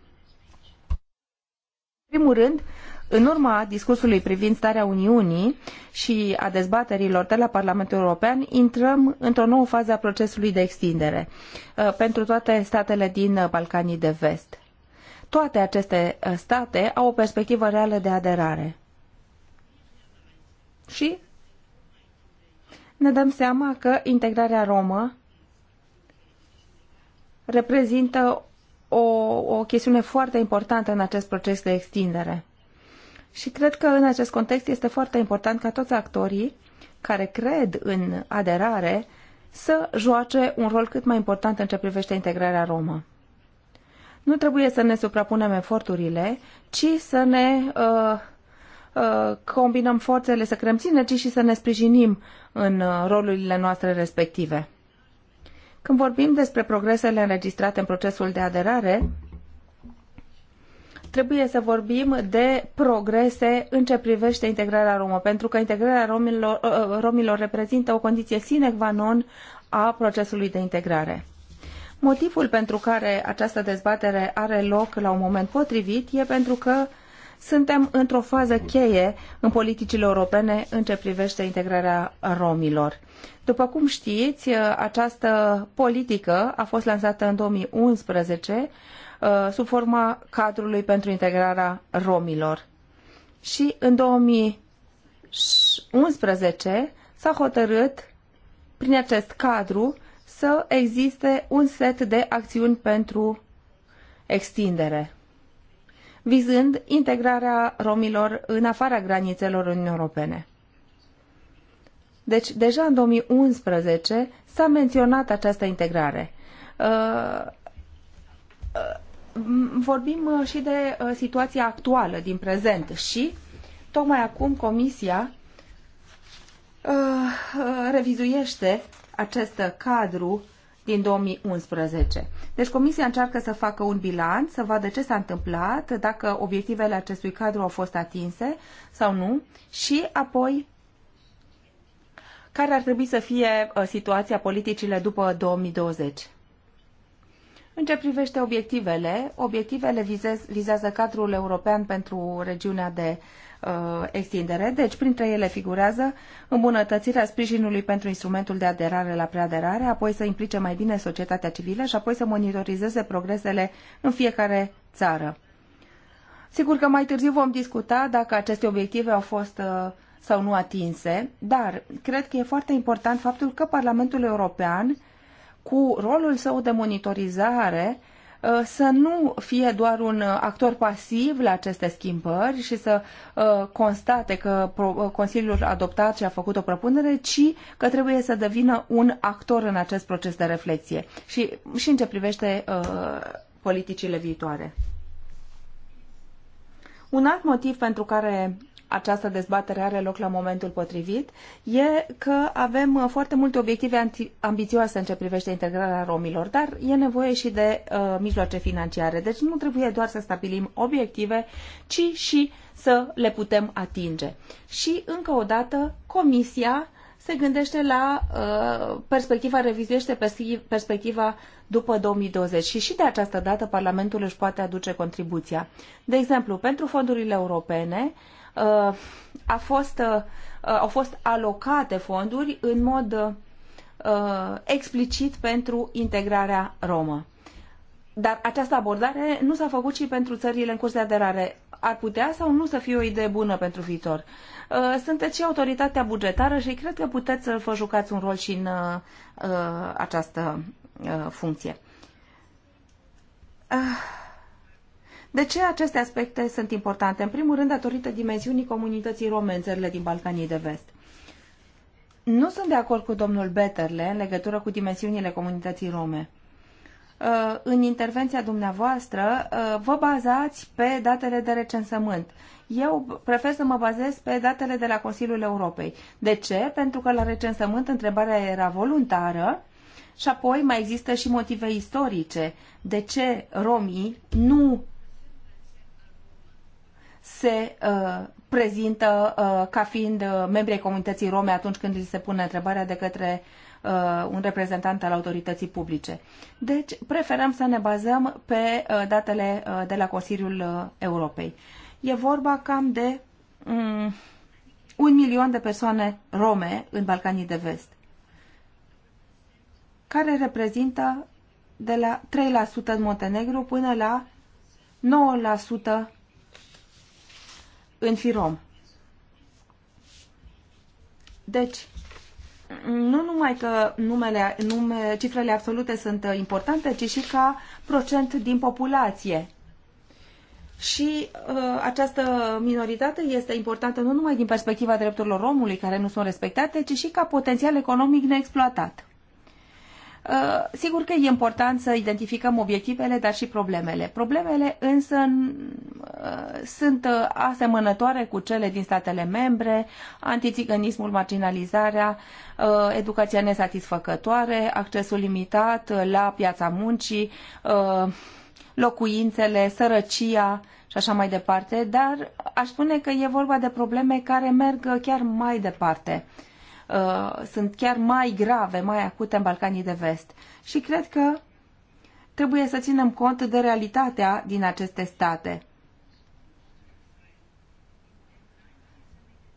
primul rând, în urma discursului privind starea Uniunii și a dezbaterilor de la Parlamentul European, intrăm într-o nouă fază a procesului de extindere uh, pentru toate statele din uh, Balcanii de Vest. Toate aceste uh, state au o perspectivă reală de aderare. Și ne dăm seama că integrarea romă reprezintă o, o chestiune foarte importantă în acest proces de extindere. Și cred că în acest context este foarte important ca toți actorii care cred în aderare să joace un rol cât mai important în ce privește integrarea romă. Nu trebuie să ne suprapunem eforturile, ci să ne uh, uh, combinăm forțele, să creăm sinergii și să ne sprijinim în uh, rolurile noastre respective. Când vorbim despre progresele înregistrate în procesul de aderare, trebuie să vorbim de progrese în ce privește integrarea romă, pentru că integrarea romilor, ă, ă, romilor reprezintă o condiție sine qua non a procesului de integrare. Motivul pentru care această dezbatere are loc la un moment potrivit e pentru că suntem într-o fază cheie în politicile europene în ce privește integrarea romilor. După cum știți, această politică a fost lansată în 2011 uh, sub forma cadrului pentru integrarea romilor. Și în 2011 s-a hotărât prin acest cadru să existe un set de acțiuni pentru extindere vizând integrarea romilor în afara granițelor Uniunii Europene. Deci, deja în 2011 s-a menționat această integrare. Uh, uh, vorbim uh, și de situația actuală din prezent și tocmai acum Comisia revizuiește acest cadru din 2011. Deci Comisia încearcă să facă un bilanț, să vadă ce s-a întâmplat, dacă obiectivele acestui cadru au fost atinse sau nu și apoi care ar trebui să fie uh, situația politicile după 2020. În ce privește obiectivele, obiectivele vizez, vizează cadrul european pentru regiunea de uh, extindere, deci printre ele figurează îmbunătățirea sprijinului pentru instrumentul de aderare la preaderare, apoi să implice mai bine societatea civilă și apoi să monitorizeze progresele în fiecare țară. Sigur că mai târziu vom discuta dacă aceste obiective au fost uh, sau nu atinse, dar cred că e foarte important faptul că Parlamentul European cu rolul său de monitorizare uh, să nu fie doar un uh, actor pasiv la aceste schimbări și să uh, constate că Consiliul a adoptat și a făcut o propunere, ci că trebuie să devină un actor în acest proces de reflexie și, și în ce privește politicile viitoare. Un alt motiv pentru care această dezbatere are loc la momentul potrivit, e că avem uh, foarte multe obiective ambițioase în ce privește integrarea romilor, dar e nevoie și de uh, mijloace financiare. Deci nu trebuie doar să stabilim obiective, ci și să le putem atinge. Și, încă o dată, Comisia se gândește la uh, perspectiva, revizuiește perspectiva după 2020 și și de această dată Parlamentul își poate aduce contribuția. De exemplu, pentru fondurile europene, uh, Uh, a fost, uh, au fost alocate fonduri în mod uh, explicit pentru integrarea romă. Dar această abordare nu s-a făcut și pentru țările în curs de aderare. Ar putea sau nu să fie o idee bună pentru viitor? Sunteți și autoritatea bugetară și cred că puteți să vă jucați un rol și în această funcție. De ce aceste aspecte sunt importante? În primul rând, datorită dimensiunii comunității rome în țările din Balcanii de Vest. Nu sunt de acord cu domnul Betterle în legătură cu dimensiunile comunității rome uh, în intervenția dumneavoastră uh, vă bazați pe datele de recensământ. Eu prefer să mă bazez pe datele de la Consiliul Europei. De ce? Pentru că la recensământ întrebarea era voluntară și apoi mai există și motive istorice. De ce romii nu se uh, prezintă uh, ca fiind uh, membrii comunității rome atunci când li se pune întrebarea de către uh, un reprezentant al autorității publice. Deci, preferăm să ne bazăm pe uh, datele uh, de la Consiliul uh, Europei. E vorba cam de um, un milion de persoane rome în Balcanii de Vest, care reprezintă de la 3% în Montenegru până la 9% în FIROM. Deci, nu numai că numele, nume, cifrele absolute sunt uh, importante, ci și ca procent din populație. Și uh, această minoritate este importantă nu numai din perspectiva drepturilor omului, care nu sunt respectate, ci și ca potențial economic neexploatat. Uh, sigur că e important să identificăm obiectivele, dar și problemele. Problemele însă uh, sunt uh, asemănătoare cu cele din statele membre, antiziganismul, marginalizarea, educația nesatisfăcătoare, accesul limitat la piața muncii, locuințele, sărăcia și așa mai departe, dar aș spune că e vorba de probleme care merg chiar mai departe Uh, sunt chiar mai grave, mai acute în Balcanii de Vest. Și cred că trebuie să ținem cont de realitatea din aceste state.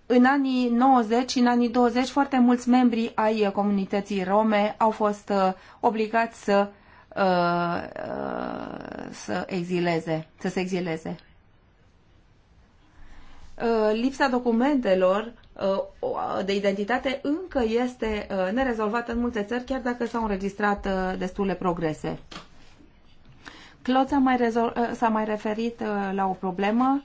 În anii 90 și în anii 20, foarte mulți membri ai comunității rome au fost uh, obligați să, uh, să exileze, să se exileze. Uh, lipsa documentelor uh, uh, de identitate încă este nerezolvată în multe țări, chiar dacă s-au înregistrat destule progrese. Claude s-a mai, rezol- mai referit la o problemă,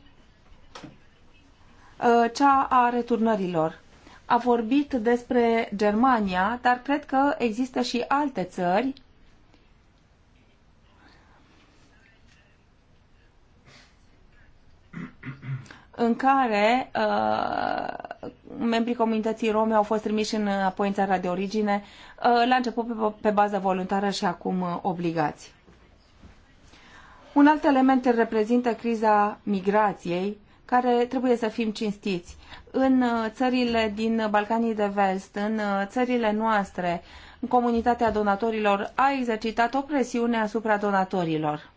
cea a returnărilor. A vorbit despre Germania, dar cred că există și alte țări în care uh, membrii comunității rome au fost trimiși înapoi în țara de origine, uh, la început pe, pe bază voluntară și acum uh, obligați. Un alt element îl reprezintă criza migrației, care trebuie să fim cinstiți. În uh, țările din Balcanii de Vest, în uh, țările noastre, comunitatea donatorilor a exercitat o presiune asupra donatorilor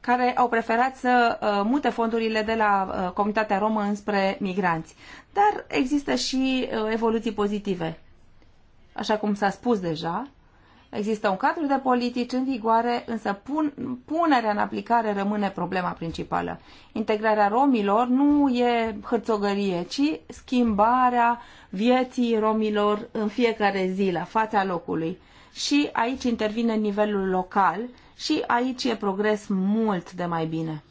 care au preferat să uh, mute fondurile de la uh, comunitatea romă înspre migranți. Dar există și uh, evoluții pozitive. Așa cum s-a spus deja, există un cadru de politici în vigoare, însă pun, punerea în aplicare rămâne problema principală. Integrarea romilor nu e hârțogărie, ci schimbarea vieții romilor în fiecare zi, la fața locului și aici intervine nivelul local și aici e progres mult de mai bine.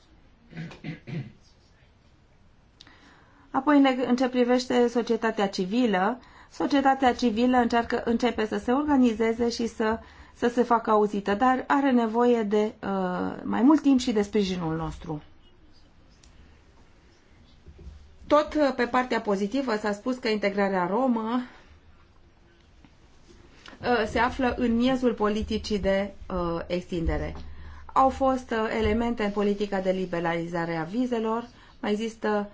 Apoi, în ce privește societatea civilă, societatea civilă încearcă, începe să se organizeze și să, să se facă auzită, dar are nevoie de uh, mai mult timp și de sprijinul nostru. Tot uh, pe partea pozitivă s-a spus că integrarea romă Uh, se află în miezul politicii de uh, extindere. Au fost uh, elemente în politica de liberalizare a vizelor, mai există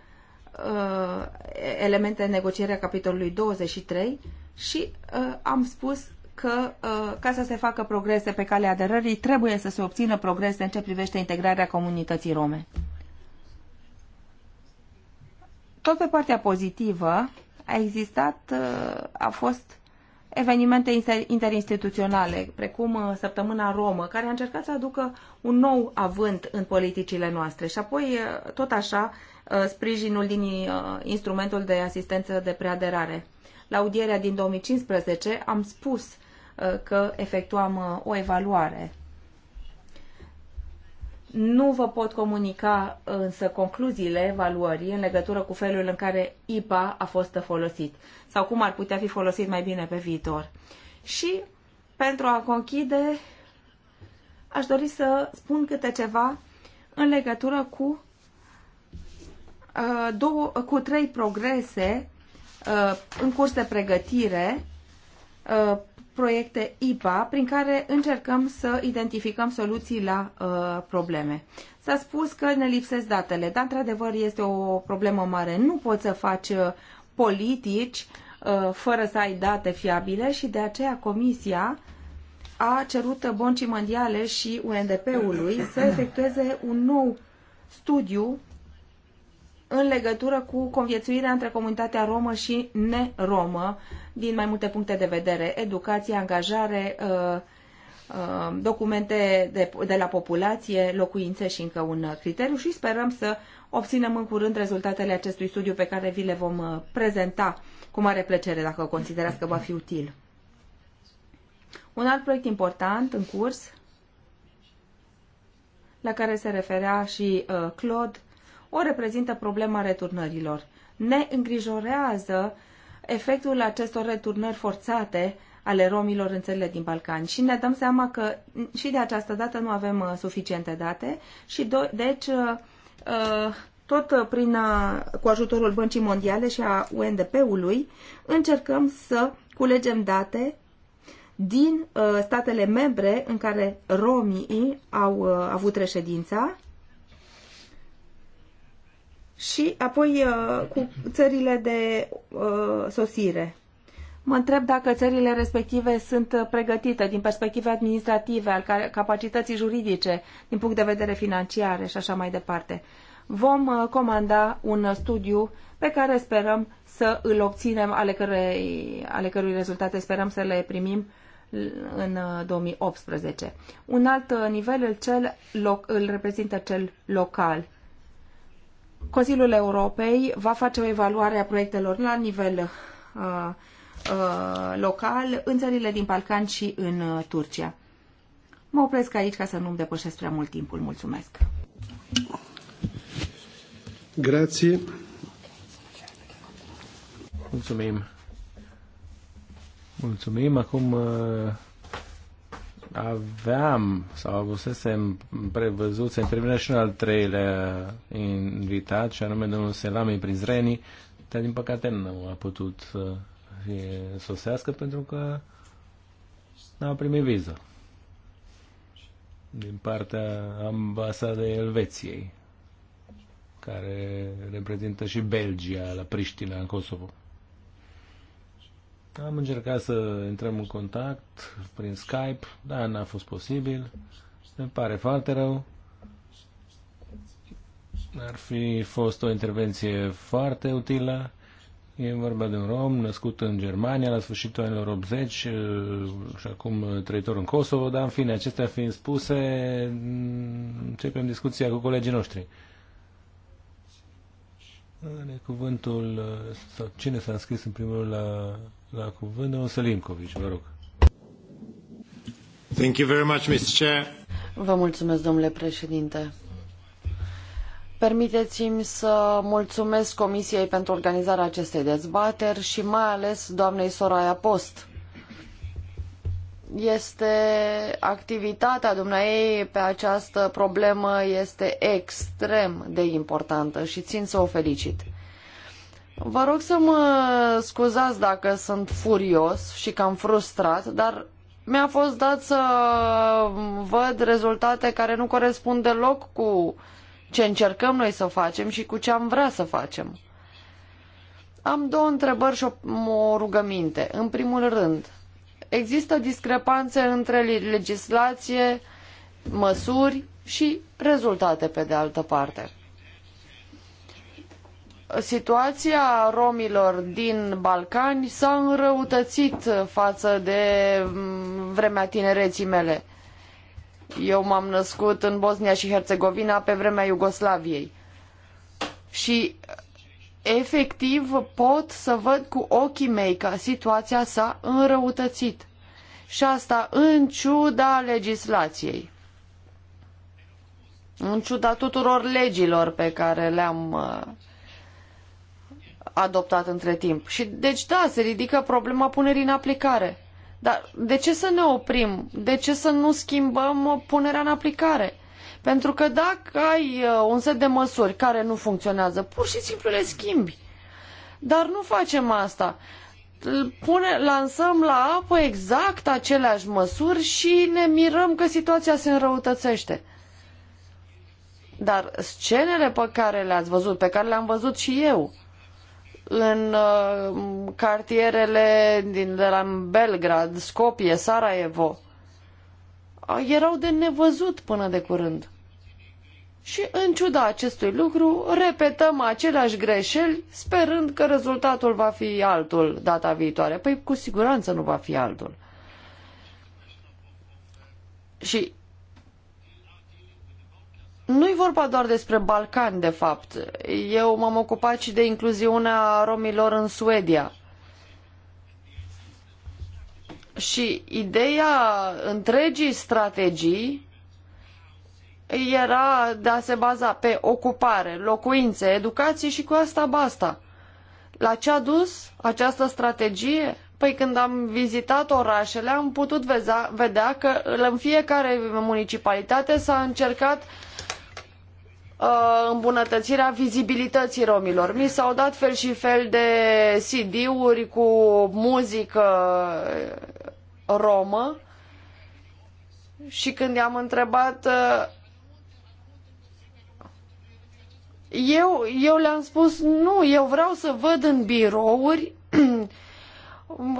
elemente în negocierea capitolului 23 și am spus că ca să se facă progrese pe calea aderării, trebuie să se obțină progrese în ce privește integrarea comunității rome. Tot pe partea pozitivă a existat, a fost evenimente interinstituționale, precum uh, Săptămâna Romă, care a încercat să aducă un nou avânt în politicile noastre și apoi, uh, tot așa, uh, sprijinul din instrumentul de asistență de preaderare. La audierea din 2015 am spus că efectuam o evaluare nu vă pot comunica însă concluziile evaluării în legătură cu felul în care IPA a fost folosit sau cum ar putea fi folosit mai bine pe viitor. Și pentru a conchide, aș dori să spun câte ceva în legătură cu, uh, două, cu trei progrese uh, în curs de pregătire uh, proiecte IPA prin care încercăm să identificăm soluții la uh, probleme. S-a spus că ne lipsesc datele, dar într-adevăr este o problemă mare. Nu poți să faci uh, politici uh, fără să ai date fiabile și de aceea Comisia a cerut Boncii Mondiale și UNDP-ului să efectueze un nou studiu în legătură cu conviețuirea între comunitatea romă și neromă, din mai multe puncte de vedere, educație, angajare, uh, uh, documente de, de la populație, locuințe și încă un criteriu și sperăm să obținem în curând rezultatele acestui studiu pe care vi le vom uh, prezenta cu mare plăcere dacă considerați că va fi util. Un alt proiect important în curs la care se referea și uh, Claude o reprezintă problema returnărilor. Ne îngrijorează efectul acestor returnări forțate ale romilor în țările din Balcani și ne dăm seama că și de această dată nu avem uh, suficiente date și do- deci uh, uh, tot prin, cu ajutorul Băncii Mondiale și a UNDP-ului încercăm să culegem date din statele membre în care romii au avut reședința și apoi uh, cu țările de uh, sosire. Mă întreb dacă țările respective sunt pregătite din perspective administrative, al capacității juridice, din punct de vedere financiar și așa mai departe. Vom uh, comanda un studiu pe care sperăm să îl obținem, ale, cărei, ale cărui rezultate sperăm să le primim în 2018. Un alt nivel îl, cel, îl reprezintă cel local Consiliul Europei va face o evaluare a proiectelor la nivel uh, uh, local în țările din Balcan și în uh, Turcia. Mă opresc aici ca să nu îmi depășesc prea mult timpul. Mulțumesc! Mulțumim! Mulțumim! Acum uh, aveam sau avusesem prevăzut să intervină și un al treilea invitat, și anume domnul Selami Prizreni, dar din păcate nu a putut să uh, fie sosească pentru că n-a primit viză din partea ambasadei Elveției, care reprezintă și Belgia la Priștina, în Kosovo. Am încercat să intrăm în contact prin Skype, dar n-a fost posibil. Îmi pare foarte rău. Ar fi fost o intervenție foarte utilă. E vorba de un rom născut în Germania la sfârșitul anilor 80 uh, și acum trăitor în Kosovo, dar în fine, acestea fiind spuse, mm, începem discuția cu colegii noștri. Are cuvântul, uh, sau cine s-a înscris în primul la la cuvânt domnul vă rog. Thank you very much, Mr. Chair. Vă mulțumesc, domnule președinte. Permiteți-mi să mulțumesc Comisiei pentru organizarea acestei dezbateri și mai ales doamnei Soraya Post. Este activitatea dumneavoastră pe această problemă este extrem de importantă și țin să o felicit. Vă rog să mă scuzați dacă sunt furios și cam frustrat, dar mi-a fost dat să văd rezultate care nu corespund deloc cu ce încercăm noi să facem și cu ce am vrea să facem. Am două întrebări și o, o rugăminte. În primul rând, există discrepanțe între legislație, măsuri și rezultate pe de altă parte situația romilor din Balcani s-a înrăutățit față de mm, vremea tinereții mele. Eu m-am născut în Bosnia și Herțegovina pe vremea Iugoslaviei. Și efectiv pot să văd cu ochii mei că situația s-a înrăutățit. Și asta în ciuda legislației. În ciuda tuturor legilor pe care le-am uh, adoptat între timp. Și deci da, se ridică problema punerii în aplicare. Dar de ce să ne oprim? De ce să nu schimbăm uh, punerea în aplicare? Pentru că dacă ai uh, un set de măsuri care nu funcționează, pur și simplu le schimbi. Dar nu facem asta. Pune, lansăm la apă exact aceleași măsuri și ne mirăm că situația se înrăutățește. Dar scenele pe care le-ați văzut, pe care le-am văzut și eu, în uh, cartierele din, de la Belgrad, Skopje, Sarajevo. Uh, erau de nevăzut până de curând. Și în ciuda acestui lucru, repetăm aceleași greșeli, sperând că rezultatul va fi altul data viitoare. Păi cu siguranță nu va fi altul. Și nu e vorba doar despre Balcani, de fapt. Eu m-am ocupat și de incluziunea romilor în Suedia. Și ideea întregii strategii era de a se baza pe ocupare, locuințe, educație și cu asta basta. La ce a dus această strategie? Păi când am vizitat orașele am putut vedea că în fiecare municipalitate s-a încercat uh, Uh, îmbunătățirea vizibilității romilor. Mi s-au dat fel și fel de CD-uri cu muzică uh, romă și când i-am întrebat uh, eu, eu le-am spus nu, eu vreau să văd în birouri <clears throat>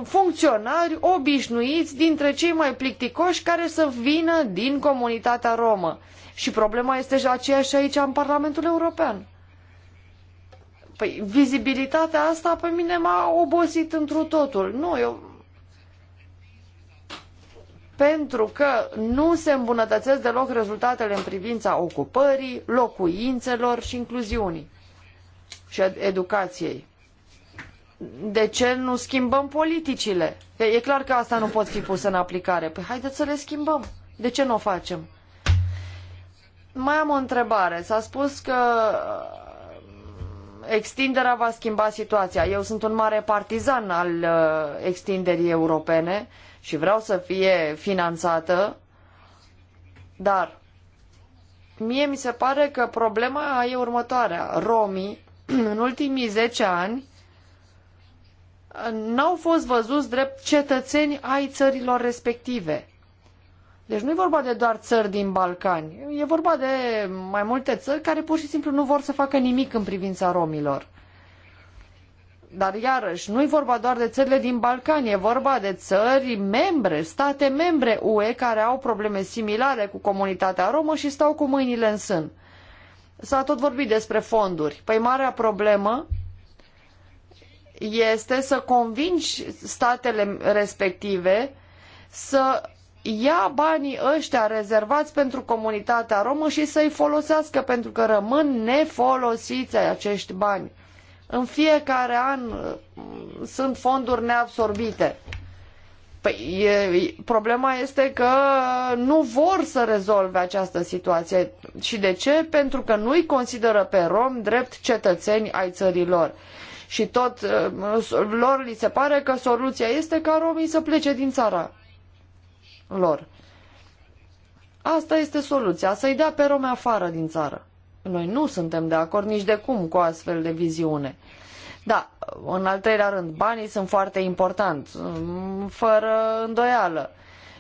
funcționari obișnuiți dintre cei mai plicticoși care să vină din comunitatea romă. Uh, și problema este și aceeași și aici în Parlamentul European. Păi vizibilitatea asta pe mine m-a obosit întru totul. Nu, eu... Pentru că nu se îmbunătățesc deloc rezultatele în privința ocupării, locuințelor și incluziunii și educației. De ce nu schimbăm politicile? E clar că asta nu pot fi pusă în aplicare. Păi haideți să le schimbăm. De ce nu o facem? Mai am o întrebare. S-a spus că uh, extinderea va schimba situația. Eu sunt un mare partizan al uh, extinderii europene și vreau să fie finanțată, dar mie mi se pare că problema e următoarea. Romii, <clears throat> în ultimii zece ani, n-au fost văzuți drept cetățeni ai țărilor respective. Deci nu e vorba de doar țări din Balcani, e vorba de mai multe țări care pur și simplu nu vor să facă nimic în privința romilor. Dar iarăși, nu e vorba doar de țările din Balcani, e vorba de țări membre, state membre UE care au probleme similare cu comunitatea romă și stau cu mâinile în sân. S-a tot vorbit despre fonduri. Păi marea problemă este să convingi statele respective să ia banii ăștia rezervați pentru comunitatea romă și să-i folosească, pentru că rămân nefolosiți acești bani. În fiecare an mm, sunt fonduri neabsorbite. Păi, e, problema este că nu vor să rezolve această situație. Și de ce? Pentru că nu-i consideră pe rom drept cetățeni ai țărilor. Și tot mm, lor li se pare că soluția este ca romii să plece din țara lor. Asta este soluția, să-i dea pe rome afară din țară. Noi nu suntem de acord nici de cum cu astfel de viziune. Da, în al treilea rând, banii sunt foarte importanți, mm, fără îndoială.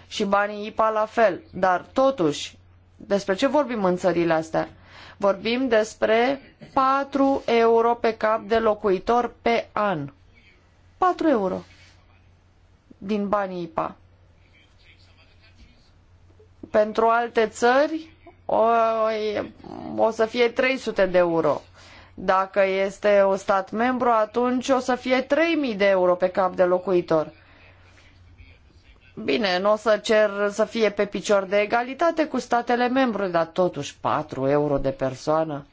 Și banii IPA la fel. Dar, totuși, despre ce vorbim în țările astea? Vorbim despre 4 euro pe cap de locuitor pe an. 4 euro din banii IPA. Pentru alte țări o, o să fie 300 de euro. Dacă este un stat membru, atunci o să fie 3000 de euro pe cap de locuitor. Bine, nu o să cer să fie pe picior de egalitate cu statele membre, dar totuși 4 euro de persoană.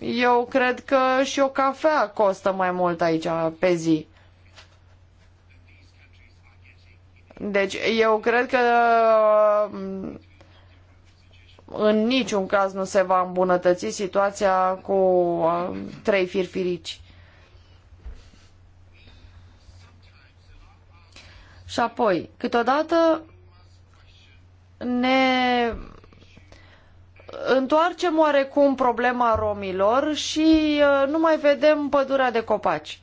Eu cred că și o cafea costă mai mult aici pe zi. Deci eu cred că în niciun caz nu se va îmbunătăți situația cu uh, trei firfirici. Și apoi, câteodată ne întoarcem oarecum problema romilor și uh, nu mai vedem pădurea de copaci.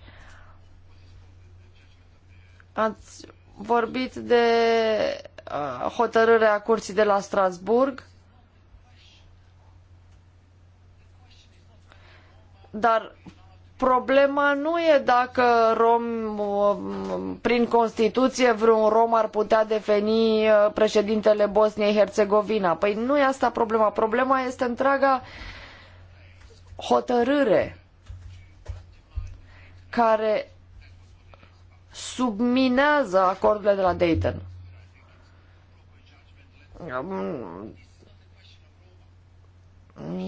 Ați vorbit de uh, hotărârea curții de la Strasburg Dar problema nu e dacă rom, prin Constituție vreun rom ar putea deveni uh, președintele bosniei herțegovina Păi nu e asta problema. Problema este întreaga hotărâre care subminează acordurile de la Dayton.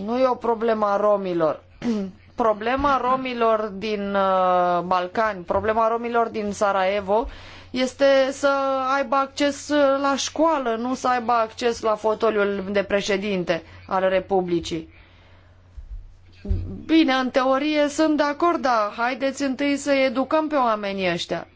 Nu e o problemă a romilor <clears throat> problema romilor din uh, Balcani, problema romilor din Sarajevo este să aibă acces uh, la școală, nu să aibă acces la fotoliul de președinte al Republicii. Bine, în teorie sunt de acord, dar haideți întâi să educăm pe oamenii ăștia.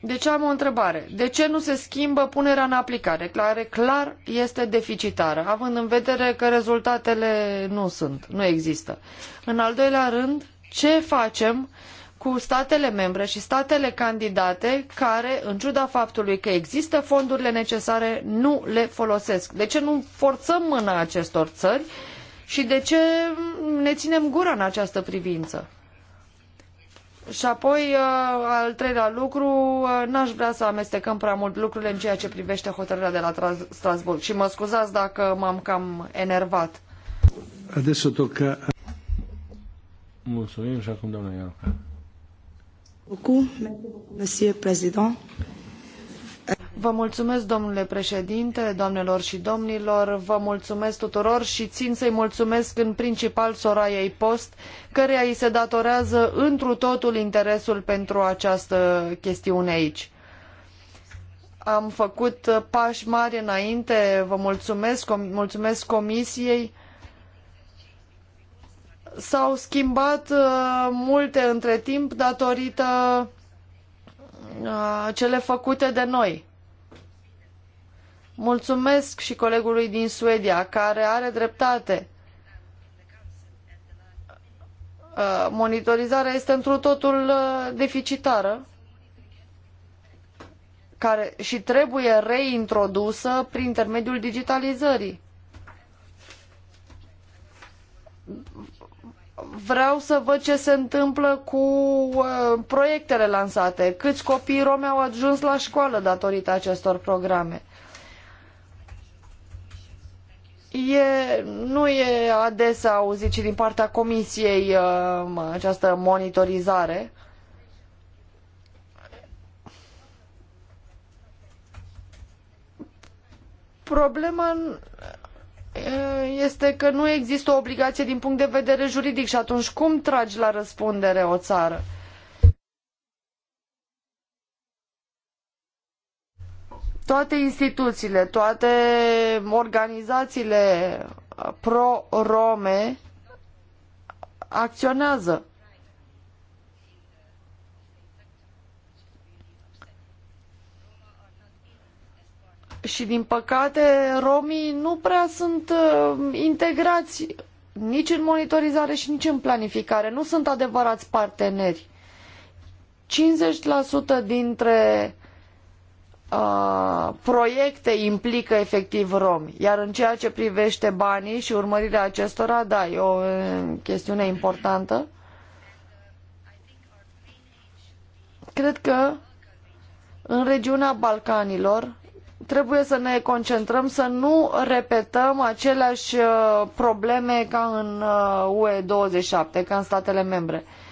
Deci am o întrebare. De ce nu se schimbă punerea în aplicare, care clar este deficitară, având în vedere că rezultatele nu sunt, nu există? În al doilea rând, ce facem cu statele membre și statele candidate care, în ciuda faptului că există fondurile necesare, nu le folosesc? De ce nu forțăm mâna acestor țări și de ce ne ținem gura în această privință? Și apoi, uh, al treilea lucru, uh, n-aș vrea să amestecăm prea mult lucrurile în ceea ce privește hotărârea de la Strasburg. Și mă scuzați dacă m-am cam enervat. Adesso tocă. Mulțumim și acum doamna Iaroca. Mulțumesc, Vă mulțumesc, domnule președinte, doamnelor și domnilor, vă mulțumesc tuturor și țin să-i mulțumesc în principal Soraiei Post, căreia îi se datorează întru totul interesul pentru această chestiune aici. Am făcut pași mari înainte, vă mulțumesc, com mulțumesc comisiei, s-au schimbat uh, multe între timp datorită uh, cele făcute de noi. Mulțumesc și colegului din Suedia, care are dreptate. Uh, monitorizarea este întru totul uh, deficitară care și trebuie reintrodusă prin intermediul digitalizării. Vreau să văd ce se întâmplă cu uh, proiectele lansate, câți copii romi au ajuns la școală datorită acestor programe. E, nu e adesea auzit și din partea Comisiei uh, această monitorizare. Problema uh, este că nu există o obligație din punct de vedere juridic și atunci cum tragi la răspundere o țară? toate instituțiile, toate organizațiile pro-rome acționează. Și din păcate romii nu prea sunt uh, integrați nici în monitorizare și nici în planificare. Nu sunt adevărați parteneri. 50% dintre Uh, proiecte implică efectiv romi. Iar în ceea ce privește banii și urmărirea acestora, da, e o uh, chestiune importantă. Cred că în regiunea Balcanilor trebuie să ne concentrăm să nu repetăm aceleași uh, probleme ca în UE27, ca în statele membre. Uh,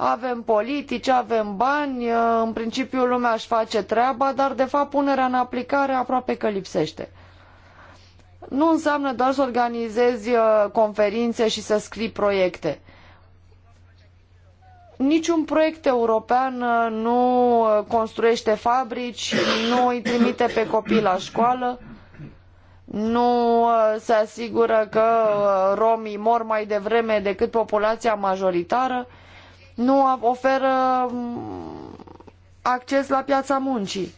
avem politici, avem bani, în principiu lumea își face treaba, dar de fapt punerea în aplicare aproape că lipsește. Nu înseamnă doar să organizezi uh, conferințe și să scrii proiecte niciun proiect european uh, nu uh, construiește fabrici, nu îi trimite pe copii la școală, nu se asigură că romii mor mai devreme decât populația majoritară nu oferă mm, acces la piața muncii.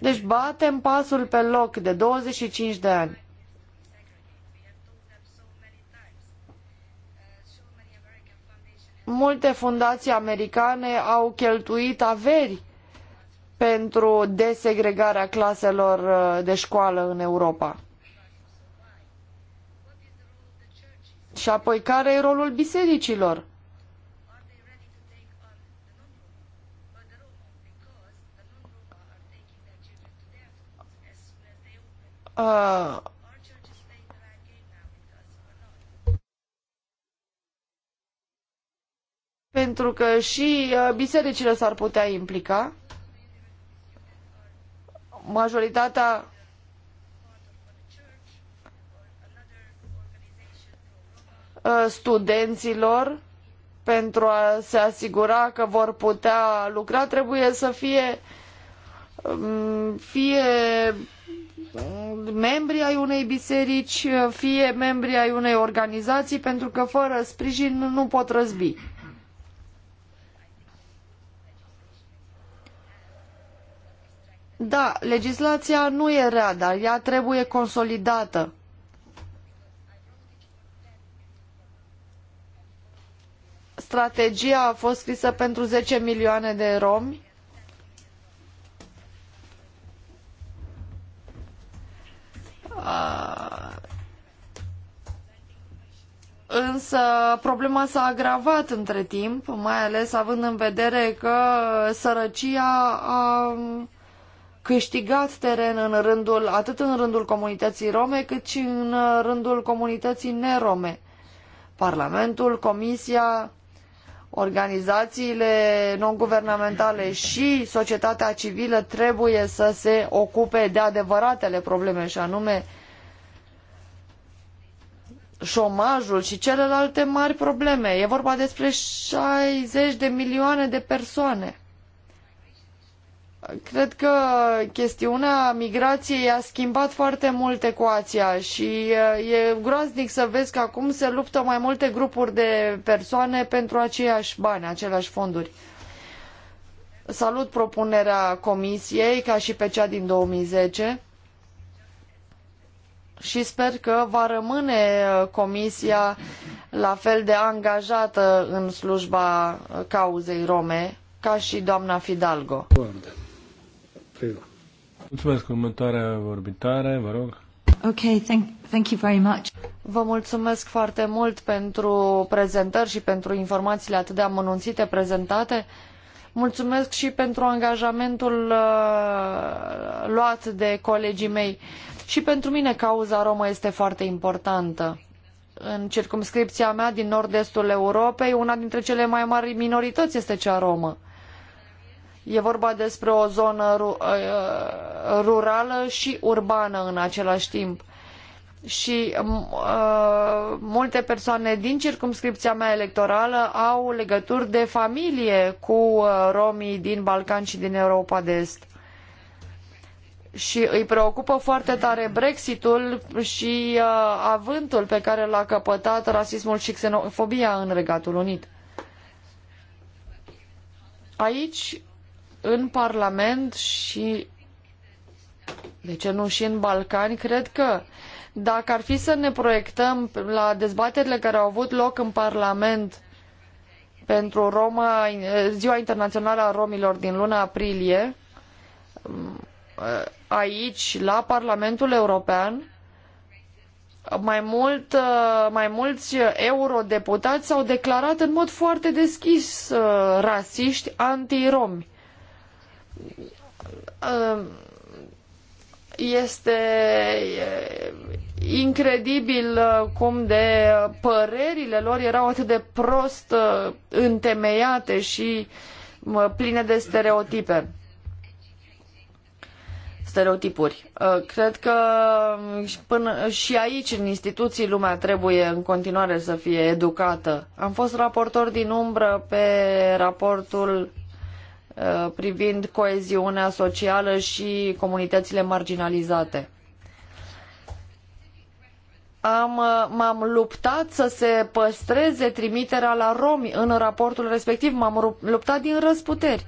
Deci batem pasul pe loc de 25 de ani. Multe fundații americane au cheltuit averi pentru desegregarea claselor uh, de școală în Europa. Și apoi, care e rolul bisericilor? Uh, pentru că și uh, bisericile s-ar putea implica. Majoritatea uh, studenților pentru a se asigura că vor putea lucra trebuie să fie um, fie membri ai unei biserici, fie membri ai unei organizații, pentru că fără sprijin nu pot răzbi. Da, legislația nu e rea, dar ea trebuie consolidată. Strategia a fost scrisă pentru 10 milioane de romi Însă problema s-a agravat între timp, mai ales având în vedere că sărăcia a câștigat teren în rândul, atât în rândul comunității rome, cât și în rândul comunității nerome. Parlamentul, Comisia organizațiile non-guvernamentale și societatea civilă trebuie să se ocupe de adevăratele probleme și anume șomajul și celelalte mari probleme. E vorba despre 60 de milioane de persoane. Cred că chestiunea migrației a schimbat foarte mult ecuația și e groaznic să vezi că acum se luptă mai multe grupuri de persoane pentru aceiași bani, aceleași fonduri. Salut propunerea comisiei, ca și pe cea din 2010 și sper că va rămâne uh, comisia la fel de angajată în slujba uh, cauzei rome ca și doamna Fidalgo. Bun. Prima. Mulțumesc. Următoarea vorbitare, vă rog. Ok, thank, thank you very much. Vă mulțumesc foarte mult pentru prezentări și pentru informațiile atât de amănunțite prezentate. Mulțumesc și pentru angajamentul uh, luat de colegii mei. Și pentru mine cauza romă este foarte importantă. În circumscripția mea din nord-estul Europei, una dintre cele mai mari minorități este cea romă. E vorba despre o zonă ru uh, rurală și urbană în același timp. Și uh, multe persoane din circumscripția mea electorală au legături de familie cu uh, romii din Balcan și din Europa de Est și îi preocupă foarte tare Brexitul și uh, avântul pe care l-a căpătat rasismul și xenofobia în Regatul Unit. Aici în Parlament și, de ce nu și în Balcani, cred că dacă ar fi să ne proiectăm la dezbaterile care au avut loc în Parlament pentru Roma, Ziua Internațională a Romilor din luna aprilie, aici, la Parlamentul European, mai, mult, mai mulți eurodeputați s-au declarat în mod foarte deschis uh, rasiști anti-romi este incredibil uh, cum de părerile lor erau atât de prost uh, întemeiate și pline de stereotipe stereotipuri. Uh, cred că um, până și aici, în instituții, lumea trebuie în continuare să fie educată. Am fost raportor din umbră pe raportul Uh, privind coeziunea socială și comunitățile marginalizate. Am, uh, m-am luptat să se păstreze trimiterea la romi în raportul respectiv, m-am luptat din răsputeri.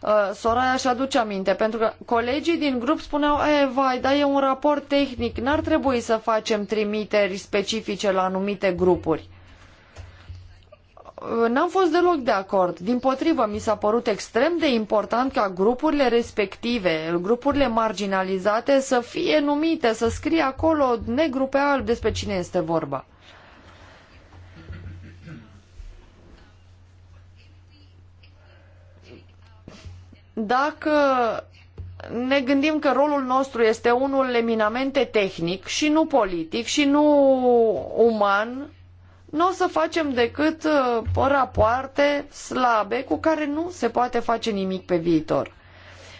Uh, Soraya își aduce aminte, pentru că colegii din grup spuneau, e, vai, dar e un raport tehnic, n-ar trebui să facem trimiteri specifice la anumite grupuri n-am fost deloc de acord. Din potrivă, mi s-a părut extrem de important ca grupurile respective, grupurile marginalizate, să fie numite, să scrie acolo negru pe alb despre cine este vorba. Dacă ne gândim că rolul nostru este unul eminamente tehnic și nu politic și nu uman, nu o să facem decât uh, rapoarte slabe cu care nu se poate face nimic pe viitor.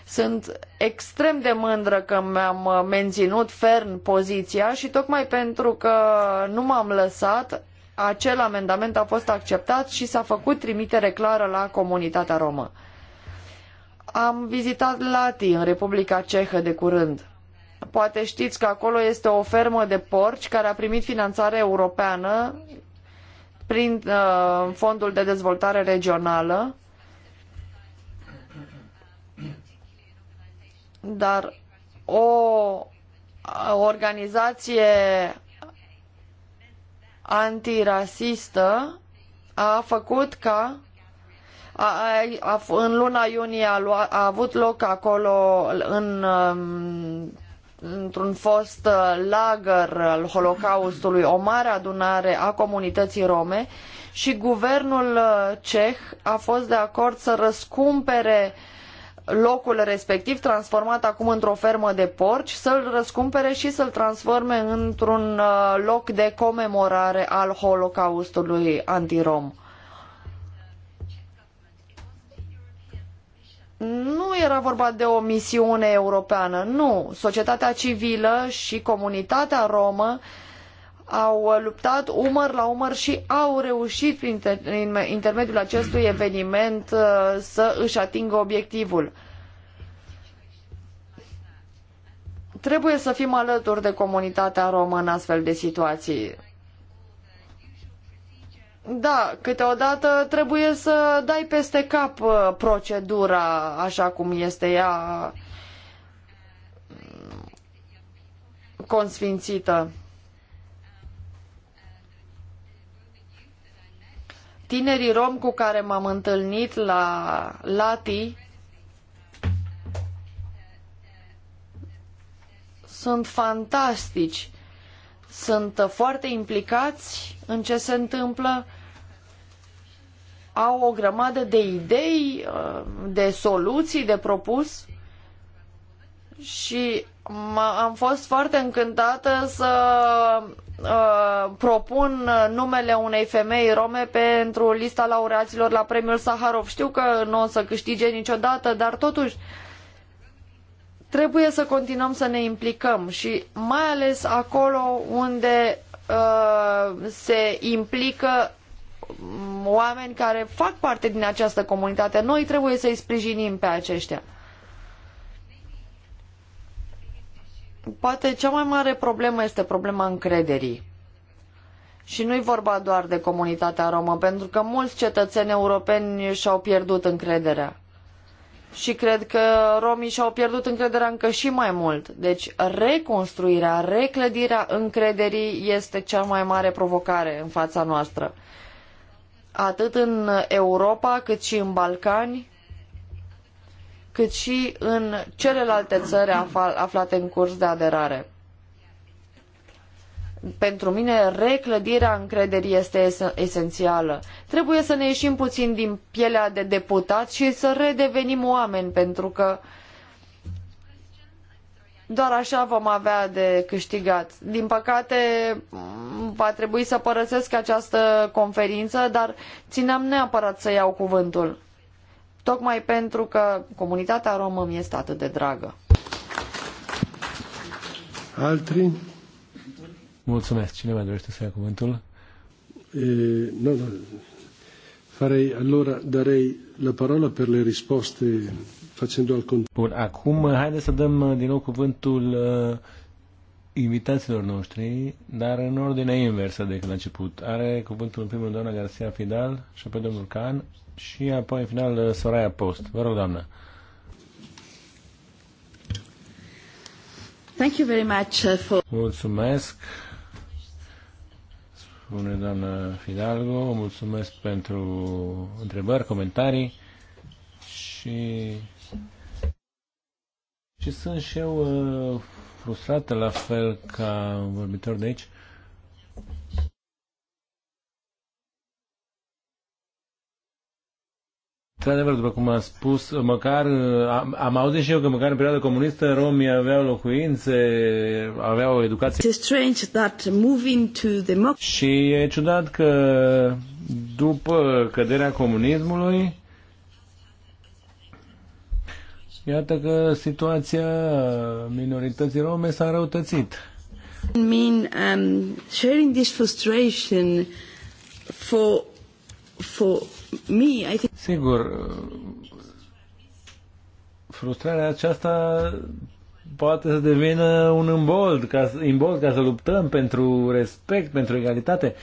Sunt extrem de mândră că mi-am uh, menținut ferm poziția și tocmai pentru că nu m-am lăsat, acel amendament a fost acceptat și s-a făcut trimitere clară la comunitatea romă. Am vizitat Lati în Republica Cehă de curând. Poate știți că acolo este o fermă de porci care a primit finanțare europeană prin uh, Fondul de Dezvoltare Regională, dar o organizație antirasistă a făcut ca a, a, a, în luna iunie a, lua, a avut loc acolo în um, într-un fost uh, lagăr al Holocaustului, o mare adunare a comunității rome și guvernul uh, ceh a fost de acord să răscumpere locul respectiv, transformat acum într-o fermă de porci, să-l răscumpere și să-l transforme într-un uh, loc de comemorare al Holocaustului antirom. nu era vorba de o misiune europeană, nu. Societatea civilă și comunitatea romă au luptat umăr la umăr și au reușit prin intermediul acestui eveniment uh, să își atingă obiectivul. Trebuie să fim alături de comunitatea romă în astfel de situații. Da, câteodată trebuie să dai peste cap uh, procedura așa cum este ea consfințită. Tinerii rom cu care m-am întâlnit la Lati sunt fantastici sunt foarte implicați în ce se întâmplă au o grămadă de idei, uh, de soluții de propus și am fost foarte încântată să uh, propun numele unei femei rome pentru lista laureaților la premiul Saharov. Știu că nu o să câștige niciodată, dar totuși trebuie să continuăm să ne implicăm și mai ales acolo unde uh, se implică oameni care fac parte din această comunitate. Noi trebuie să-i sprijinim pe aceștia. Poate cea mai mare problemă este problema încrederii. Și nu-i vorba doar de comunitatea romă, pentru că mulți cetățeni europeni și-au pierdut încrederea. Și cred că romii și-au pierdut încrederea încă și mai mult. Deci reconstruirea, reclădirea încrederii este cea mai mare provocare în fața noastră atât în Europa, cât și în Balcani, cât și în celelalte țări aflate în curs de aderare. Pentru mine, reclădirea încrederii este esențială. Trebuie să ne ieșim puțin din pielea de deputat și să redevenim oameni, pentru că uh, doar așa vom avea de câștigat. Din păcate, va trebui să părăsesc această conferință, dar țineam neapărat să iau cuvântul. Tocmai pentru că comunitatea romă mi este atât de dragă. Altri? Mulțumesc. Cine mai dorește să ia cuvântul? E, nu, nu. Farei, allora darei la parola per le risposte facendo al contrario. Bun, acum haideți să dăm uh, din nou cuvântul uh, invitaților noștri, dar în ordine inversă decât la început. Are cuvântul în primul doamna Garcia Fidal și apoi domnul Can și apoi în final uh, Soraya Post. Vă rog, doamnă. Thank you very much uh, for... Mulțumesc. Spune doamna Fidalgo, mulțumesc pentru întrebări, comentarii și și sunt și eu uh, frustrată la fel ca vorbitor de aici. Într-adevăr, după cum am spus, măcar uh, am, am auzit și eu că măcar în perioada comunistă romii aveau locuințe, aveau educație. It's strange that moving to democracy. Și e ciudat că după căderea comunismului Iată că situația minorității rome s-a răutățit. I mean, um, sharing this frustration for, for me, I think... Sigur, frustrarea aceasta poate să devină un imbold ca, imbold ca să luptăm pentru respect, pentru egalitate.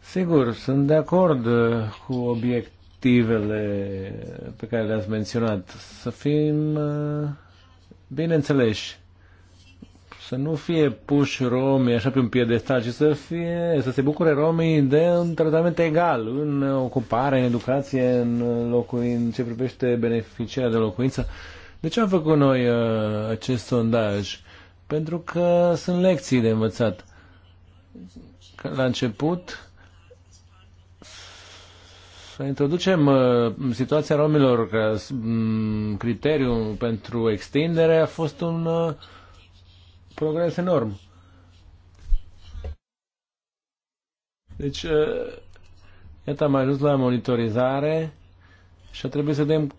Sigur, sunt de acord uh, cu obiect obiectivele pe care le-ați menționat. Să fim uh, bineînțeleși. Să nu fie puși romii așa pe un piedestal, ci să, fie, să se bucure romii de un tratament egal în ocupare, în educație, în, locuin, în ce privește beneficierea de locuință. De ce am făcut noi uh, acest sondaj? Pentru că sunt lecții de învățat. La început, să introducem uh, situația romilor ca mm, criteriu pentru extindere a fost un uh, progres enorm. Deci, uh, iată, am ajuns la monitorizare și a trebuit să vedem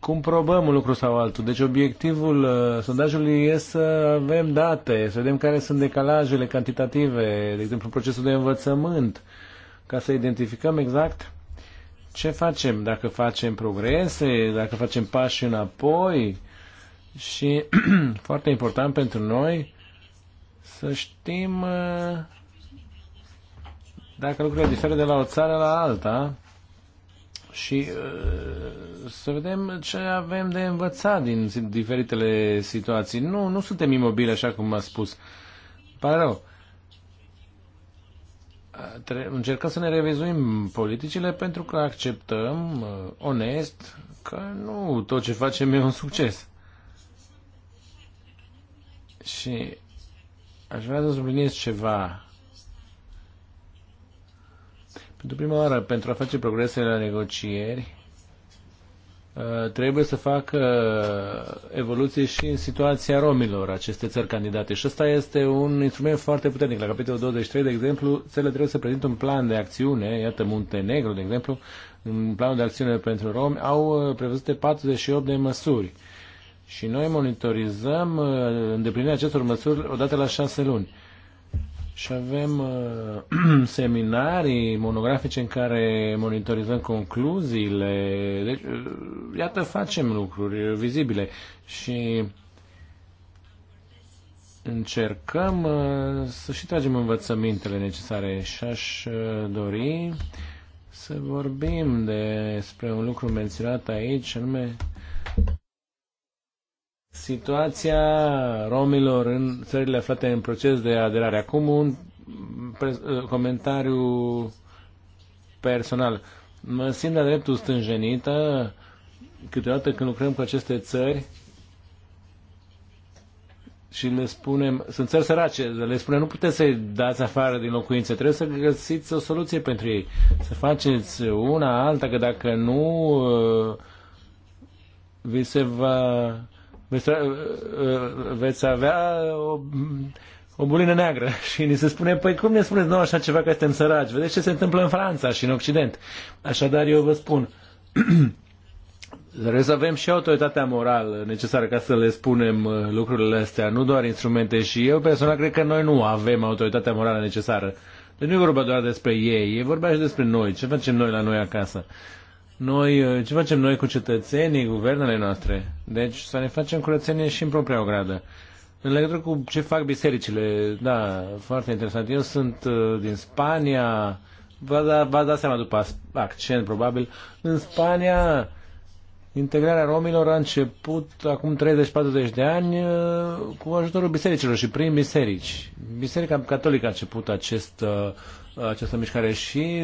cum probăm un lucru sau altul. Deci obiectivul sondajului e să avem date, să vedem care sunt decalajele cantitative, de exemplu procesul de învățământ, ca să identificăm exact ce facem, dacă facem progrese, dacă facem pași înapoi și <clears throat> foarte important pentru noi să știm uh, dacă lucrurile diferă de la o țară la alta și uh, să vedem ce avem de învățat din diferitele situații. Nu, nu suntem imobili, așa cum a spus. Pare rău încercăm să ne revizuim politicile pentru că acceptăm, uh, onest, că nu tot ce facem e un succes. Și aș vrea să subliniez ceva. Pentru prima oară, pentru a face progrese la negocieri, Uh, trebuie să facă evoluție și în situația romilor aceste țări candidate. Și ăsta este un instrument foarte puternic. La capitolul 23, de exemplu, țările trebuie să prezintă un plan de acțiune, iată Muntenegru, de exemplu, în planul de acțiune pentru romi, au uh, prevăzute 48 de măsuri. Și noi monitorizăm uh, îndeplinirea acestor măsuri odată la șase luni și avem uh, <clears throat> seminarii monografice în care monitorizăm concluziile. Deci, uh, iată, facem lucruri vizibile și încercăm uh, să și tragem învățămintele necesare și aș uh, dori să vorbim despre un lucru menționat aici, anume uh, Situația romilor în țările aflate în proces de aderare. Acum un uh, comentariu personal. Mă simt la dreptul stânjenită câteodată când lucrăm cu aceste țări și le spunem, sunt țări sărace, le spunem nu puteți să-i dați afară din locuințe, trebuie să găsiți o soluție pentru ei, să faceți una alta, că dacă nu uh, vi se va Uh, uh, veți, avea uh, o, o bulină neagră. <laughs> Și ni se spune, păi cum ne spuneți nouă așa ceva că suntem săraci? Vedeți ce se întâmplă în Franța și în Occident. Așadar, eu vă spun, trebuie <clears throat> să avem și autoritatea morală necesară ca să le spunem lucrurile astea, nu doar instrumente. Și eu personal cred că noi nu avem autoritatea morală necesară. Deci nu e vorba doar despre ei, e vorba și despre noi, ce facem noi la noi acasă. Noi, uh, ce facem noi cu cetățenii, guvernele noastre? Deci să ne facem curățenie și în propria ogradă. În legătură cu ce fac bisericile, da, foarte interesant. Eu sunt uh, din Spania, v da, v da seama după accent, probabil. În Spania, integrarea romilor a început acum 30-40 de ani uh, cu ajutorul bisericilor și prin biserici. Biserica Catolică a început acest, această mișcare și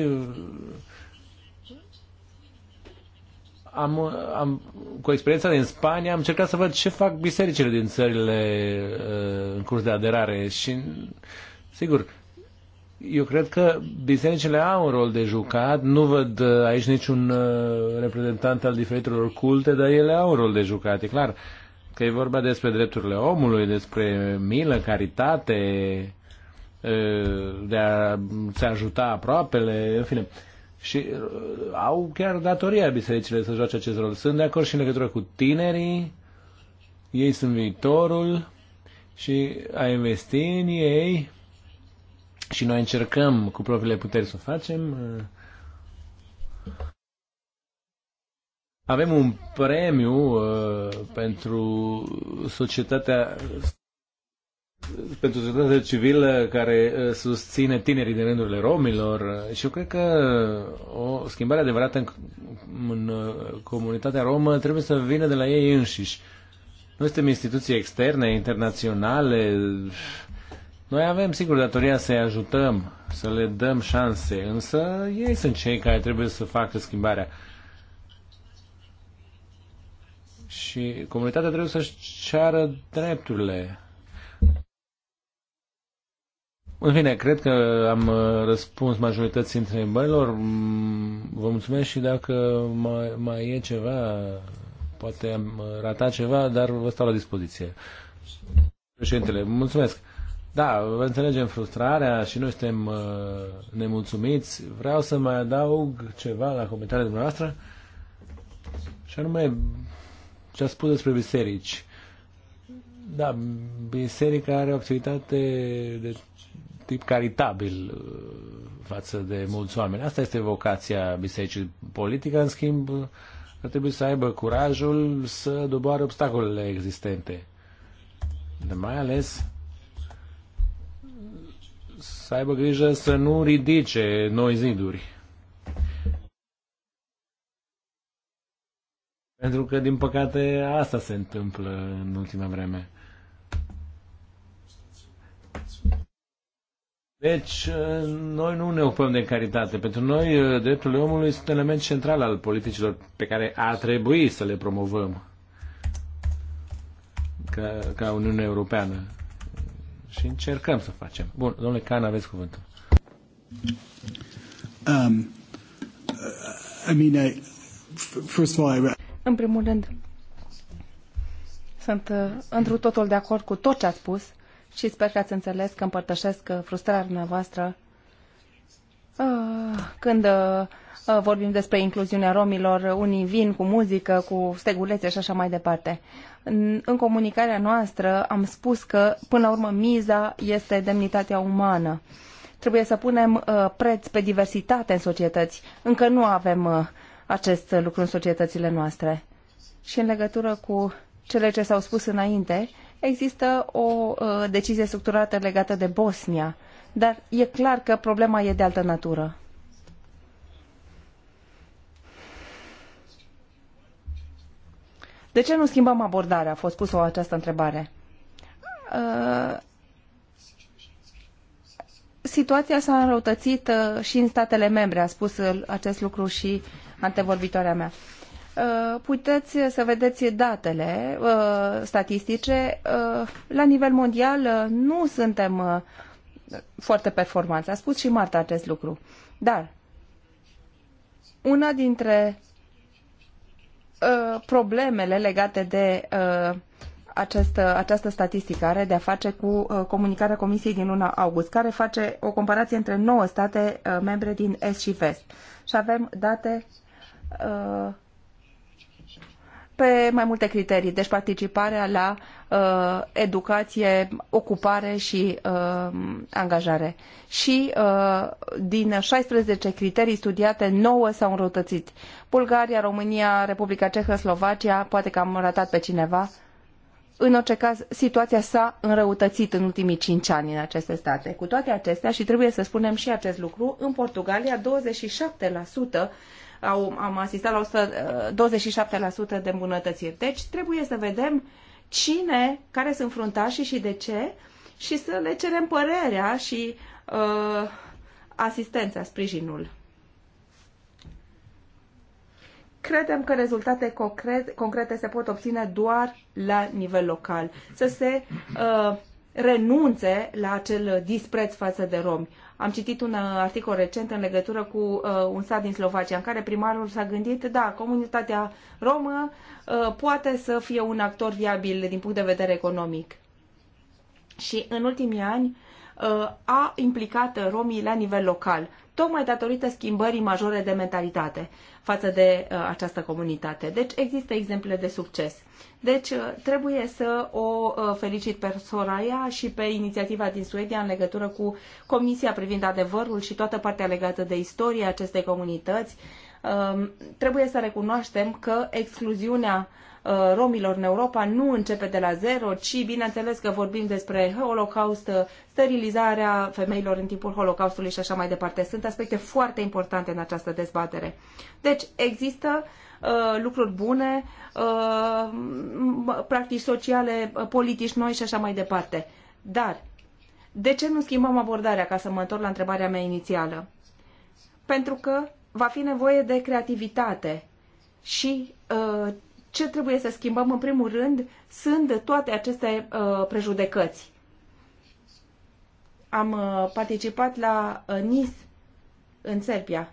am, am, cu experiența din Spania am încercat să văd ce fac bisericile din țările uh, în curs de aderare și, sigur, eu cred că bisericile au un rol de jucat, nu văd uh, aici niciun uh, reprezentant al diferitelor culte, dar ele au un rol de jucat, e clar. Că e vorba despre drepturile omului, despre milă, caritate, uh, de a ți ajuta aproapele, în fine. Uh, și uh, au chiar datoria bisericile să joace acest rol. Sunt de acord și în legătură cu tinerii, ei sunt viitorul și a investi în ei și noi încercăm cu propriile puteri să o facem. Avem un premiu uh, pentru societatea pentru societatea civilă care uh, susține tinerii din rândurile romilor uh, și eu cred că uh, o schimbare adevărată în, în comunitatea romă trebuie să vină de la ei înșiși. Noi suntem instituții externe, internaționale. Noi avem, sigur, datoria să-i ajutăm, să le dăm șanse, însă ei sunt cei care trebuie să facă schimbarea. Și comunitatea trebuie să-și ceară drepturile în fine, cred că am uh, răspuns majorității întrebărilor. Mm, vă mulțumesc și dacă mai, mai e ceva, poate am uh, ratat ceva, dar vă stau la dispoziție. Președintele, mulțumesc. Da, vă înțelegem frustrarea și noi suntem uh, nemulțumiți. Vreau să mai adaug ceva la comentariile dumneavoastră și anume ce a spus despre biserici. Da, biserica are o activitate de tip caritabil uh, față de mulți oameni. Asta este vocația bisericii. Politica, în schimb, uh, ar trebui să aibă curajul să doboare obstacolele existente. De mai ales să aibă grijă să nu ridice noi ziduri. Pentru că, din păcate, asta se întâmplă în ultima vreme. Deci, uh, noi nu ne ocupăm de caritate. Pentru noi, uh, drepturile omului sunt un element central al politicilor pe care ar trebui să le promovăm ca, ca Uniunea Europeană. Și încercăm să facem. Bun, domnule Can, aveți cuvântul. Um, I mean, I, first of all, I... În primul rând, sunt uh, un totul de acord cu tot ce ați spus și sper că ați înțeles că împărtășesc uh, frustrarea dumneavoastră uh, când uh, vorbim despre incluziunea romilor, unii vin cu muzică, cu stegulețe și așa mai departe. În comunicarea noastră am spus că, până la urmă, miza este demnitatea umană. Trebuie să punem preț pe diversitate în societăți. Încă nu avem acest lucru în societățile noastre. Și în legătură cu cele ce s-au spus înainte, există o uh, decizie structurată legată de Bosnia, dar e clar că problema e de altă natură. De ce nu schimbăm abordarea? A fost pusă această întrebare. Uh, situația s-a înrăutățit uh, și în statele membre, a spus uh, acest lucru și antevorbitoarea mea. Uh, puteți să vedeți datele uh, statistice. Uh, la nivel mondial nu suntem foarte performanți. A spus și Marta acest lucru. Dar una dintre problemele legate de această, această statistică are de a face cu comunicarea Comisiei din luna august, care face o comparație între 9 state membre din Est și Vest. Și avem date pe mai multe criterii, deci participarea la uh, educație, ocupare și uh, angajare. Și uh, din 16 criterii studiate, 9 s-au înrăutățit. Bulgaria, România, Republica Cehă, Slovacia, poate că am ratat pe cineva. În orice caz, situația s-a înrăutățit în ultimii 5 ani în aceste state. Cu toate acestea, și trebuie să spunem și acest lucru, în Portugalia 27% au, am asistat la 127% de îmbunătățiri. Deci trebuie să vedem cine, care sunt fruntașii și de ce și să le cerem părerea și uh, asistența, sprijinul. Credem că rezultate concrete, concrete se pot obține doar la nivel local. Să se uh, renunțe la acel dispreț față de romi. Am citit un uh, articol recent în legătură cu uh, un sat din Slovacia în care primarul s-a gândit, da, comunitatea romă uh, poate să fie un actor viabil din punct de vedere economic. Și în ultimii ani Uh, a implicat romii la nivel local, tocmai datorită schimbării majore de mentalitate față de uh, această comunitate. Deci există exemple de succes. Deci uh, trebuie să o felicit pe Soraya și pe inițiativa din Suedia în legătură cu Comisia privind adevărul și toată partea legată de istoria acestei comunități. Um, trebuie să recunoaștem că excluziunea Uh, romilor în Europa nu începe de la zero, ci bineînțeles că vorbim despre Holocaust, uh, sterilizarea femeilor în timpul Holocaustului și așa mai departe. Sunt aspecte foarte importante în această dezbatere. Deci există uh, lucruri bune, practici sociale, politici noi și așa mai departe. Dar de ce nu schimbăm abordarea, ca să mă întorc la întrebarea mea inițială? Pentru că va fi nevoie de creativitate și uh, ce trebuie să schimbăm în primul rând sunt toate aceste uh, prejudecăți. Am uh, participat la uh, NIS în Serbia.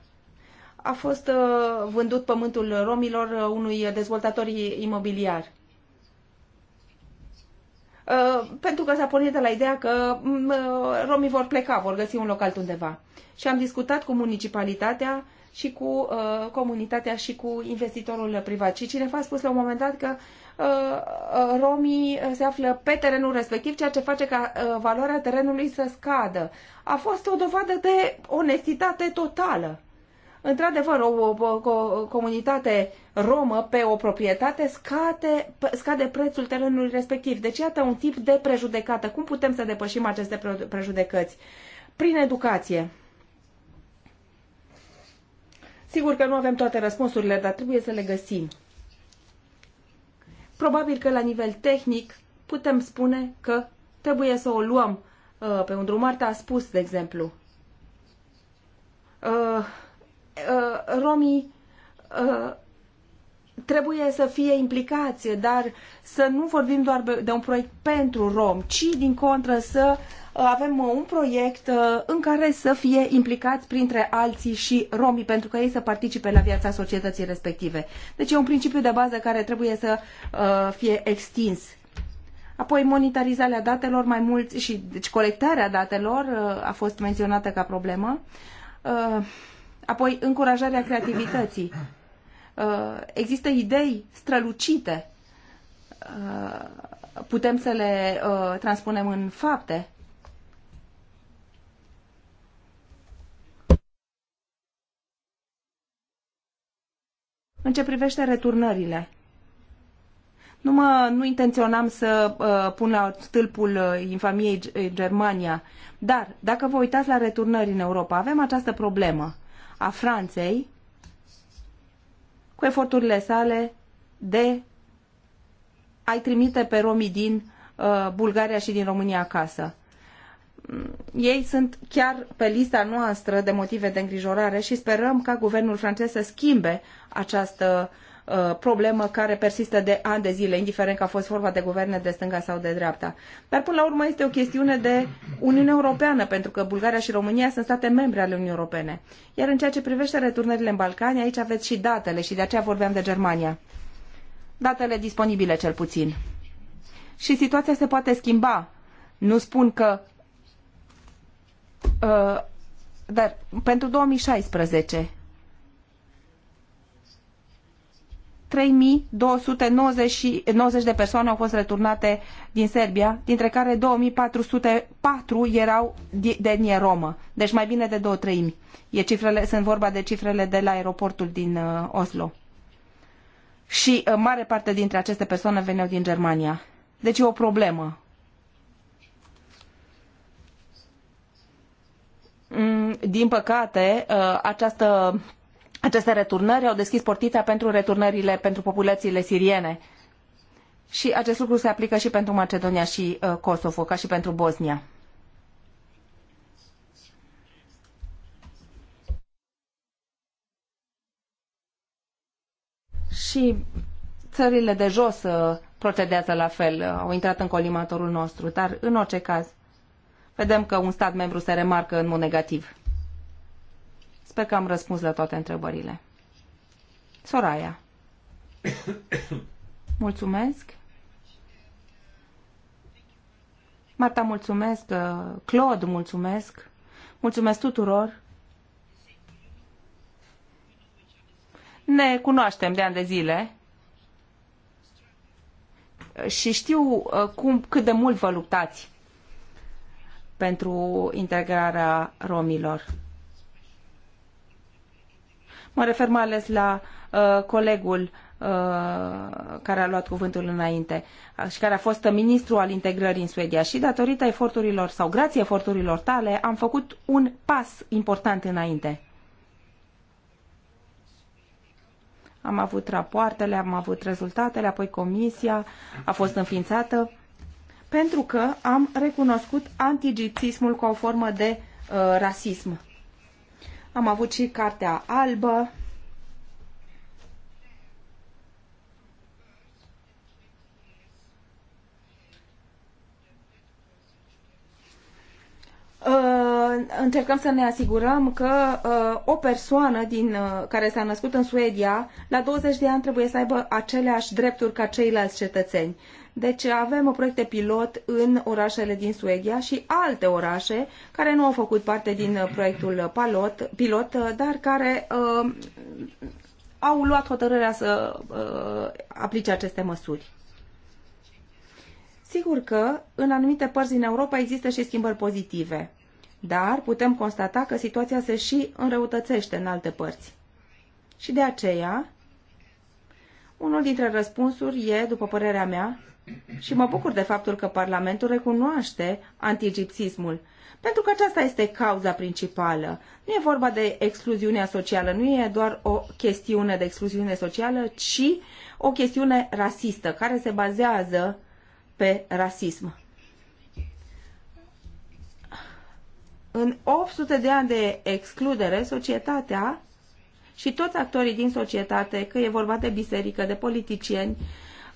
A fost uh, vândut pământul romilor uh, unui dezvoltator imobiliar. Uh, pentru că s-a pornit de la ideea că mm, uh, romii vor pleca, vor găsi un loc altundeva. Și am discutat cu municipalitatea uh, și cu uh, comunitatea și cu investitorul privat. Și cineva a spus la un moment dat că uh, uh romii uh, se află pe terenul respectiv, ceea ce face ca uh, valoarea terenului să scadă. A fost o dovadă de onestitate totală. Într-adevăr, o, o, o comunitate romă pe o proprietate scade, scade prețul terenului respectiv. Deci, iată un tip de prejudecată. Cum putem să depășim aceste prejudecăți? Prin educație Sigur că nu avem toate răspunsurile, dar trebuie să le găsim. Probabil că la nivel tehnic putem spune că trebuie să o luăm uh, pe un drum. Marta a spus, de exemplu, uh, uh, romii uh, trebuie să fie implicați, dar să nu vorbim doar de un proiect pentru rom, ci din contră să uh, avem uh, un proiect uh, în care să fie implicați printre alții și romii, pentru că ei să participe la viața societății respective. Deci e un principiu de bază care trebuie să fie extins. Apoi monitorizarea datelor mai mult și deci colectarea datelor a fost menționată ca problemă. Apoi încurajarea creativității Uh, există idei strălucite. Uh, putem să le uh, transpunem în fapte. În ce privește returnările, nu, mă, nu intenționam să uh, pun la stâlpul uh, infamiei Germania, dar dacă vă uitați la returnări în Europa, avem această problemă a Franței, cu eforturile sale de a-i trimite pe romii din uh, Bulgaria și din România acasă. Mm, ei sunt chiar pe lista noastră de motive de îngrijorare și sperăm ca guvernul francez să schimbe această uh, Uh, problemă care persistă de ani de zile, indiferent că a fost vorba de guverne de stânga sau de dreapta. Dar până la urmă este o chestiune de Uniunea Europeană, pentru că Bulgaria și România sunt state membre ale Uniunii Europene. Iar în ceea ce privește returnările în Balcani, aici aveți și datele și de aceea vorbeam de Germania. Datele disponibile cel puțin. Și situația se poate schimba. Nu spun că uh, dar pentru 2016 3290 de persoane au fost returnate din Serbia, dintre care 2404 erau de etnie romă, deci mai bine de două treimi. E cifrele, sunt vorba de cifrele de la aeroportul din uh, Oslo. Și uh, mare parte dintre aceste persoane veneau din Germania. Deci e o problemă. Mm, din păcate, uh, această aceste returnări au deschis portița pentru returnările pentru populațiile siriene. Și acest lucru se aplică și pentru Macedonia și uh, Kosovo, ca și pentru Bosnia. Și țările de jos uh, procedează la fel, uh, au intrat în colimatorul nostru, dar în orice caz vedem că un stat membru se remarcă în mod negativ. Sper că am răspuns la toate întrebările. Soraya. <coughs> Mulțumesc. Marta, mulțumesc. Uh, Claude, mulțumesc. Mulțumesc tuturor. Ne cunoaștem de ani de zile și știu uh, cum, cât de mult vă luptați pentru integrarea romilor. Mă refer mai ales la uh, colegul uh, care a luat cuvântul înainte și care a fost ministru al integrării în Suedia și datorită eforturilor sau grație eforturilor tale am făcut un pas important înainte. Am avut rapoartele, am avut rezultatele, apoi comisia a fost înființată pentru că am recunoscut antigipismul ca o formă de uh, rasism am avut și cartea albă. Ă, încercăm să ne asigurăm că ă, o persoană din, ă, care s-a născut în Suedia, la 20 de ani trebuie să aibă aceleași drepturi ca ceilalți cetățeni. Deci avem proiecte pilot în orașele din Suedia și alte orașe care nu au făcut parte din proiectul pilot, pilot dar care uh, au luat hotărârea să uh, aplice aceste măsuri. Sigur că în anumite părți din Europa există și schimbări pozitive, dar putem constata că situația se și înrăutățește în alte părți. Și de aceea, unul dintre răspunsuri e, după părerea mea, și mă bucur de faptul că Parlamentul recunoaște antiegipsismul, pentru că aceasta este cauza principală. Nu e vorba de excluziunea socială, nu e doar o chestiune de excluziune socială, ci o chestiune rasistă, care se bazează pe rasism. În 800 de ani de excludere, societatea și toți actorii din societate, că e vorba de biserică, de politicieni,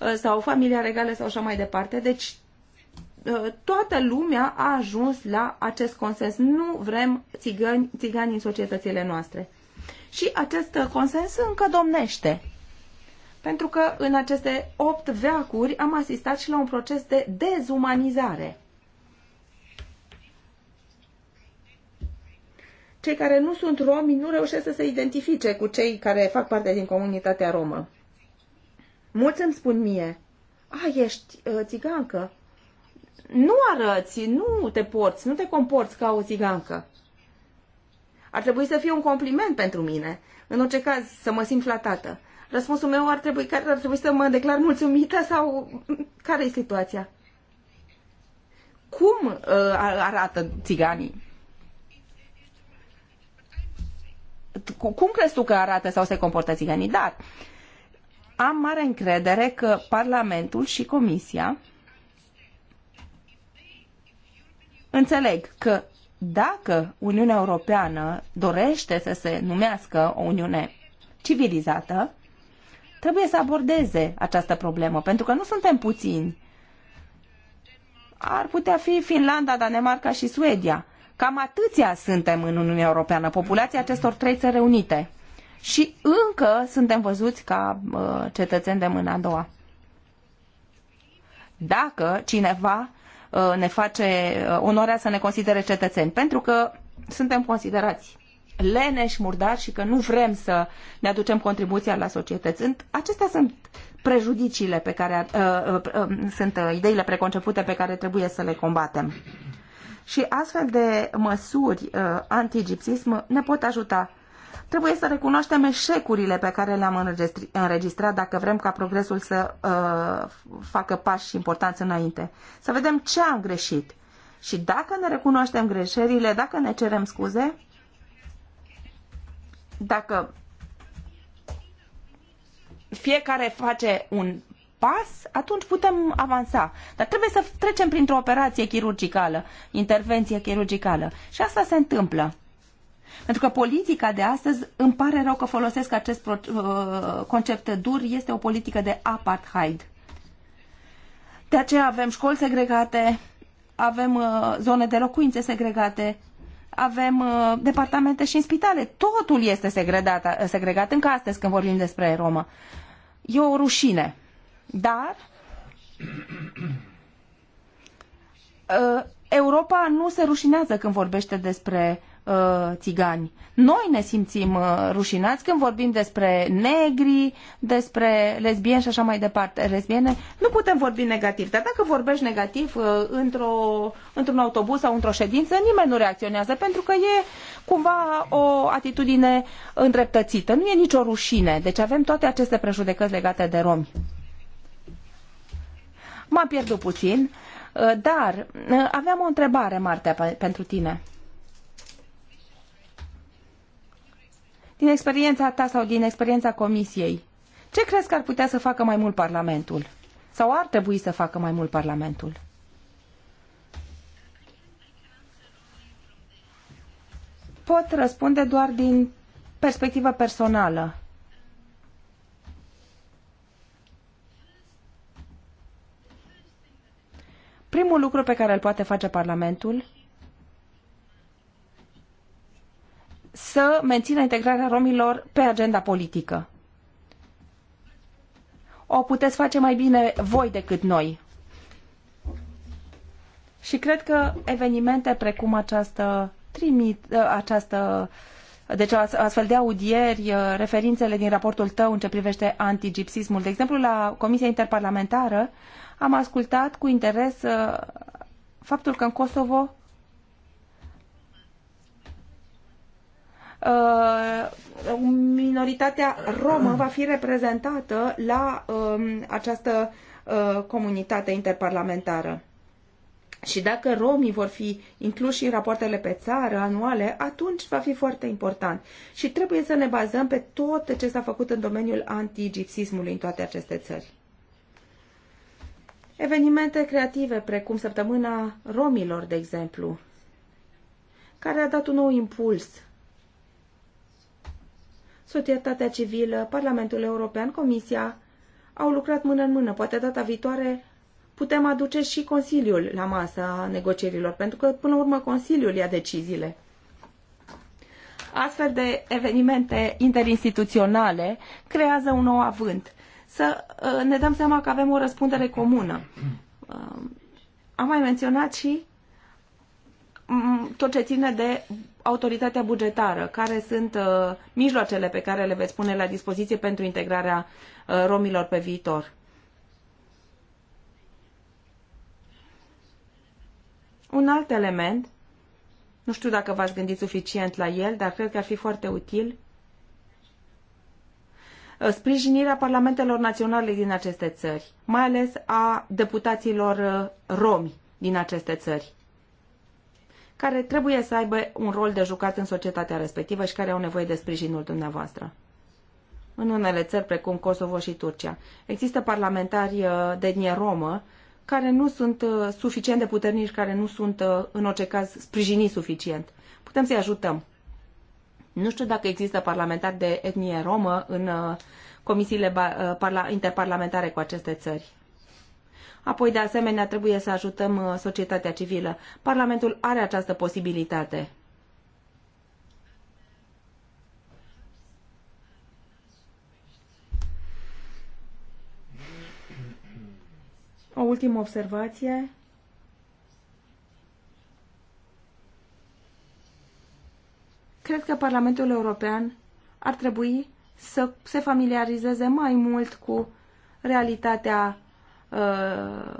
Uh, sau familia regală sau așa mai departe. Deci uh, toată lumea a ajuns la acest consens. Nu vrem țigani, țigani în societățile noastre. Și acest consens încă domnește. Pentru că în aceste opt veacuri am asistat și la un proces de dezumanizare. Cei care nu sunt romi nu reușesc să se identifice cu cei care fac parte din comunitatea romă. Mulți îmi spun mie, a, ești uh, țigancă. Nu arăți, nu te porți, nu te comporți ca o țigancă. Ar trebui să fie un compliment pentru mine. În orice caz, să mă simt flatată. Răspunsul meu ar trebui, ar trebui să mă declar mulțumită sau <laughs> care e situația? Cum uh, arată țiganii? Cum crezi tu că arată sau se comportă țiganii? Dar uh, am mare încredere că Parlamentul și Comisia înțeleg că dacă Uniunea Europeană dorește să se numească o Uniune civilizată, trebuie să abordeze această problemă, pentru că nu suntem puțini. Ar putea fi Finlanda, Danemarca și Suedia. Cam atâția suntem în Uniunea Europeană, populația acestor trei țări unite și încă suntem văzuți ca uh, cetățeni de mâna a doua. Dacă cineva uh, ne face uh, onoarea să ne considere cetățeni, pentru că suntem considerați leneși, murdari și că nu vrem să ne aducem contribuția la societăți. Acestea sunt prejudiciile pe care uh, uh, uh, sunt ideile preconcepute pe care trebuie să le combatem. Și astfel de măsuri antigipsism ne pot ajuta Trebuie să recunoaștem eșecurile pe care le-am înregistrat dacă vrem ca progresul să uh, facă pași importanți înainte. Să vedem ce am greșit. Și dacă ne recunoaștem greșelile, dacă ne cerem scuze, dacă fiecare face un pas, atunci putem avansa. Dar trebuie să trecem printr-o operație chirurgicală, intervenție chirurgicală. Și asta se întâmplă. Pentru că politica de astăzi, îmi pare rău că folosesc acest uh, concept dur, este o politică de apartheid. De aceea avem școli segregate, avem uh, zone de locuințe segregate, avem uh, departamente și în spitale. Totul este segregat, segregat încă astăzi când vorbim despre Roma. E o rușine. Dar Europa nu se rușinează când vorbește despre Uh, țigani. Noi ne simțim uh, rușinați când vorbim despre negri, despre lesbieni și așa mai departe. Lesbiene, nu putem vorbi negativ, dar dacă vorbești negativ uh, într-o, într-un autobuz sau într-o ședință, nimeni nu reacționează pentru că e cumva o atitudine îndreptățită. Nu e nicio rușine. Deci avem toate aceste prejudecăți legate de romi. M-am pierdut puțin, dar aveam o întrebare, Martea, pentru tine. din experiența ta sau din experiența Comisiei, ce crezi că ar putea să facă mai mult Parlamentul? Sau ar trebui să facă mai mult Parlamentul? Pot răspunde doar din perspectivă personală. Primul lucru pe care îl poate face Parlamentul să mențină integrarea romilor pe agenda politică. O puteți face mai bine voi decât noi. Și cred că evenimente precum această trimit, ă, această deci astfel de audieri, ă, referințele din raportul tău în ce privește antigipsismul. De exemplu, la Comisia Interparlamentară am ascultat cu interes ă, faptul că în Kosovo Uh, minoritatea romă va fi reprezentată la um, această uh, comunitate interparlamentară. Și dacă romii vor fi incluși în rapoartele pe țară anuale, atunci va fi foarte important. Și trebuie să ne bazăm pe tot ce s-a făcut în domeniul antigipsismului în toate aceste țări. Evenimente creative, precum Săptămâna Romilor, de exemplu, care a dat un nou impuls societatea civilă, Parlamentul European, Comisia au lucrat mână în mână. Poate data viitoare putem aduce și Consiliul la masa negocierilor, pentru că, până la urmă, Consiliul ia deciziile. Astfel de evenimente interinstituționale creează un nou avânt. Să uh, ne dăm seama că avem o răspundere comună. Uh, am mai menționat și mm, tot ce ține de autoritatea bugetară, care sunt uh, mijloacele pe care le veți pune la dispoziție pentru integrarea uh, romilor pe viitor? Un alt element, nu știu dacă v-ați gândit suficient la el, dar cred că ar fi foarte util, uh, sprijinirea parlamentelor naționale din aceste țări, mai ales a deputaților uh, romi din aceste țări care trebuie să aibă un rol de jucat în societatea respectivă și care au nevoie de sprijinul dumneavoastră. În unele țări, precum Kosovo și Turcia, există parlamentari uh, de etnie romă care nu sunt uh, suficient de puternici, care nu sunt, uh, în orice caz, sprijiniți suficient. Putem să-i ajutăm. Nu știu dacă există parlamentari de etnie romă în comisiile interparlamentare cu aceste țări. Apoi, de asemenea, trebuie să ajutăm uh, societatea civilă. Parlamentul are această posibilitate. O ultimă observație. Cred că Parlamentul European ar trebui să se familiarizeze mai mult cu realitatea Uh,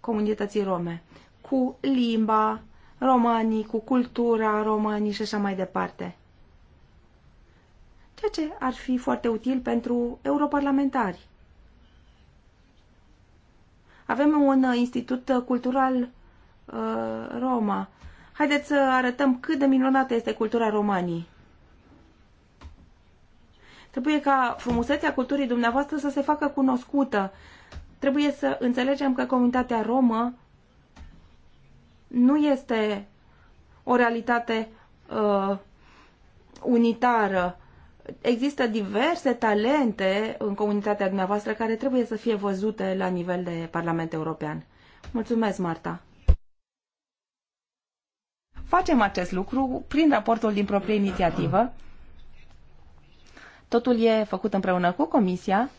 comunității rome, cu limba romanii, cu cultura romanii și așa mai departe. Ceea ce ar fi foarte util pentru europarlamentari. Avem un uh, institut cultural uh, Roma. Haideți să arătăm cât de minunată este cultura romanii. Trebuie ca frumusețea culturii dumneavoastră să se facă cunoscută, Trebuie să înțelegem că comunitatea romă nu este o realitate uh, unitară. Există diverse talente în comunitatea dumneavoastră care trebuie să fie văzute la nivel de Parlament European. Mulțumesc, Marta! Facem acest lucru prin raportul din proprie inițiativă. Totul e făcut împreună cu Comisia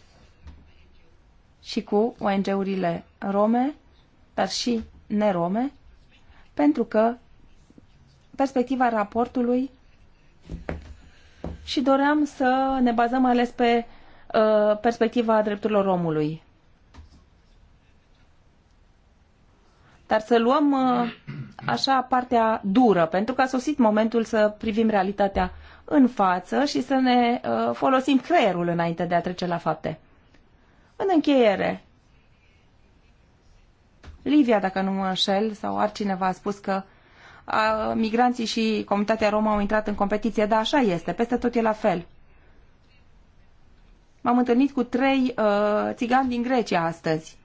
și cu ONG-urile rome, dar și nerome, pentru că perspectiva raportului și doream să ne bazăm mai ales pe uh, perspectiva drepturilor omului. Dar să luăm uh, așa partea dură, pentru că a sosit momentul să privim realitatea în față și să ne uh, folosim creierul înainte de a trece la fapte. În încheiere, Livia, dacă nu mă înșel, sau altcineva a spus că a, migranții și comunitatea romă au intrat în competiție, dar așa este, peste tot e la fel. M-am întâlnit cu trei uh, țigani din Grecia astăzi,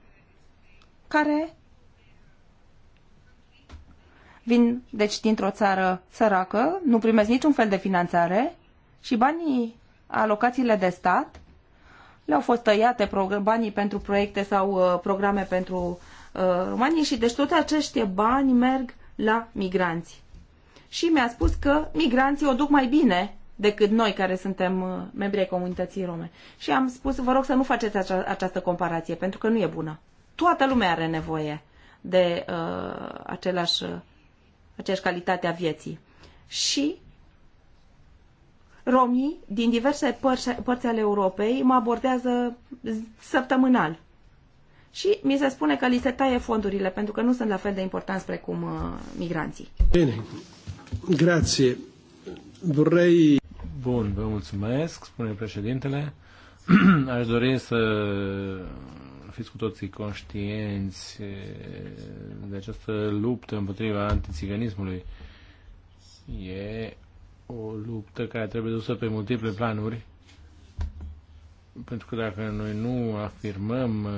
care vin, deci, dintr-o țară săracă, nu primesc niciun fel de finanțare și banii, alocațiile de stat, le-au fost tăiate banii pentru proiecte sau uh, programe pentru uh, România și deci toate acești bani merg la migranți. Și mi-a spus că migranții o duc mai bine decât noi care suntem uh, membri ai comunității rome. Și am spus, vă rog să nu faceți acea, această comparație, pentru că nu e bună. Toată lumea are nevoie de uh, uh, aceeași calitate a vieții. Și romii din diverse părți ale Europei mă abordează săptămânal. Și mi se spune că li se taie fondurile, pentru că nu sunt la fel de importanți precum uh, migranții. Bine, grație. Vrei... Bun, vă mulțumesc, spune președintele. <clears throat> Aș dori să fiți cu toții conștienți de această luptă împotriva antițiganismului. E o luptă care trebuie dusă pe multiple planuri, pentru că dacă noi nu afirmăm uh,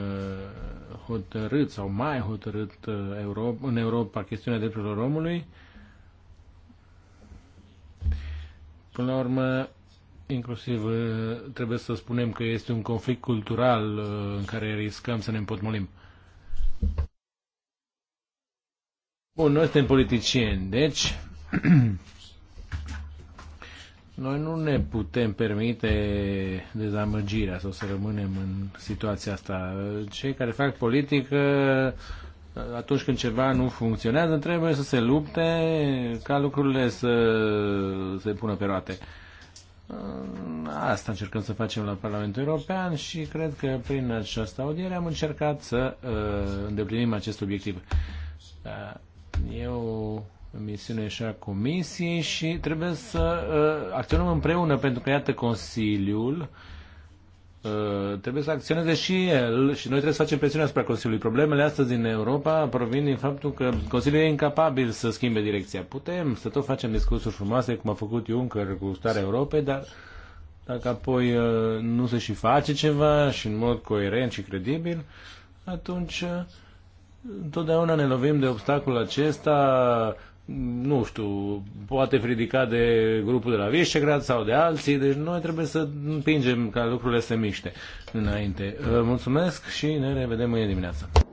hotărât sau mai hotărât uh, Europa, în Europa chestiunea drepturilor omului, până la urmă, inclusiv uh, trebuie să spunem că este un conflict cultural în care riscăm să ne împotmolim. Bun, noi suntem politicieni, deci <clears throat> Noi nu ne putem permite dezamăgirea sau să rămânem în situația asta. Cei care fac politică, atunci când ceva nu funcționează, trebuie să se lupte ca lucrurile să se pună pe roate. Asta încercăm să facem la Parlamentul European și cred că prin această audiere am încercat să uh, îndeplinim acest obiectiv. Da, eu misiune și a Comisiei și trebuie să uh, acționăm împreună, pentru că, iată, Consiliul uh, trebuie să acționeze și el și noi trebuie să facem presiune asupra Consiliului. Problemele astăzi din Europa provin din faptul că Consiliul e incapabil să schimbe direcția. Putem să tot facem discursuri frumoase, cum a făcut Juncker cu starea Europei, dar dacă apoi uh, nu se și face ceva și în mod coerent și credibil, atunci uh, întotdeauna ne lovim de obstacolul acesta nu știu, poate ridica de grupul de la Visegrad sau de alții, deci noi trebuie să împingem ca lucrurile să miște înainte. Mulțumesc și ne revedem mâine dimineață.